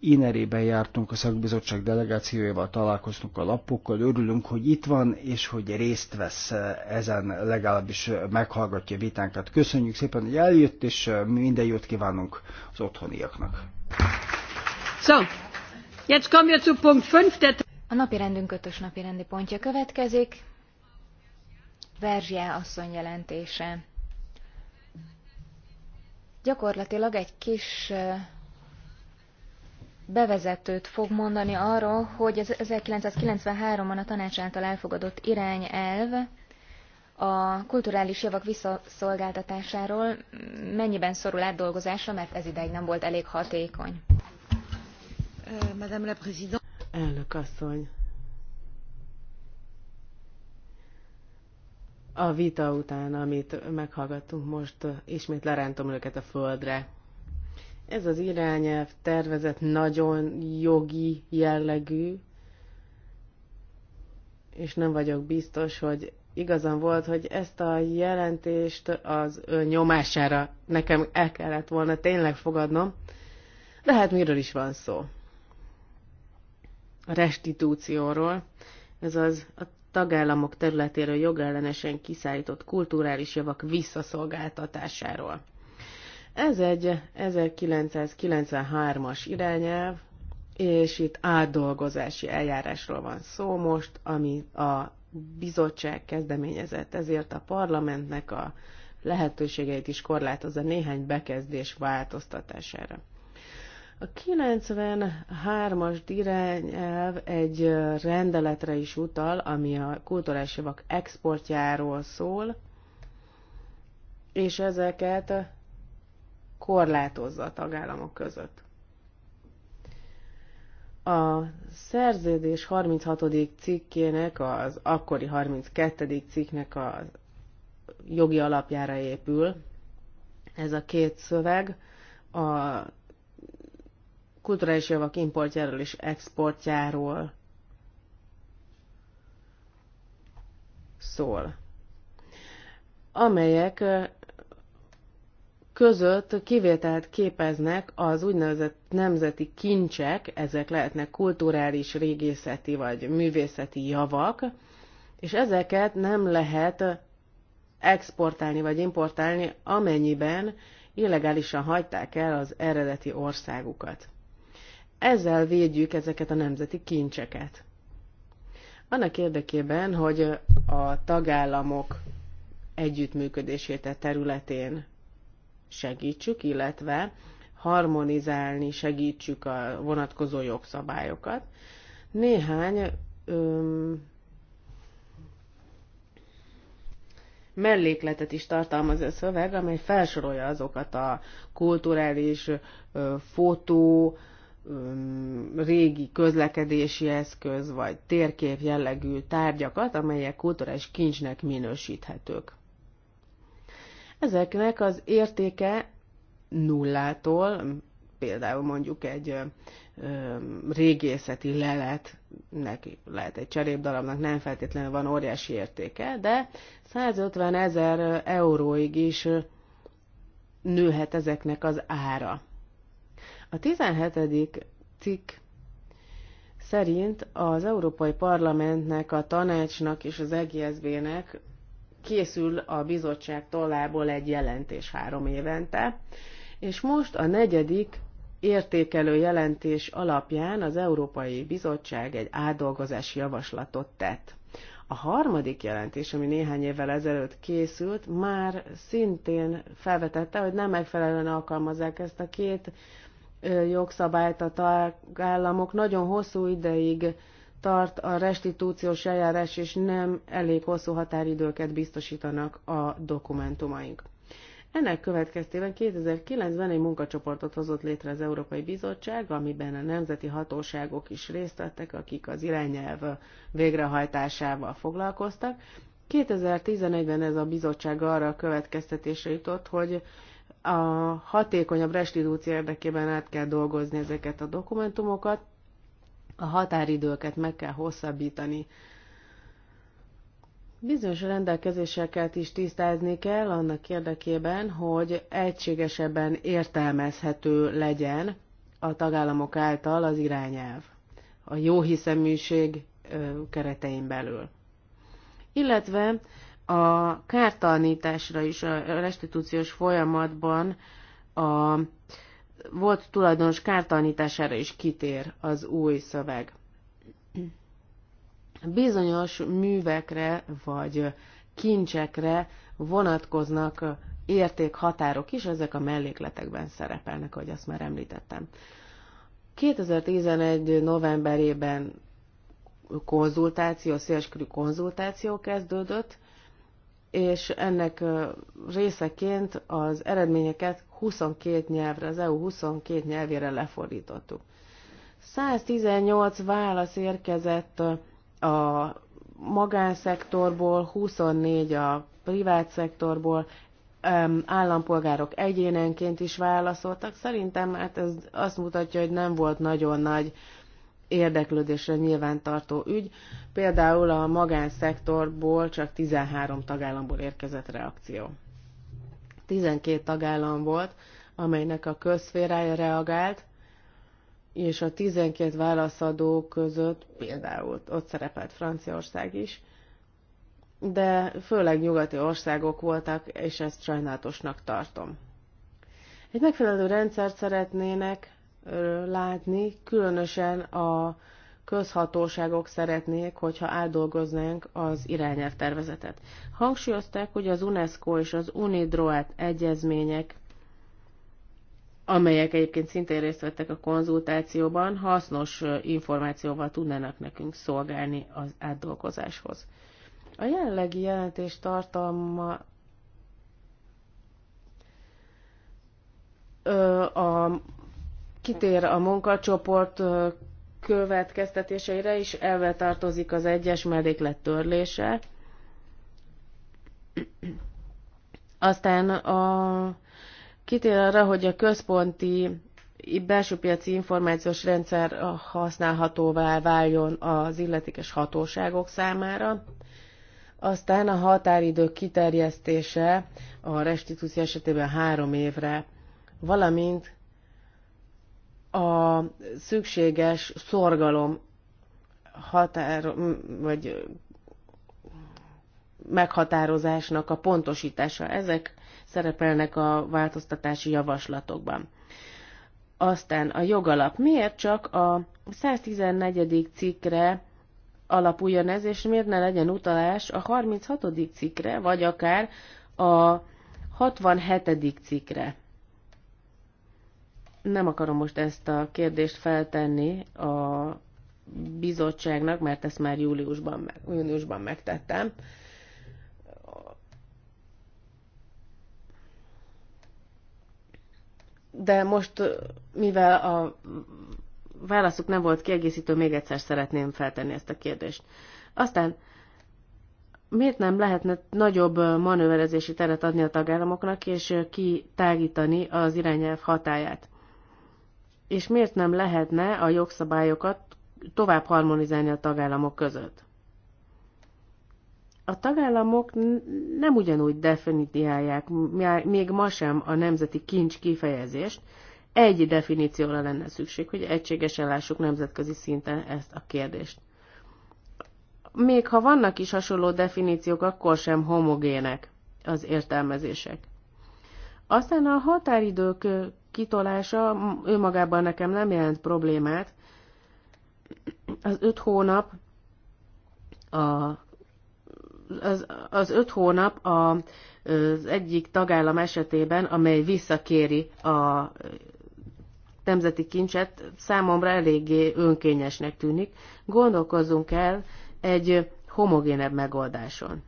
Speaker 2: Inerében jártunk a szakbizottság delegációjával, találkoztunk a lapokkal, örülünk, hogy itt van, és hogy részt vesz eh, ezen, legalábbis eh, meghallgatja vitánkat. Köszönjük szépen, hogy eljött, és eh, minden jót kívánunk az otthoniaknak.
Speaker 1: So, jetzt kommen wir zu Punkt 5 a napi rendünk ötös napi rendi pontja következik. Verzsia asszony jelentése. Gyakorlatilag egy kis bevezetőt fog mondani arról, hogy az 1993-ban a tanács által elfogadott irányelv a kulturális javak visszaszolgáltatásáról mennyiben szorul átdolgozásra, mert ez ideig nem volt elég hatékony.
Speaker 4: Madame la Présidente. Elnök asszony. A vita után, amit meghallgattunk, most ismét lerántom őket a földre. Ez az irányelv tervezet nagyon jogi jellegű, és nem vagyok biztos, hogy igazam volt, hogy ezt a jelentést az nyomására nekem el kellett volna tényleg fogadnom, de hát miről is van szó? A restitúcióról, az a tagállamok területéről jogellenesen kiszállított kulturális javak visszaszolgáltatásáról. Ez egy 1993-as irányelv, és itt átdolgozási eljárásról van szó most, ami a bizottság kezdeményezett, ezért a parlamentnek a lehetőségeit is korlátozza néhány bekezdés változtatására. A 93-as irányelv egy rendeletre is utal, ami a kulturális javak exportjáról szól, és ezeket korlátozza a tagállamok között. A szerződés 36. cikkének, az akkori 32. cikknek a jogi alapjára épül ez a két szöveg. A kulturális javak importjáról és exportjáról szól, amelyek között kivételt képeznek az úgynevezett nemzeti kincsek, ezek lehetnek kulturális, régészeti vagy művészeti javak, és ezeket nem lehet exportálni vagy importálni, amennyiben illegálisan hagyták el az eredeti országukat. Ezzel védjük ezeket a nemzeti kincseket. Annak érdekében, hogy a tagállamok együttműködését a területén segítsük, illetve harmonizálni segítsük a vonatkozó jogszabályokat. Néhány öm, mellékletet is tartalmaz a szöveg, amely felsorolja azokat a kulturális ö, fotó, régi közlekedési eszköz vagy térkép jellegű tárgyakat, amelyek kulturális kincsnek minősíthetők. Ezeknek az értéke nullától, például mondjuk egy ö, régészeti leletnek, lehet egy cserépdarabnak nem feltétlenül van óriási értéke, de 150 ezer euróig is nőhet ezeknek az ára. A 17. cikk szerint az Európai Parlamentnek, a tanácsnak és az EGSZB-nek készül a bizottság tollából egy jelentés három évente, és most a negyedik értékelő jelentés alapján az Európai Bizottság egy átdolgozási javaslatot tett. A harmadik jelentés, ami néhány évvel ezelőtt készült, már szintén felvetette, hogy nem megfelelően alkalmazzák ezt a két jogszabályt a tagállamok. Nagyon hosszú ideig tart a restitúciós eljárás, és nem elég hosszú határidőket biztosítanak a dokumentumaink. Ennek következtében 2009-ben egy munkacsoportot hozott létre az Európai Bizottság, amiben a nemzeti hatóságok is részt vettek, akik az irányelv végrehajtásával foglalkoztak. 2011-ben ez a bizottság arra a következtetésre jutott, hogy a hatékonyabb restitúció érdekében át kell dolgozni ezeket a dokumentumokat, a határidőket meg kell hosszabbítani. Bizonyos rendelkezéseket is tisztázni kell annak érdekében, hogy egységesebben értelmezhető legyen a tagállamok által az irányelv a jó hiszeműség keretein belül. Illetve a kártalanításra is a restitúciós folyamatban a volt tulajdonos kártalanítására is kitér az új szöveg. Bizonyos művekre vagy kincsekre vonatkoznak értékhatárok is, ezek a mellékletekben szerepelnek, ahogy azt már említettem. 2011. novemberében konzultáció, széleskörű konzultáció kezdődött, és ennek részeként az eredményeket 22 nyelvre, az EU 22 nyelvére lefordítottuk. 118 válasz érkezett a magánszektorból, 24 a privát szektorból, állampolgárok egyénenként is válaszoltak. Szerintem hát ez azt mutatja, hogy nem volt nagyon nagy érdeklődésre nyilvántartó ügy. Például a magánszektorból csak 13 tagállamból érkezett reakció. 12 tagállam volt, amelynek a közszférája reagált, és a 12 válaszadó között például ott szerepelt Franciaország is, de főleg nyugati országok voltak, és ezt sajnálatosnak tartom. Egy megfelelő rendszert szeretnének látni, különösen a közhatóságok szeretnék, hogyha áldolgoznánk az irányelvtervezetet. Hangsúlyozták, hogy az UNESCO és az UNIDROAT egyezmények, amelyek egyébként szintén részt vettek a konzultációban, hasznos információval tudnának nekünk szolgálni az átdolgozáshoz. A jelenlegi jelentés tartalma a, kitér a munkacsoport következtetéseire is elve tartozik az egyes melléklet törlése. Aztán a, kitér arra, hogy a központi belső piaci információs rendszer használhatóvá váljon az illetékes hatóságok számára. Aztán a határidő kiterjesztése a restitúció esetében három évre, valamint a szükséges szorgalom határ, vagy meghatározásnak a pontosítása. Ezek szerepelnek a változtatási javaslatokban. Aztán a jogalap. Miért csak a 114. cikkre alapuljon ez, és miért ne legyen utalás a 36. cikkre, vagy akár a 67. cikkre? Nem akarom most ezt a kérdést feltenni a bizottságnak, mert ezt már júliusban, júniusban megtettem. De most, mivel a válaszuk nem volt kiegészítő, még egyszer szeretném feltenni ezt a kérdést. Aztán miért nem lehetne nagyobb manőverezési teret adni a tagállamoknak, és kitágítani az irányelv hatáját? és miért nem lehetne a jogszabályokat tovább harmonizálni a tagállamok között? A tagállamok nem ugyanúgy definiálják, még ma sem a nemzeti kincs kifejezést, egy definícióra lenne szükség, hogy egységesen lássuk nemzetközi szinten ezt a kérdést. Még ha vannak is hasonló definíciók, akkor sem homogének az értelmezések. Aztán a határidők kitolása önmagában nekem nem jelent problémát. Az öt hónap a, az, az öt hónap a, az egyik tagállam esetében, amely visszakéri a nemzeti kincset, számomra eléggé önkényesnek tűnik. Gondolkozzunk el egy homogénebb megoldáson.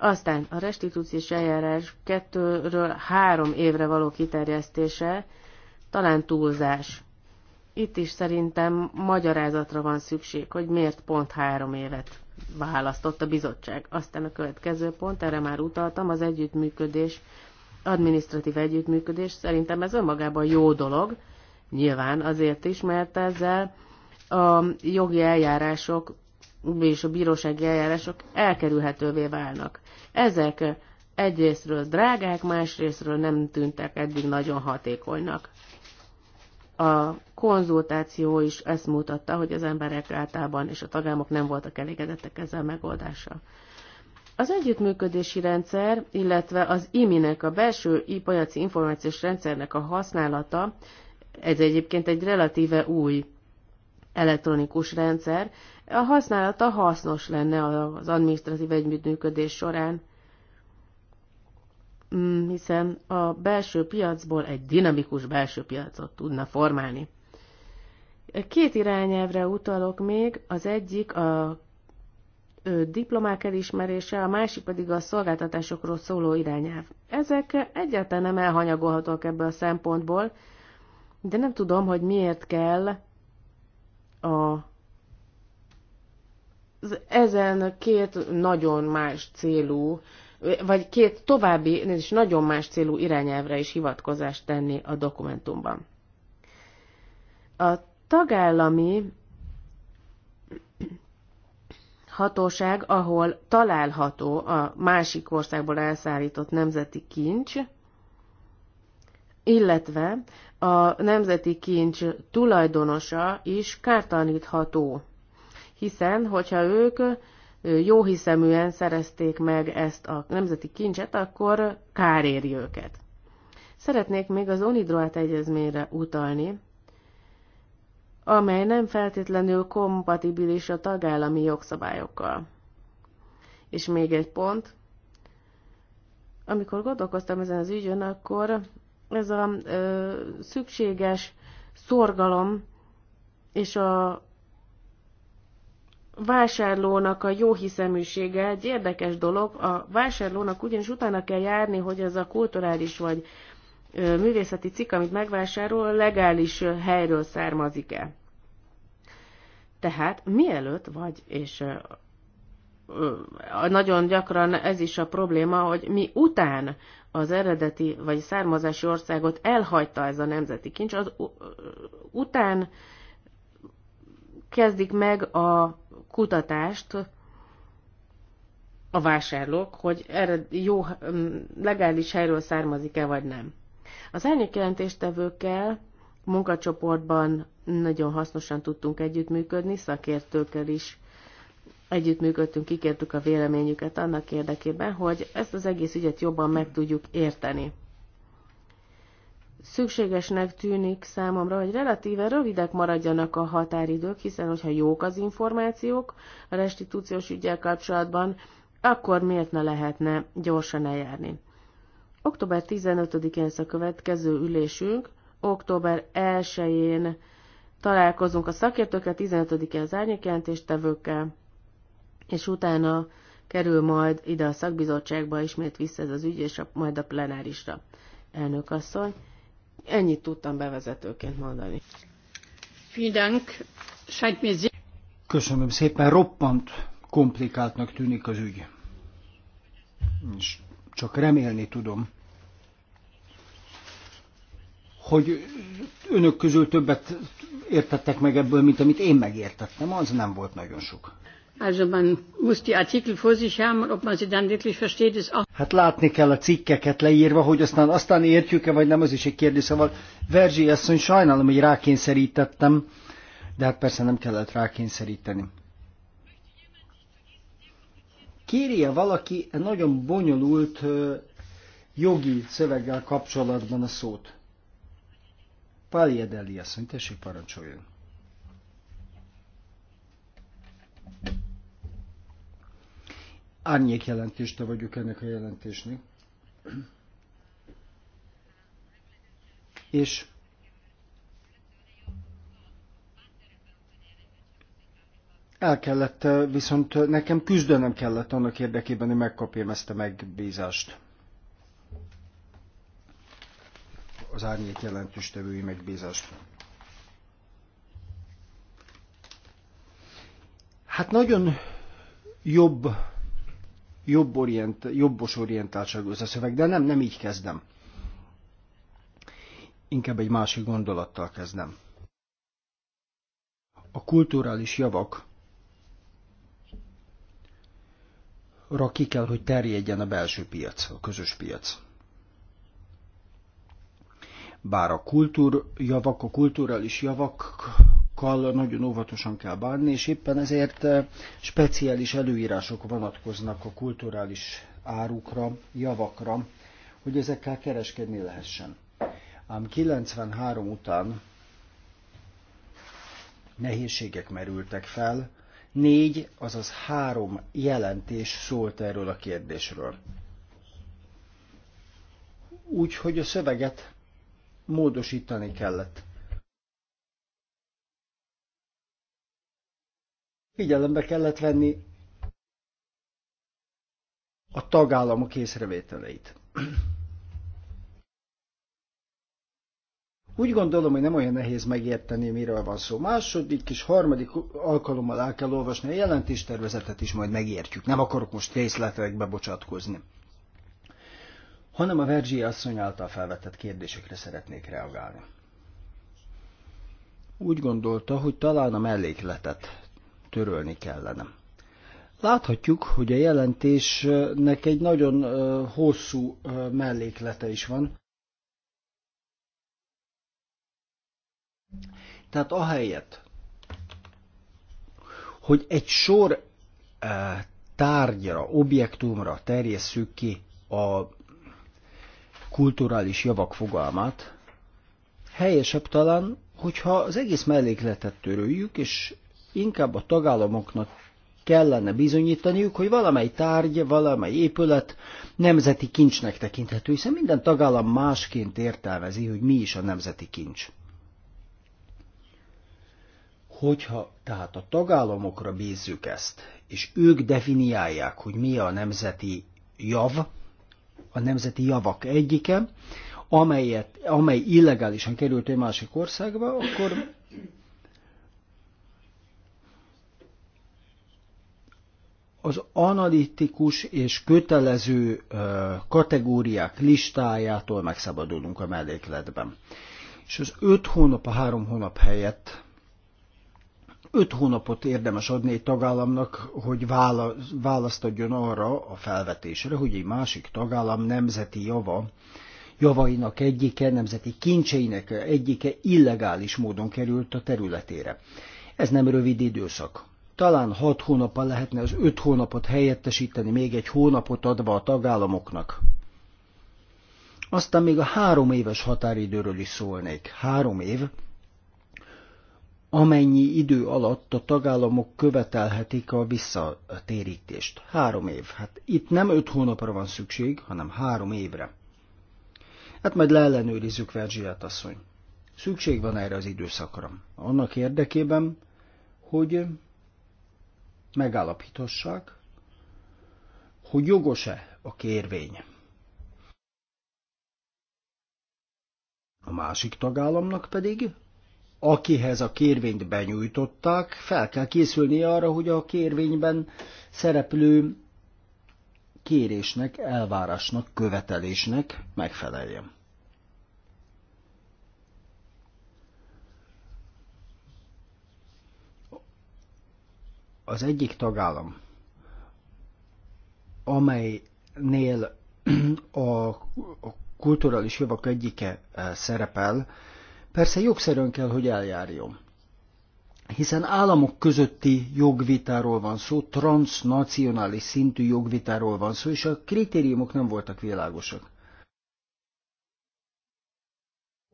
Speaker 4: Aztán a restitúciós eljárás kettőről három évre való kiterjesztése talán túlzás. Itt is szerintem magyarázatra van szükség, hogy miért pont három évet választott a bizottság. Aztán a következő pont, erre már utaltam, az együttműködés, administratív együttműködés. Szerintem ez önmagában jó dolog, nyilván azért is, mert ezzel a jogi eljárások és a bírósági eljárások elkerülhetővé válnak. Ezek egyrésztről drágák, másrésztről nem tűntek eddig nagyon hatékonynak. A konzultáció is ezt mutatta, hogy az emberek általában és a tagállamok nem voltak elégedettek ezzel a megoldással. Az együttműködési rendszer, illetve az IMI-nek, a belső piaci információs rendszernek a használata, ez egyébként egy relatíve új elektronikus rendszer, a használata hasznos lenne az administratív együttműködés során, mm, hiszen a belső piacból egy dinamikus belső piacot tudna formálni. Két irányelvre utalok még, az egyik a diplomák elismerése, a másik pedig a szolgáltatásokról szóló irányelv. Ezek egyáltalán nem elhanyagolhatók ebből a szempontból, de nem tudom, hogy miért kell a ezen két nagyon más célú, vagy két további, és nagyon más célú irányelvre is hivatkozást tenni a dokumentumban. A tagállami hatóság, ahol található a másik országból elszállított nemzeti kincs, illetve a nemzeti kincs tulajdonosa is kártalanítható, hiszen hogyha ők jóhiszeműen szerezték meg ezt a nemzeti kincset, akkor kár éri őket. Szeretnék még az onidroát egyezményre utalni, amely nem feltétlenül kompatibilis a tagállami jogszabályokkal. És még egy pont. Amikor gondolkoztam ezen az ügyön, akkor ez a ö, szükséges szorgalom és a vásárlónak a jó hiszeműsége egy érdekes dolog. A vásárlónak ugyanis utána kell járni, hogy ez a kulturális vagy ö, művészeti cikk, amit megvásárol, legális helyről származik-e. Tehát mielőtt vagy, és ö, ö, nagyon gyakran ez is a probléma, hogy mi után az eredeti vagy származási országot elhagyta ez a nemzeti kincs, az után kezdik meg a kutatást a vásárlók, hogy erre jó, mm, legális helyről származik-e vagy nem. Az árnyékjelentéstevőkkel munkacsoportban nagyon hasznosan tudtunk együttműködni, szakértőkkel is együttműködtünk, kikértük a véleményüket annak érdekében, hogy ezt az egész ügyet jobban meg tudjuk érteni. Szükségesnek tűnik számomra, hogy relatíve rövidek maradjanak a határidők, hiszen hogyha jók az információk a restitúciós ügyel kapcsolatban, akkor miért ne lehetne gyorsan eljárni. Október 15-én lesz a következő ülésünk, október 1-én találkozunk a szakértőkkel, 15-én az árnyékjelentéstevőkkel, és utána kerül majd ide a szakbizottságba ismét vissza ez az ügy, és a, majd a plenárisra. Elnök asszony, ennyit tudtam bevezetőként mondani.
Speaker 2: Köszönöm szépen, roppant komplikáltnak tűnik az ügy. És csak remélni tudom, hogy önök közül többet értettek meg ebből, mint amit én megértettem, az nem volt nagyon sok. Hát látni kell a cikkeket leírva, hogy aztán aztán értjük-e, vagy nem, az is egy kérdés. Szóval Verzsi asszony, sajnálom, hogy rákényszerítettem, de hát persze nem kellett rákényszeríteni. Kérje valaki egy nagyon bonyolult jogi szöveggel kapcsolatban a szót. Deli asszony, tessék parancsoljon. árnyék jelentéste vagyok ennek a jelentésnek. És el kellett, eh, viszont nekem küzdenem kellett annak érdekében, hogy megkapjam ezt a megbízást. Az árnyék jelentős megbízást. Hát nagyon jobb jobb orient, jobbos orientáltság összeszöveg, de nem, nem így kezdem. Inkább egy másik gondolattal kezdem. A kulturális javak ki kell, hogy terjedjen a belső piac, a közös piac. Bár a kultúrjavak, a kulturális javak adatokkal nagyon óvatosan kell bánni, és éppen ezért eh, speciális előírások vonatkoznak a kulturális árukra, javakra, hogy ezekkel kereskedni lehessen. Ám 93 után nehézségek merültek fel, négy, azaz három jelentés szólt erről a kérdésről. Úgyhogy a szöveget módosítani kellett. figyelembe kellett venni a tagállamok észrevételeit. Úgy gondolom, hogy nem olyan nehéz megérteni, miről van szó. Második és harmadik alkalommal el kell olvasni a jelentéstervezetet is, majd megértjük. Nem akarok most részletekbe bocsatkozni. Hanem a Vergyi asszony által felvetett kérdésekre szeretnék reagálni. Úgy gondolta, hogy talán a mellékletet törölni kellene. Láthatjuk, hogy a jelentésnek egy nagyon hosszú melléklete is van. Tehát ahelyett, hogy egy sor tárgyra, objektumra terjesszük ki a kulturális javak fogalmát, helyesebb talán, hogyha az egész mellékletet töröljük, és inkább a tagállamoknak kellene bizonyítaniuk, hogy valamely tárgy, valamely épület nemzeti kincsnek tekinthető, hiszen minden tagállam másként értelmezi, hogy mi is a nemzeti kincs. Hogyha tehát a tagállamokra bízzük ezt, és ők definiálják, hogy mi a nemzeti jav, a nemzeti javak egyike, amelyet, amely illegálisan került egy másik országba, akkor az analitikus és kötelező kategóriák listájától megszabadulunk a mellékletben. És az öt hónap a három hónap helyett öt hónapot érdemes adni egy tagállamnak, hogy választ adjon arra a felvetésre, hogy egy másik tagállam nemzeti java, javainak egyike, nemzeti kincseinek egyike illegális módon került a területére. Ez nem rövid időszak talán hat hónappal lehetne az öt hónapot helyettesíteni, még egy hónapot adva a tagállamoknak. Aztán még a három éves határidőről is szólnék. Három év, amennyi idő alatt a tagállamok követelhetik a visszatérítést. Három év. Hát itt nem öt hónapra van szükség, hanem három évre. Hát majd leellenőrizzük Verzsiát asszony. Szükség van erre az időszakra. Annak érdekében, hogy megállapíthassák, hogy jogos-e a kérvény. A másik tagállamnak pedig, akihez a kérvényt benyújtották, fel kell készülni arra, hogy a kérvényben szereplő kérésnek, elvárásnak, követelésnek megfeleljen. az egyik tagállam, amelynél a, a kulturális javak egyike e, szerepel, persze jogszerűen kell, hogy eljárjon. Hiszen államok közötti jogvitáról van szó, transnacionális szintű jogvitáról van szó, és a kritériumok nem voltak világosak.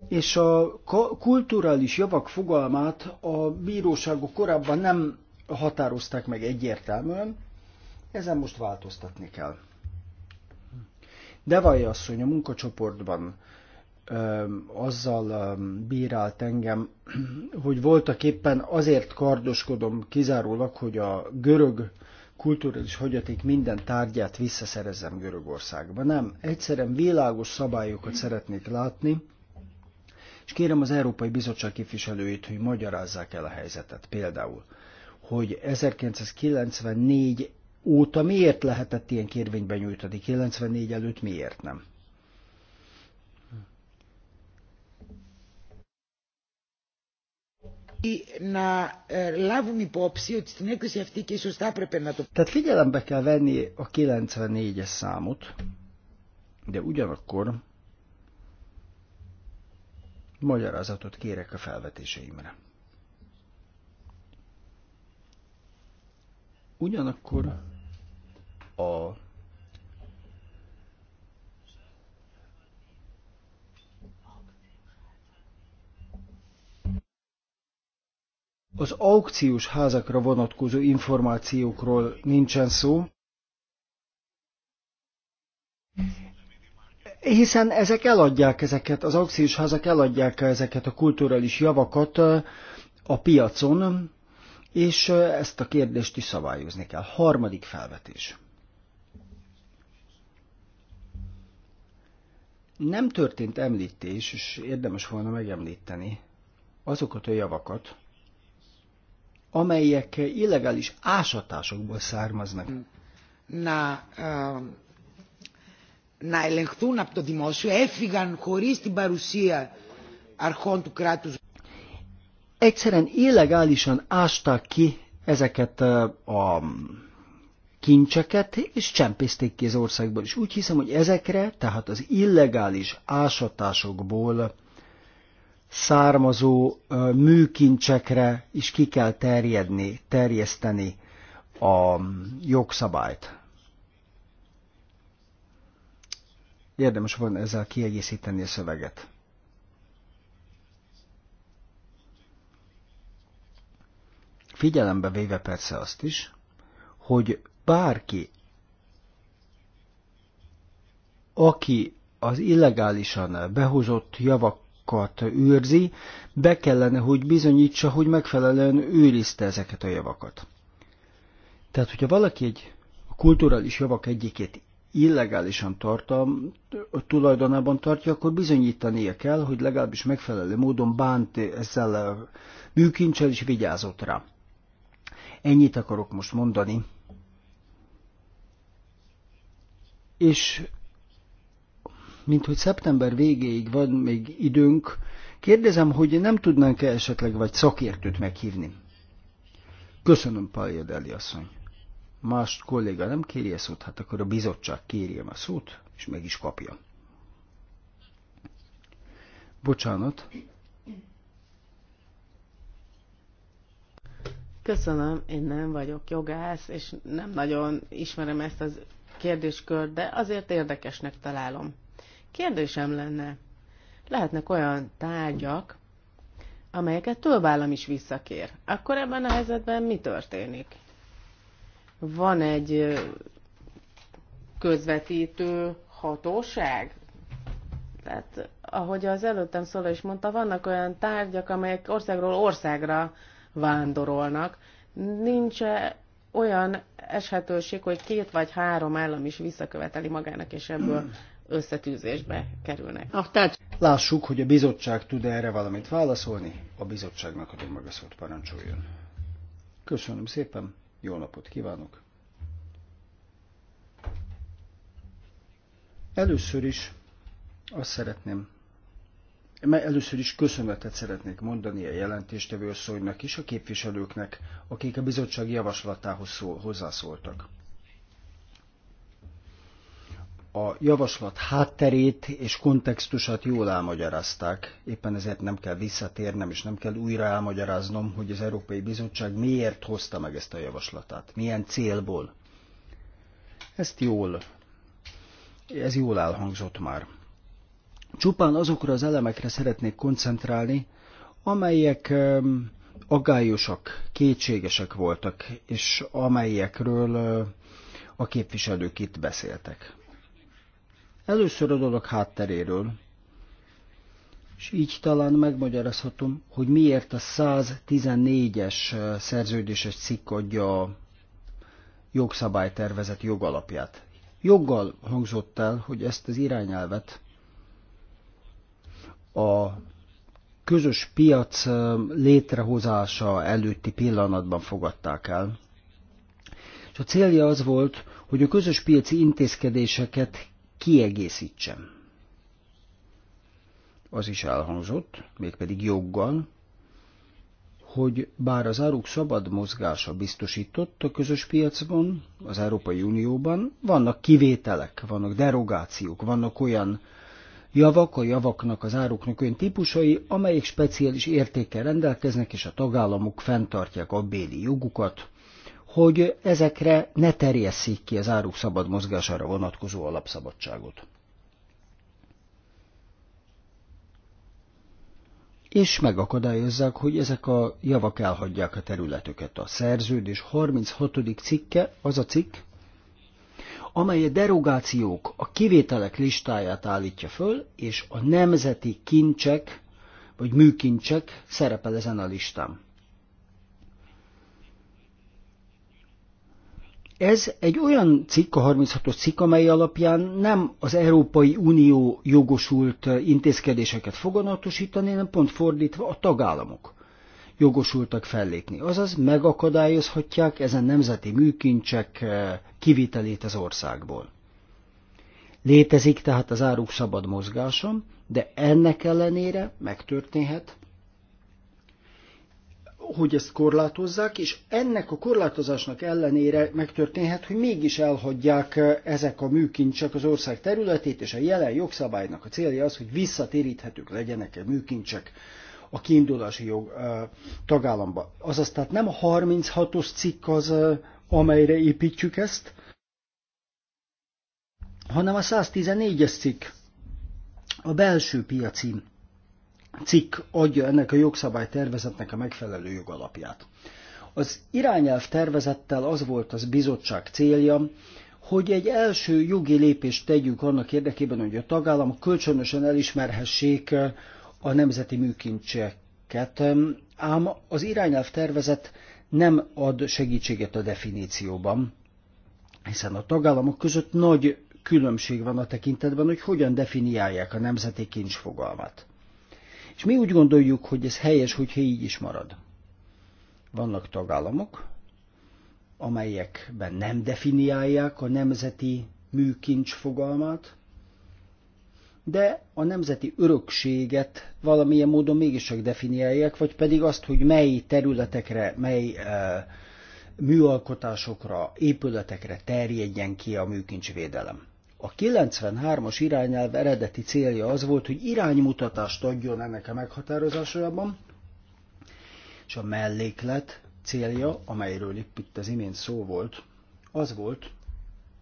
Speaker 2: És a kulturális javak fogalmát a bíróságok korábban nem határozták meg egyértelműen, ezen most változtatni kell. Devaj asszony a munkacsoportban ö, azzal ö, bírált engem, hogy voltak éppen azért kardoskodom kizárólag, hogy a görög kulturális hagyaték minden tárgyát visszaszerezzem Görögországba. Nem, egyszerűen világos szabályokat szeretnék látni, és kérem az Európai Bizottság képviselőit, hogy magyarázzák el a helyzetet. Például hogy 1994 óta miért lehetett ilyen kérvényben nyújtani? 94 előtt miért nem. E, Tehát figyelembe kell venni a 94-es számot, de ugyanakkor magyarázatot kérek a felvetéseimre. Ugyanakkor a az aukciós házakra vonatkozó információkról nincsen szó, hiszen ezek eladják ezeket, az aukciós házak eladják ezeket a kulturális javakat a piacon, és ezt a kérdést is szabályozni kell. Harmadik felvetés. Nem történt említés, és érdemes volna megemlíteni azokat a javakat, amelyek illegális ásatásokból származnak. Mm.
Speaker 5: Na, να ελεγχθούν από το δημόσιο, έφυγαν χωρίς την παρουσία αρχών του κράτους
Speaker 2: egyszerűen illegálisan ásták ki ezeket a kincseket, és csempészték ki az országból. És úgy hiszem, hogy ezekre, tehát az illegális ásatásokból származó műkincsekre is ki kell terjedni, terjeszteni a jogszabályt. Érdemes volna ezzel kiegészíteni a szöveget. Figyelembe véve persze azt is, hogy bárki, aki az illegálisan behozott javakat őrzi, be kellene, hogy bizonyítsa, hogy megfelelően őrizte ezeket a javakat. Tehát, hogyha valaki egy a kulturális javak egyikét illegálisan tartam, tulajdonában tartja, akkor bizonyítania kell, hogy legalábbis megfelelő módon bánt ezzel a műkincsel, is vigyázott rá. Ennyit akarok most mondani. És mint hogy szeptember végéig van még időnk, kérdezem, hogy nem tudnánk-e esetleg vagy szakértőt meghívni. Köszönöm, Paljadeli asszony. Mást kolléga nem kéri a szót, hát akkor a bizottság kérje a szót, és meg is kapja. Bocsánat,
Speaker 4: Köszönöm, én nem vagyok jogász, és nem nagyon ismerem ezt az kérdéskört, de azért érdekesnek találom. Kérdésem lenne, lehetnek olyan tárgyak, amelyeket több állam is visszakér. Akkor ebben a helyzetben mi történik? Van egy közvetítő hatóság? Tehát, ahogy az előttem szóló is mondta, vannak olyan tárgyak, amelyek országról országra vándorolnak. Nincs -e olyan eshetőség, hogy két vagy három állam is visszaköveteli magának, és ebből összetűzésbe kerülnek.
Speaker 2: Ah, tehát... Lássuk, hogy a bizottság tud -e erre valamit válaszolni. A bizottságnak adom meg a szót, parancsoljon. Köszönöm szépen, jó napot kívánok! Először is azt szeretném Először is köszönetet szeretnék mondani a jelentéstevő asszonynak és a képviselőknek, akik a bizottság javaslatához szól, hozzászóltak. A javaslat hátterét és kontextusát jól elmagyarázták, éppen ezért nem kell visszatérnem és nem kell újra elmagyaráznom, hogy az Európai Bizottság miért hozta meg ezt a javaslatát, milyen célból. Ezt jól, ez jól elhangzott már. Csupán azokra az elemekre szeretnék koncentrálni, amelyek agályosak, kétségesek voltak, és amelyekről a képviselők itt beszéltek. Először a dolog hátteréről, és így talán megmagyarázhatom, hogy miért a 114-es szerződéses cikk adja a jogszabálytervezet jogalapját. Joggal hangzott el, hogy ezt az irányelvet a közös piac létrehozása előtti pillanatban fogadták el. És a célja az volt, hogy a közös piaci intézkedéseket kiegészítsem. Az is elhangzott, mégpedig joggal, hogy bár az áruk szabad mozgása biztosított a közös piacban, az Európai Unióban, vannak kivételek, vannak derogációk, vannak olyan javak, a javaknak az áruknak olyan típusai, amelyek speciális értékkel rendelkeznek, és a tagállamok fenntartják a béli jogukat, hogy ezekre ne terjesszék ki az áruk szabad mozgására vonatkozó alapszabadságot. és megakadályozzák, hogy ezek a javak elhagyják a területüket. A szerződés 36. cikke az a cikk, amely a derogációk, a kivételek listáját állítja föl, és a nemzeti kincsek vagy műkincsek szerepel ezen a listán. Ez egy olyan cikk, a 36-os cikk, amely alapján nem az Európai Unió jogosult intézkedéseket foganatosítani, hanem pont fordítva a tagállamok jogosultak fellépni. Azaz megakadályozhatják ezen nemzeti műkincsek eh, kivitelét az országból. Létezik tehát az áruk szabad mozgása, de ennek ellenére megtörténhet, hogy ezt korlátozzák, és ennek a korlátozásnak ellenére megtörténhet, hogy mégis elhagyják eh, ezek a műkincsek az ország területét, és a jelen jogszabálynak a célja az, hogy visszatéríthetők legyenek a műkincsek a kiindulási jog tagállamba. Azaz tehát nem a 36-os cikk az, amelyre építjük ezt, hanem a 114-es cikk, a belső piaci cikk adja ennek a jogszabálytervezetnek a megfelelő jogalapját. Az irányelv tervezettel az volt az bizottság célja, hogy egy első jogi lépést tegyünk annak érdekében, hogy a tagállamok kölcsönösen elismerhessék a nemzeti műkincseket, ám az irányelv tervezet nem ad segítséget a definícióban, hiszen a tagállamok között nagy különbség van a tekintetben, hogy hogyan definiálják a nemzeti kincs fogalmat. És mi úgy gondoljuk, hogy ez helyes, hogyha így is marad. Vannak tagállamok, amelyekben nem definiálják a nemzeti műkincs fogalmát, de a nemzeti örökséget valamilyen módon mégiscsak definiálják, vagy pedig azt, hogy mely területekre, mely e, műalkotásokra, épületekre terjedjen ki a műkincsvédelem. A 93-as irányelv eredeti célja az volt, hogy iránymutatást adjon ennek a meghatározásában, és a melléklet célja, amelyről itt az imént szó volt, az volt,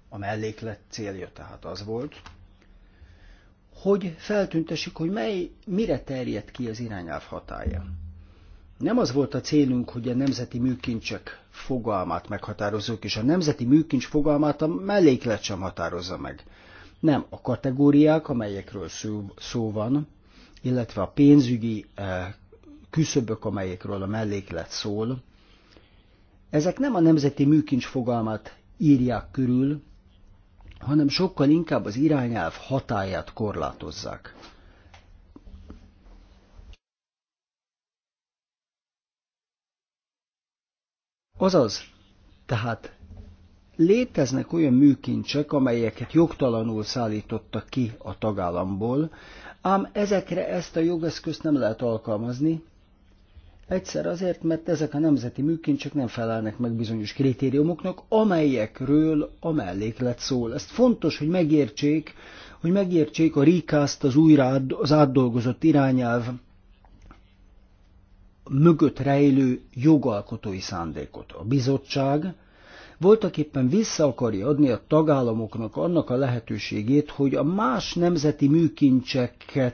Speaker 2: a melléklet célja tehát az volt, hogy feltüntessük, hogy mely, mire terjed ki az irányelv hatája. Nem az volt a célunk, hogy a nemzeti műkincsek fogalmát meghatározzuk, és a nemzeti műkincs fogalmát a melléklet sem határozza meg. Nem, a kategóriák, amelyekről szó, szó van, illetve a pénzügyi eh, küszöbök, amelyekről a melléklet szól, ezek nem a nemzeti műkincs fogalmát írják körül, hanem sokkal inkább az irányelv hatáját korlátozzák. Azaz, tehát léteznek olyan műkincsek, amelyeket jogtalanul szállítottak ki a tagállamból, ám ezekre ezt a jogeszközt nem lehet alkalmazni, Egyszer azért, mert ezek a nemzeti műkincsek nem felelnek meg bizonyos kritériumoknak, amelyekről a melléklet szól. Ezt fontos, hogy megértsék, hogy megértsék a rikázt az újra az átdolgozott irányelv mögött rejlő jogalkotói szándékot. A bizottság voltak éppen vissza akarja adni a tagállamoknak annak a lehetőségét, hogy a más nemzeti eh,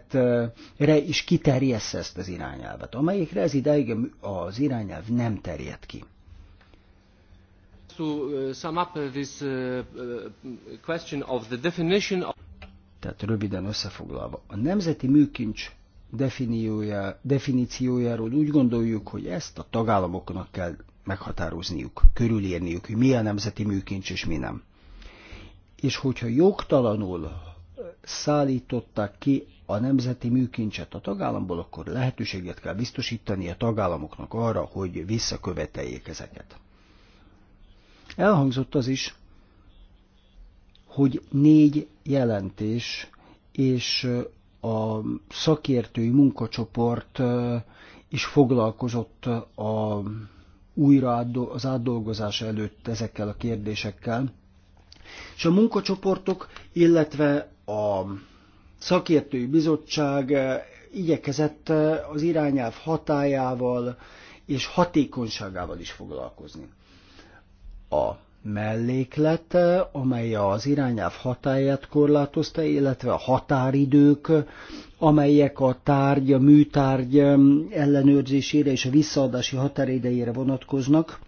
Speaker 2: re is kiterjessze ezt az irányelvet, amelyikre ez ideig az irányelv nem terjed ki.
Speaker 6: Eh, eh,
Speaker 2: Tehát röviden összefoglalva, a nemzeti műkincs definíciójáról úgy gondoljuk, hogy ezt a tagállamoknak kell meghatározniuk, körülírniuk, hogy mi a nemzeti műkincs és mi nem. És hogyha jogtalanul szállították ki a nemzeti műkincset a tagállamból, akkor lehetőséget kell biztosítani a tagállamoknak arra, hogy visszaköveteljék ezeket. Elhangzott az is, hogy négy jelentés és a szakértői munkacsoport is foglalkozott a újra az átdolgozás előtt ezekkel a kérdésekkel. És a munkacsoportok, illetve a szakértői bizottság eh, igyekezett eh, az irányelv hatájával és hatékonyságával is foglalkozni. A melléklet, amely az irányelv hatáját korlátozta, illetve a határidők, amelyek a tárgy, a műtárgy ellenőrzésére és a visszaadási határidejére vonatkoznak.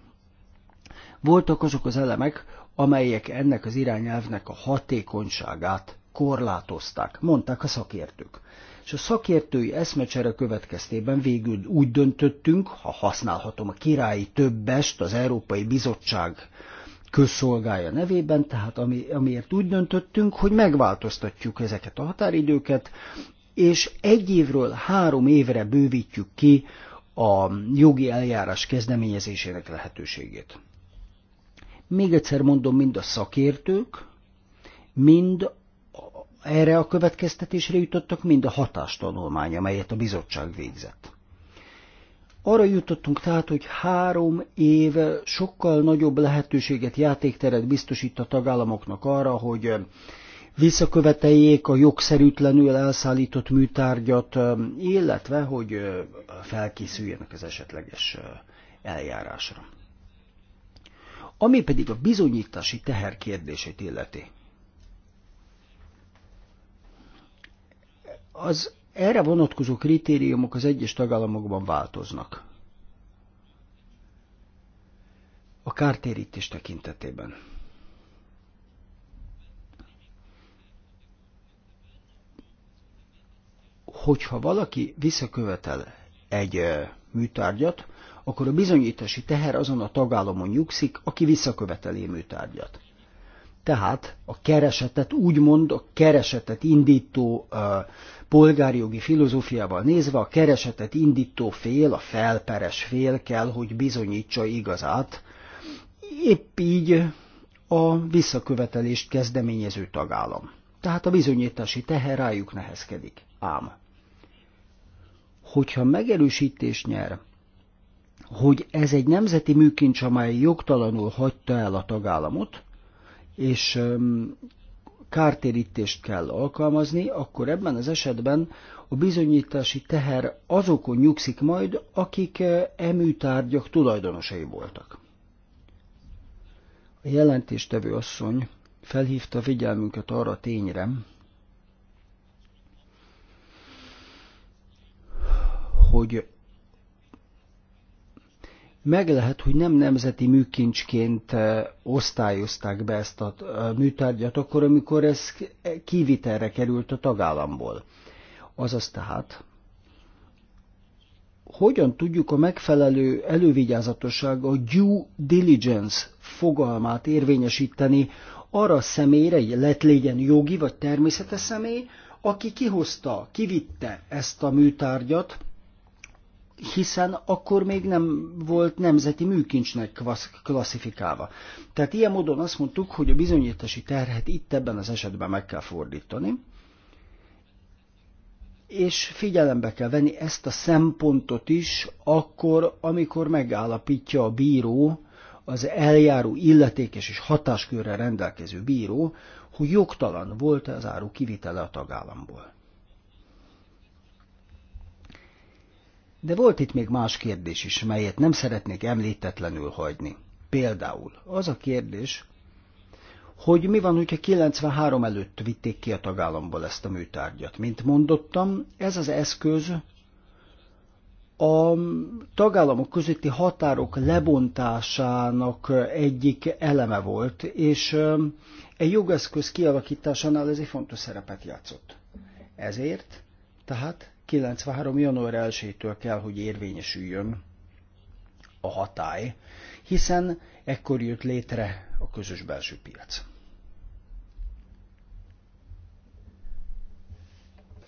Speaker 2: Voltak azok az elemek, amelyek ennek az irányelvnek a hatékonyságát korlátozták, mondták a szakértők. És a szakértői eszmecsere következtében végül úgy döntöttünk, ha használhatom a királyi többest, az Európai Bizottság közszolgája nevében, tehát ami, amiért úgy döntöttünk, hogy megváltoztatjuk ezeket a határidőket, és egy évről három évre bővítjük ki a jogi eljárás kezdeményezésének lehetőségét. Még egyszer mondom, mind a szakértők, mind erre a következtetésre jutottak, mind a hatástanulmány, amelyet a bizottság végzett. Arra jutottunk tehát, hogy három év sokkal nagyobb lehetőséget, játékteret biztosít a tagállamoknak arra, hogy eh, visszaköveteljék a jogszerűtlenül elszállított műtárgyat, eh, illetve hogy eh, felkészüljenek az esetleges eljárásra. Ami pedig a bizonyítási teher kérdését illeti. Az erre vonatkozó kritériumok az egyes tagállamokban változnak. A kártérítés tekintetében. Hogyha valaki visszakövetel egy műtárgyat, akkor a bizonyítási teher azon a tagállamon nyugszik, aki visszaköveteli műtárgyat. Tehát a keresetet, úgymond a keresetet indító polgárjogi filozófiával nézve, a keresetet indító fél, a felperes fél kell, hogy bizonyítsa igazát. Épp így a visszakövetelést kezdeményező tagállam. Tehát a bizonyítási teher rájuk nehezkedik. Ám, hogyha megerősítés nyer, hogy ez egy nemzeti műkincs, amely jogtalanul hagyta el a tagállamot, és kártérítést kell alkalmazni, akkor ebben az esetben a bizonyítási teher azokon nyugszik majd, akik eműtárgyak tulajdonosai voltak. A jelentéstevő asszony felhívta figyelmünket arra a tényre, hogy meg lehet, hogy nem nemzeti műkincsként eh, osztályozták be ezt a eh, műtárgyat, akkor, amikor ez eh, kivitelre került a tagállamból. Azaz tehát, hogyan tudjuk a megfelelő elővigyázatosság, a due diligence fogalmát érvényesíteni arra a személyre, lett legyen jogi vagy természetes személy, aki kihozta, kivitte ezt a műtárgyat, hiszen akkor még nem volt nemzeti műkincsnek klasszifikálva. Tehát ilyen módon azt mondtuk, hogy a bizonyítási terhet itt ebben az esetben meg kell fordítani, és figyelembe kell venni ezt a szempontot is, akkor, amikor megállapítja a bíró, az eljáró illetékes és hatáskörrel rendelkező bíró, hogy jogtalan volt-e az áru kivitele a tagállamból. De volt itt még más kérdés is, melyet nem szeretnék említetlenül hagyni. Például az a kérdés, hogy mi van, hogyha 93 előtt vitték ki a tagállamból ezt a műtárgyat. Mint mondottam, ez az eszköz a tagállamok közötti határok lebontásának egyik eleme volt, és um, egy jogeszköz kialakításánál ez egy fontos szerepet játszott. Ezért tehát 93. január 1-től kell, hogy érvényesüljön a hatály, hiszen ekkor jött létre a közös belső piac.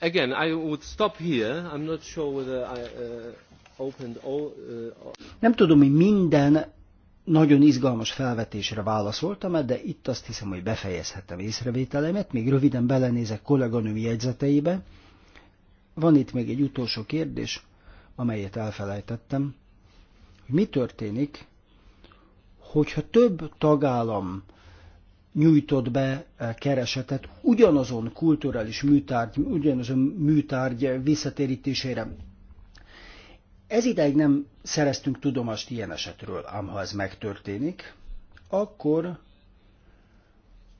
Speaker 6: Again, I would stop here. I'm not sure whether I uh,
Speaker 2: opened all. Uh, Nem tudom, hogy minden nagyon izgalmas felvetésre válaszoltam, de itt azt hiszem, hogy befejezhetem észrevételemet. Még röviden belenézek kolléganőm jegyzeteibe. Van itt még egy utolsó kérdés, amelyet elfelejtettem, hogy mi történik, hogyha több tagállam nyújtott be eh, keresetet ugyanazon kulturális műtárgy, ugyanazon műtárgy visszatérítésére. Ez ideig nem szereztünk tudomást ilyen esetről, ám ha ez megtörténik, akkor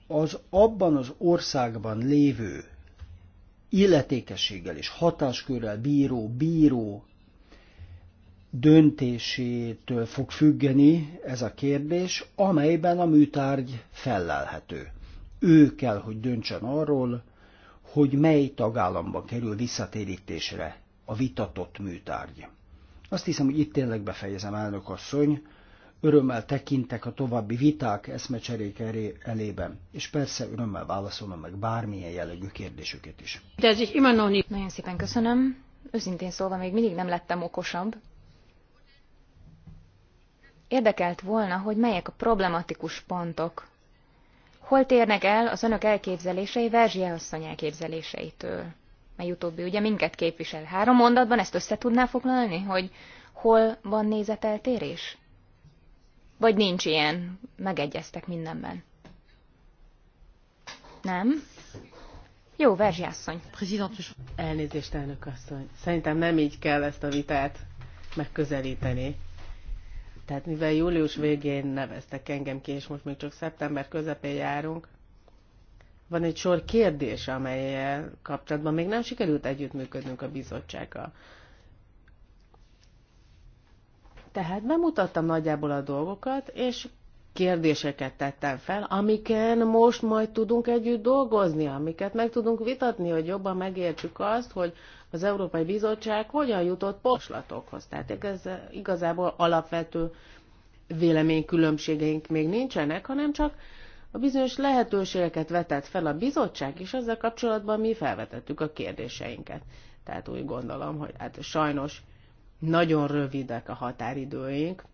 Speaker 2: az abban az országban lévő illetékességgel és hatáskörrel bíró bíró döntésétől fog függeni ez a kérdés, amelyben a műtárgy fellelhető. Ő kell, hogy döntsen arról, hogy mely tagállamba kerül visszatérítésre a vitatott műtárgy. Azt hiszem, hogy itt tényleg befejezem, elnök asszony, örömmel tekintek a további viták eszmecserék elében, és persze örömmel válaszolom meg bármilyen jellegű kérdésüket is.
Speaker 1: De ez így imanoni. Nagyon szépen köszönöm. Őszintén szólva még mindig nem lettem okosabb. Érdekelt volna, hogy melyek a problematikus pontok. Hol térnek el az önök elképzelései Verzsie asszony elképzeléseitől? Mely utóbbi ugye minket képvisel. Három mondatban ezt össze tudná foglalni, hogy hol van nézeteltérés? Vagy nincs ilyen? Megegyeztek mindenben.
Speaker 4: Nem? Jó, Verzsi asszony. Elnézést, elnök asszony. Szerintem nem így kell ezt a vitát megközelíteni. Tehát mivel július végén neveztek engem ki, és most még csak szeptember közepén járunk, van egy sor kérdés, amelyel kapcsolatban még nem sikerült együttműködnünk a bizottsággal. Tehát bemutattam nagyjából a dolgokat, és kérdéseket tettem fel, amiken most majd tudunk együtt dolgozni, amiket meg tudunk vitatni, hogy jobban megértsük azt, hogy az Európai Bizottság hogyan jutott poslatokhoz. Tehát ez igazából alapvető véleménykülönbségeink még nincsenek, hanem csak a bizonyos lehetőségeket vetett fel a bizottság, és ezzel kapcsolatban mi felvetettük a kérdéseinket. Tehát úgy gondolom, hogy hát sajnos nagyon rövidek a határidőink,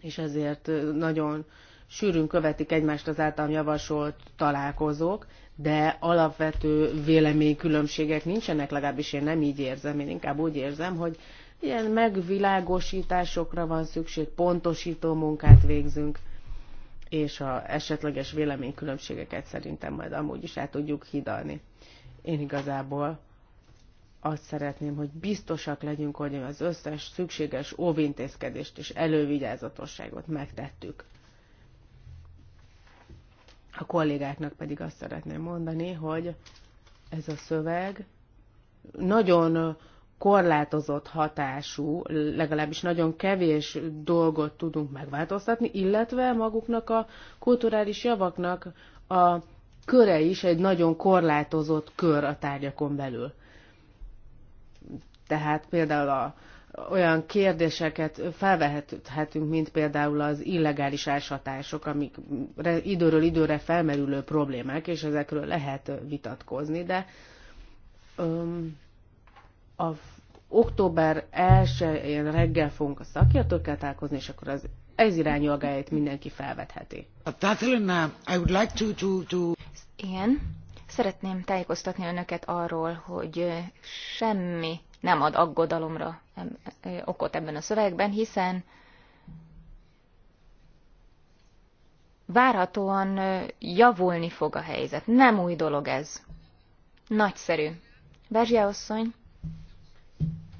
Speaker 4: és ezért nagyon sűrűn követik egymást az általam javasolt találkozók, de alapvető véleménykülönbségek nincsenek, legalábbis én nem így érzem, én inkább úgy érzem, hogy ilyen megvilágosításokra van szükség, pontosító munkát végzünk, és a esetleges véleménykülönbségeket szerintem majd amúgy is el tudjuk hidalni. Én igazából azt szeretném, hogy biztosak legyünk, hogy az összes szükséges óvintézkedést és elővigyázatosságot megtettük. A kollégáknak pedig azt szeretném mondani, hogy ez a szöveg nagyon korlátozott hatású, legalábbis nagyon kevés dolgot tudunk megváltoztatni, illetve maguknak a kulturális javaknak a köre is egy nagyon korlátozott kör a tárgyakon belül. Tehát például a, olyan kérdéseket felvehetünk, mint például az illegális ásatások, amik időről időre felmerülő problémák, és ezekről lehet vitatkozni, de um, a október 1-én reggel fogunk a szakértőkkel találkozni, és akkor az ez irányú agályait mindenki felvetheti.
Speaker 1: Igen, szeretném tájékoztatni önöket arról, hogy semmi nem ad aggodalomra okot ebben a szövegben, hiszen várhatóan javulni fog a helyzet. Nem új dolog ez. Nagyszerű. Berzsia asszony.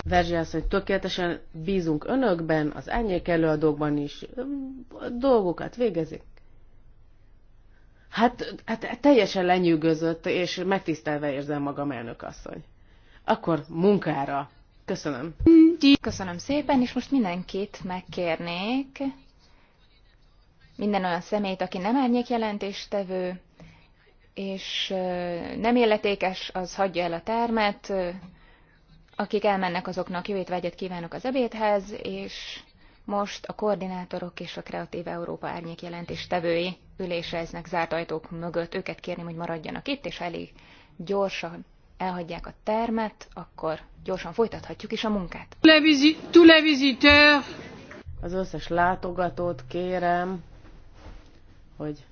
Speaker 4: Verzsi asszony, tökéletesen bízunk önökben, az árnyék előadókban is a dolgokat végezik. Hát, hát teljesen lenyűgözött, és megtisztelve érzem magam elnök asszony akkor munkára. Köszönöm.
Speaker 1: Köszönöm szépen, és most mindenkit megkérnék, minden olyan személyt, aki nem árnyék jelentéstevő, és nem életékes, az hagyja el a termet, akik elmennek, azoknak jó étvágyat kívánok az ebédhez, és most a koordinátorok és a Kreatív Európa árnyék jelentéstevői üléseznek zárt ajtók mögött. Őket kérném, hogy maradjanak itt, és elég gyorsan elhagyják a termet, akkor gyorsan folytathatjuk is a munkát.
Speaker 4: Az összes látogatót kérem, hogy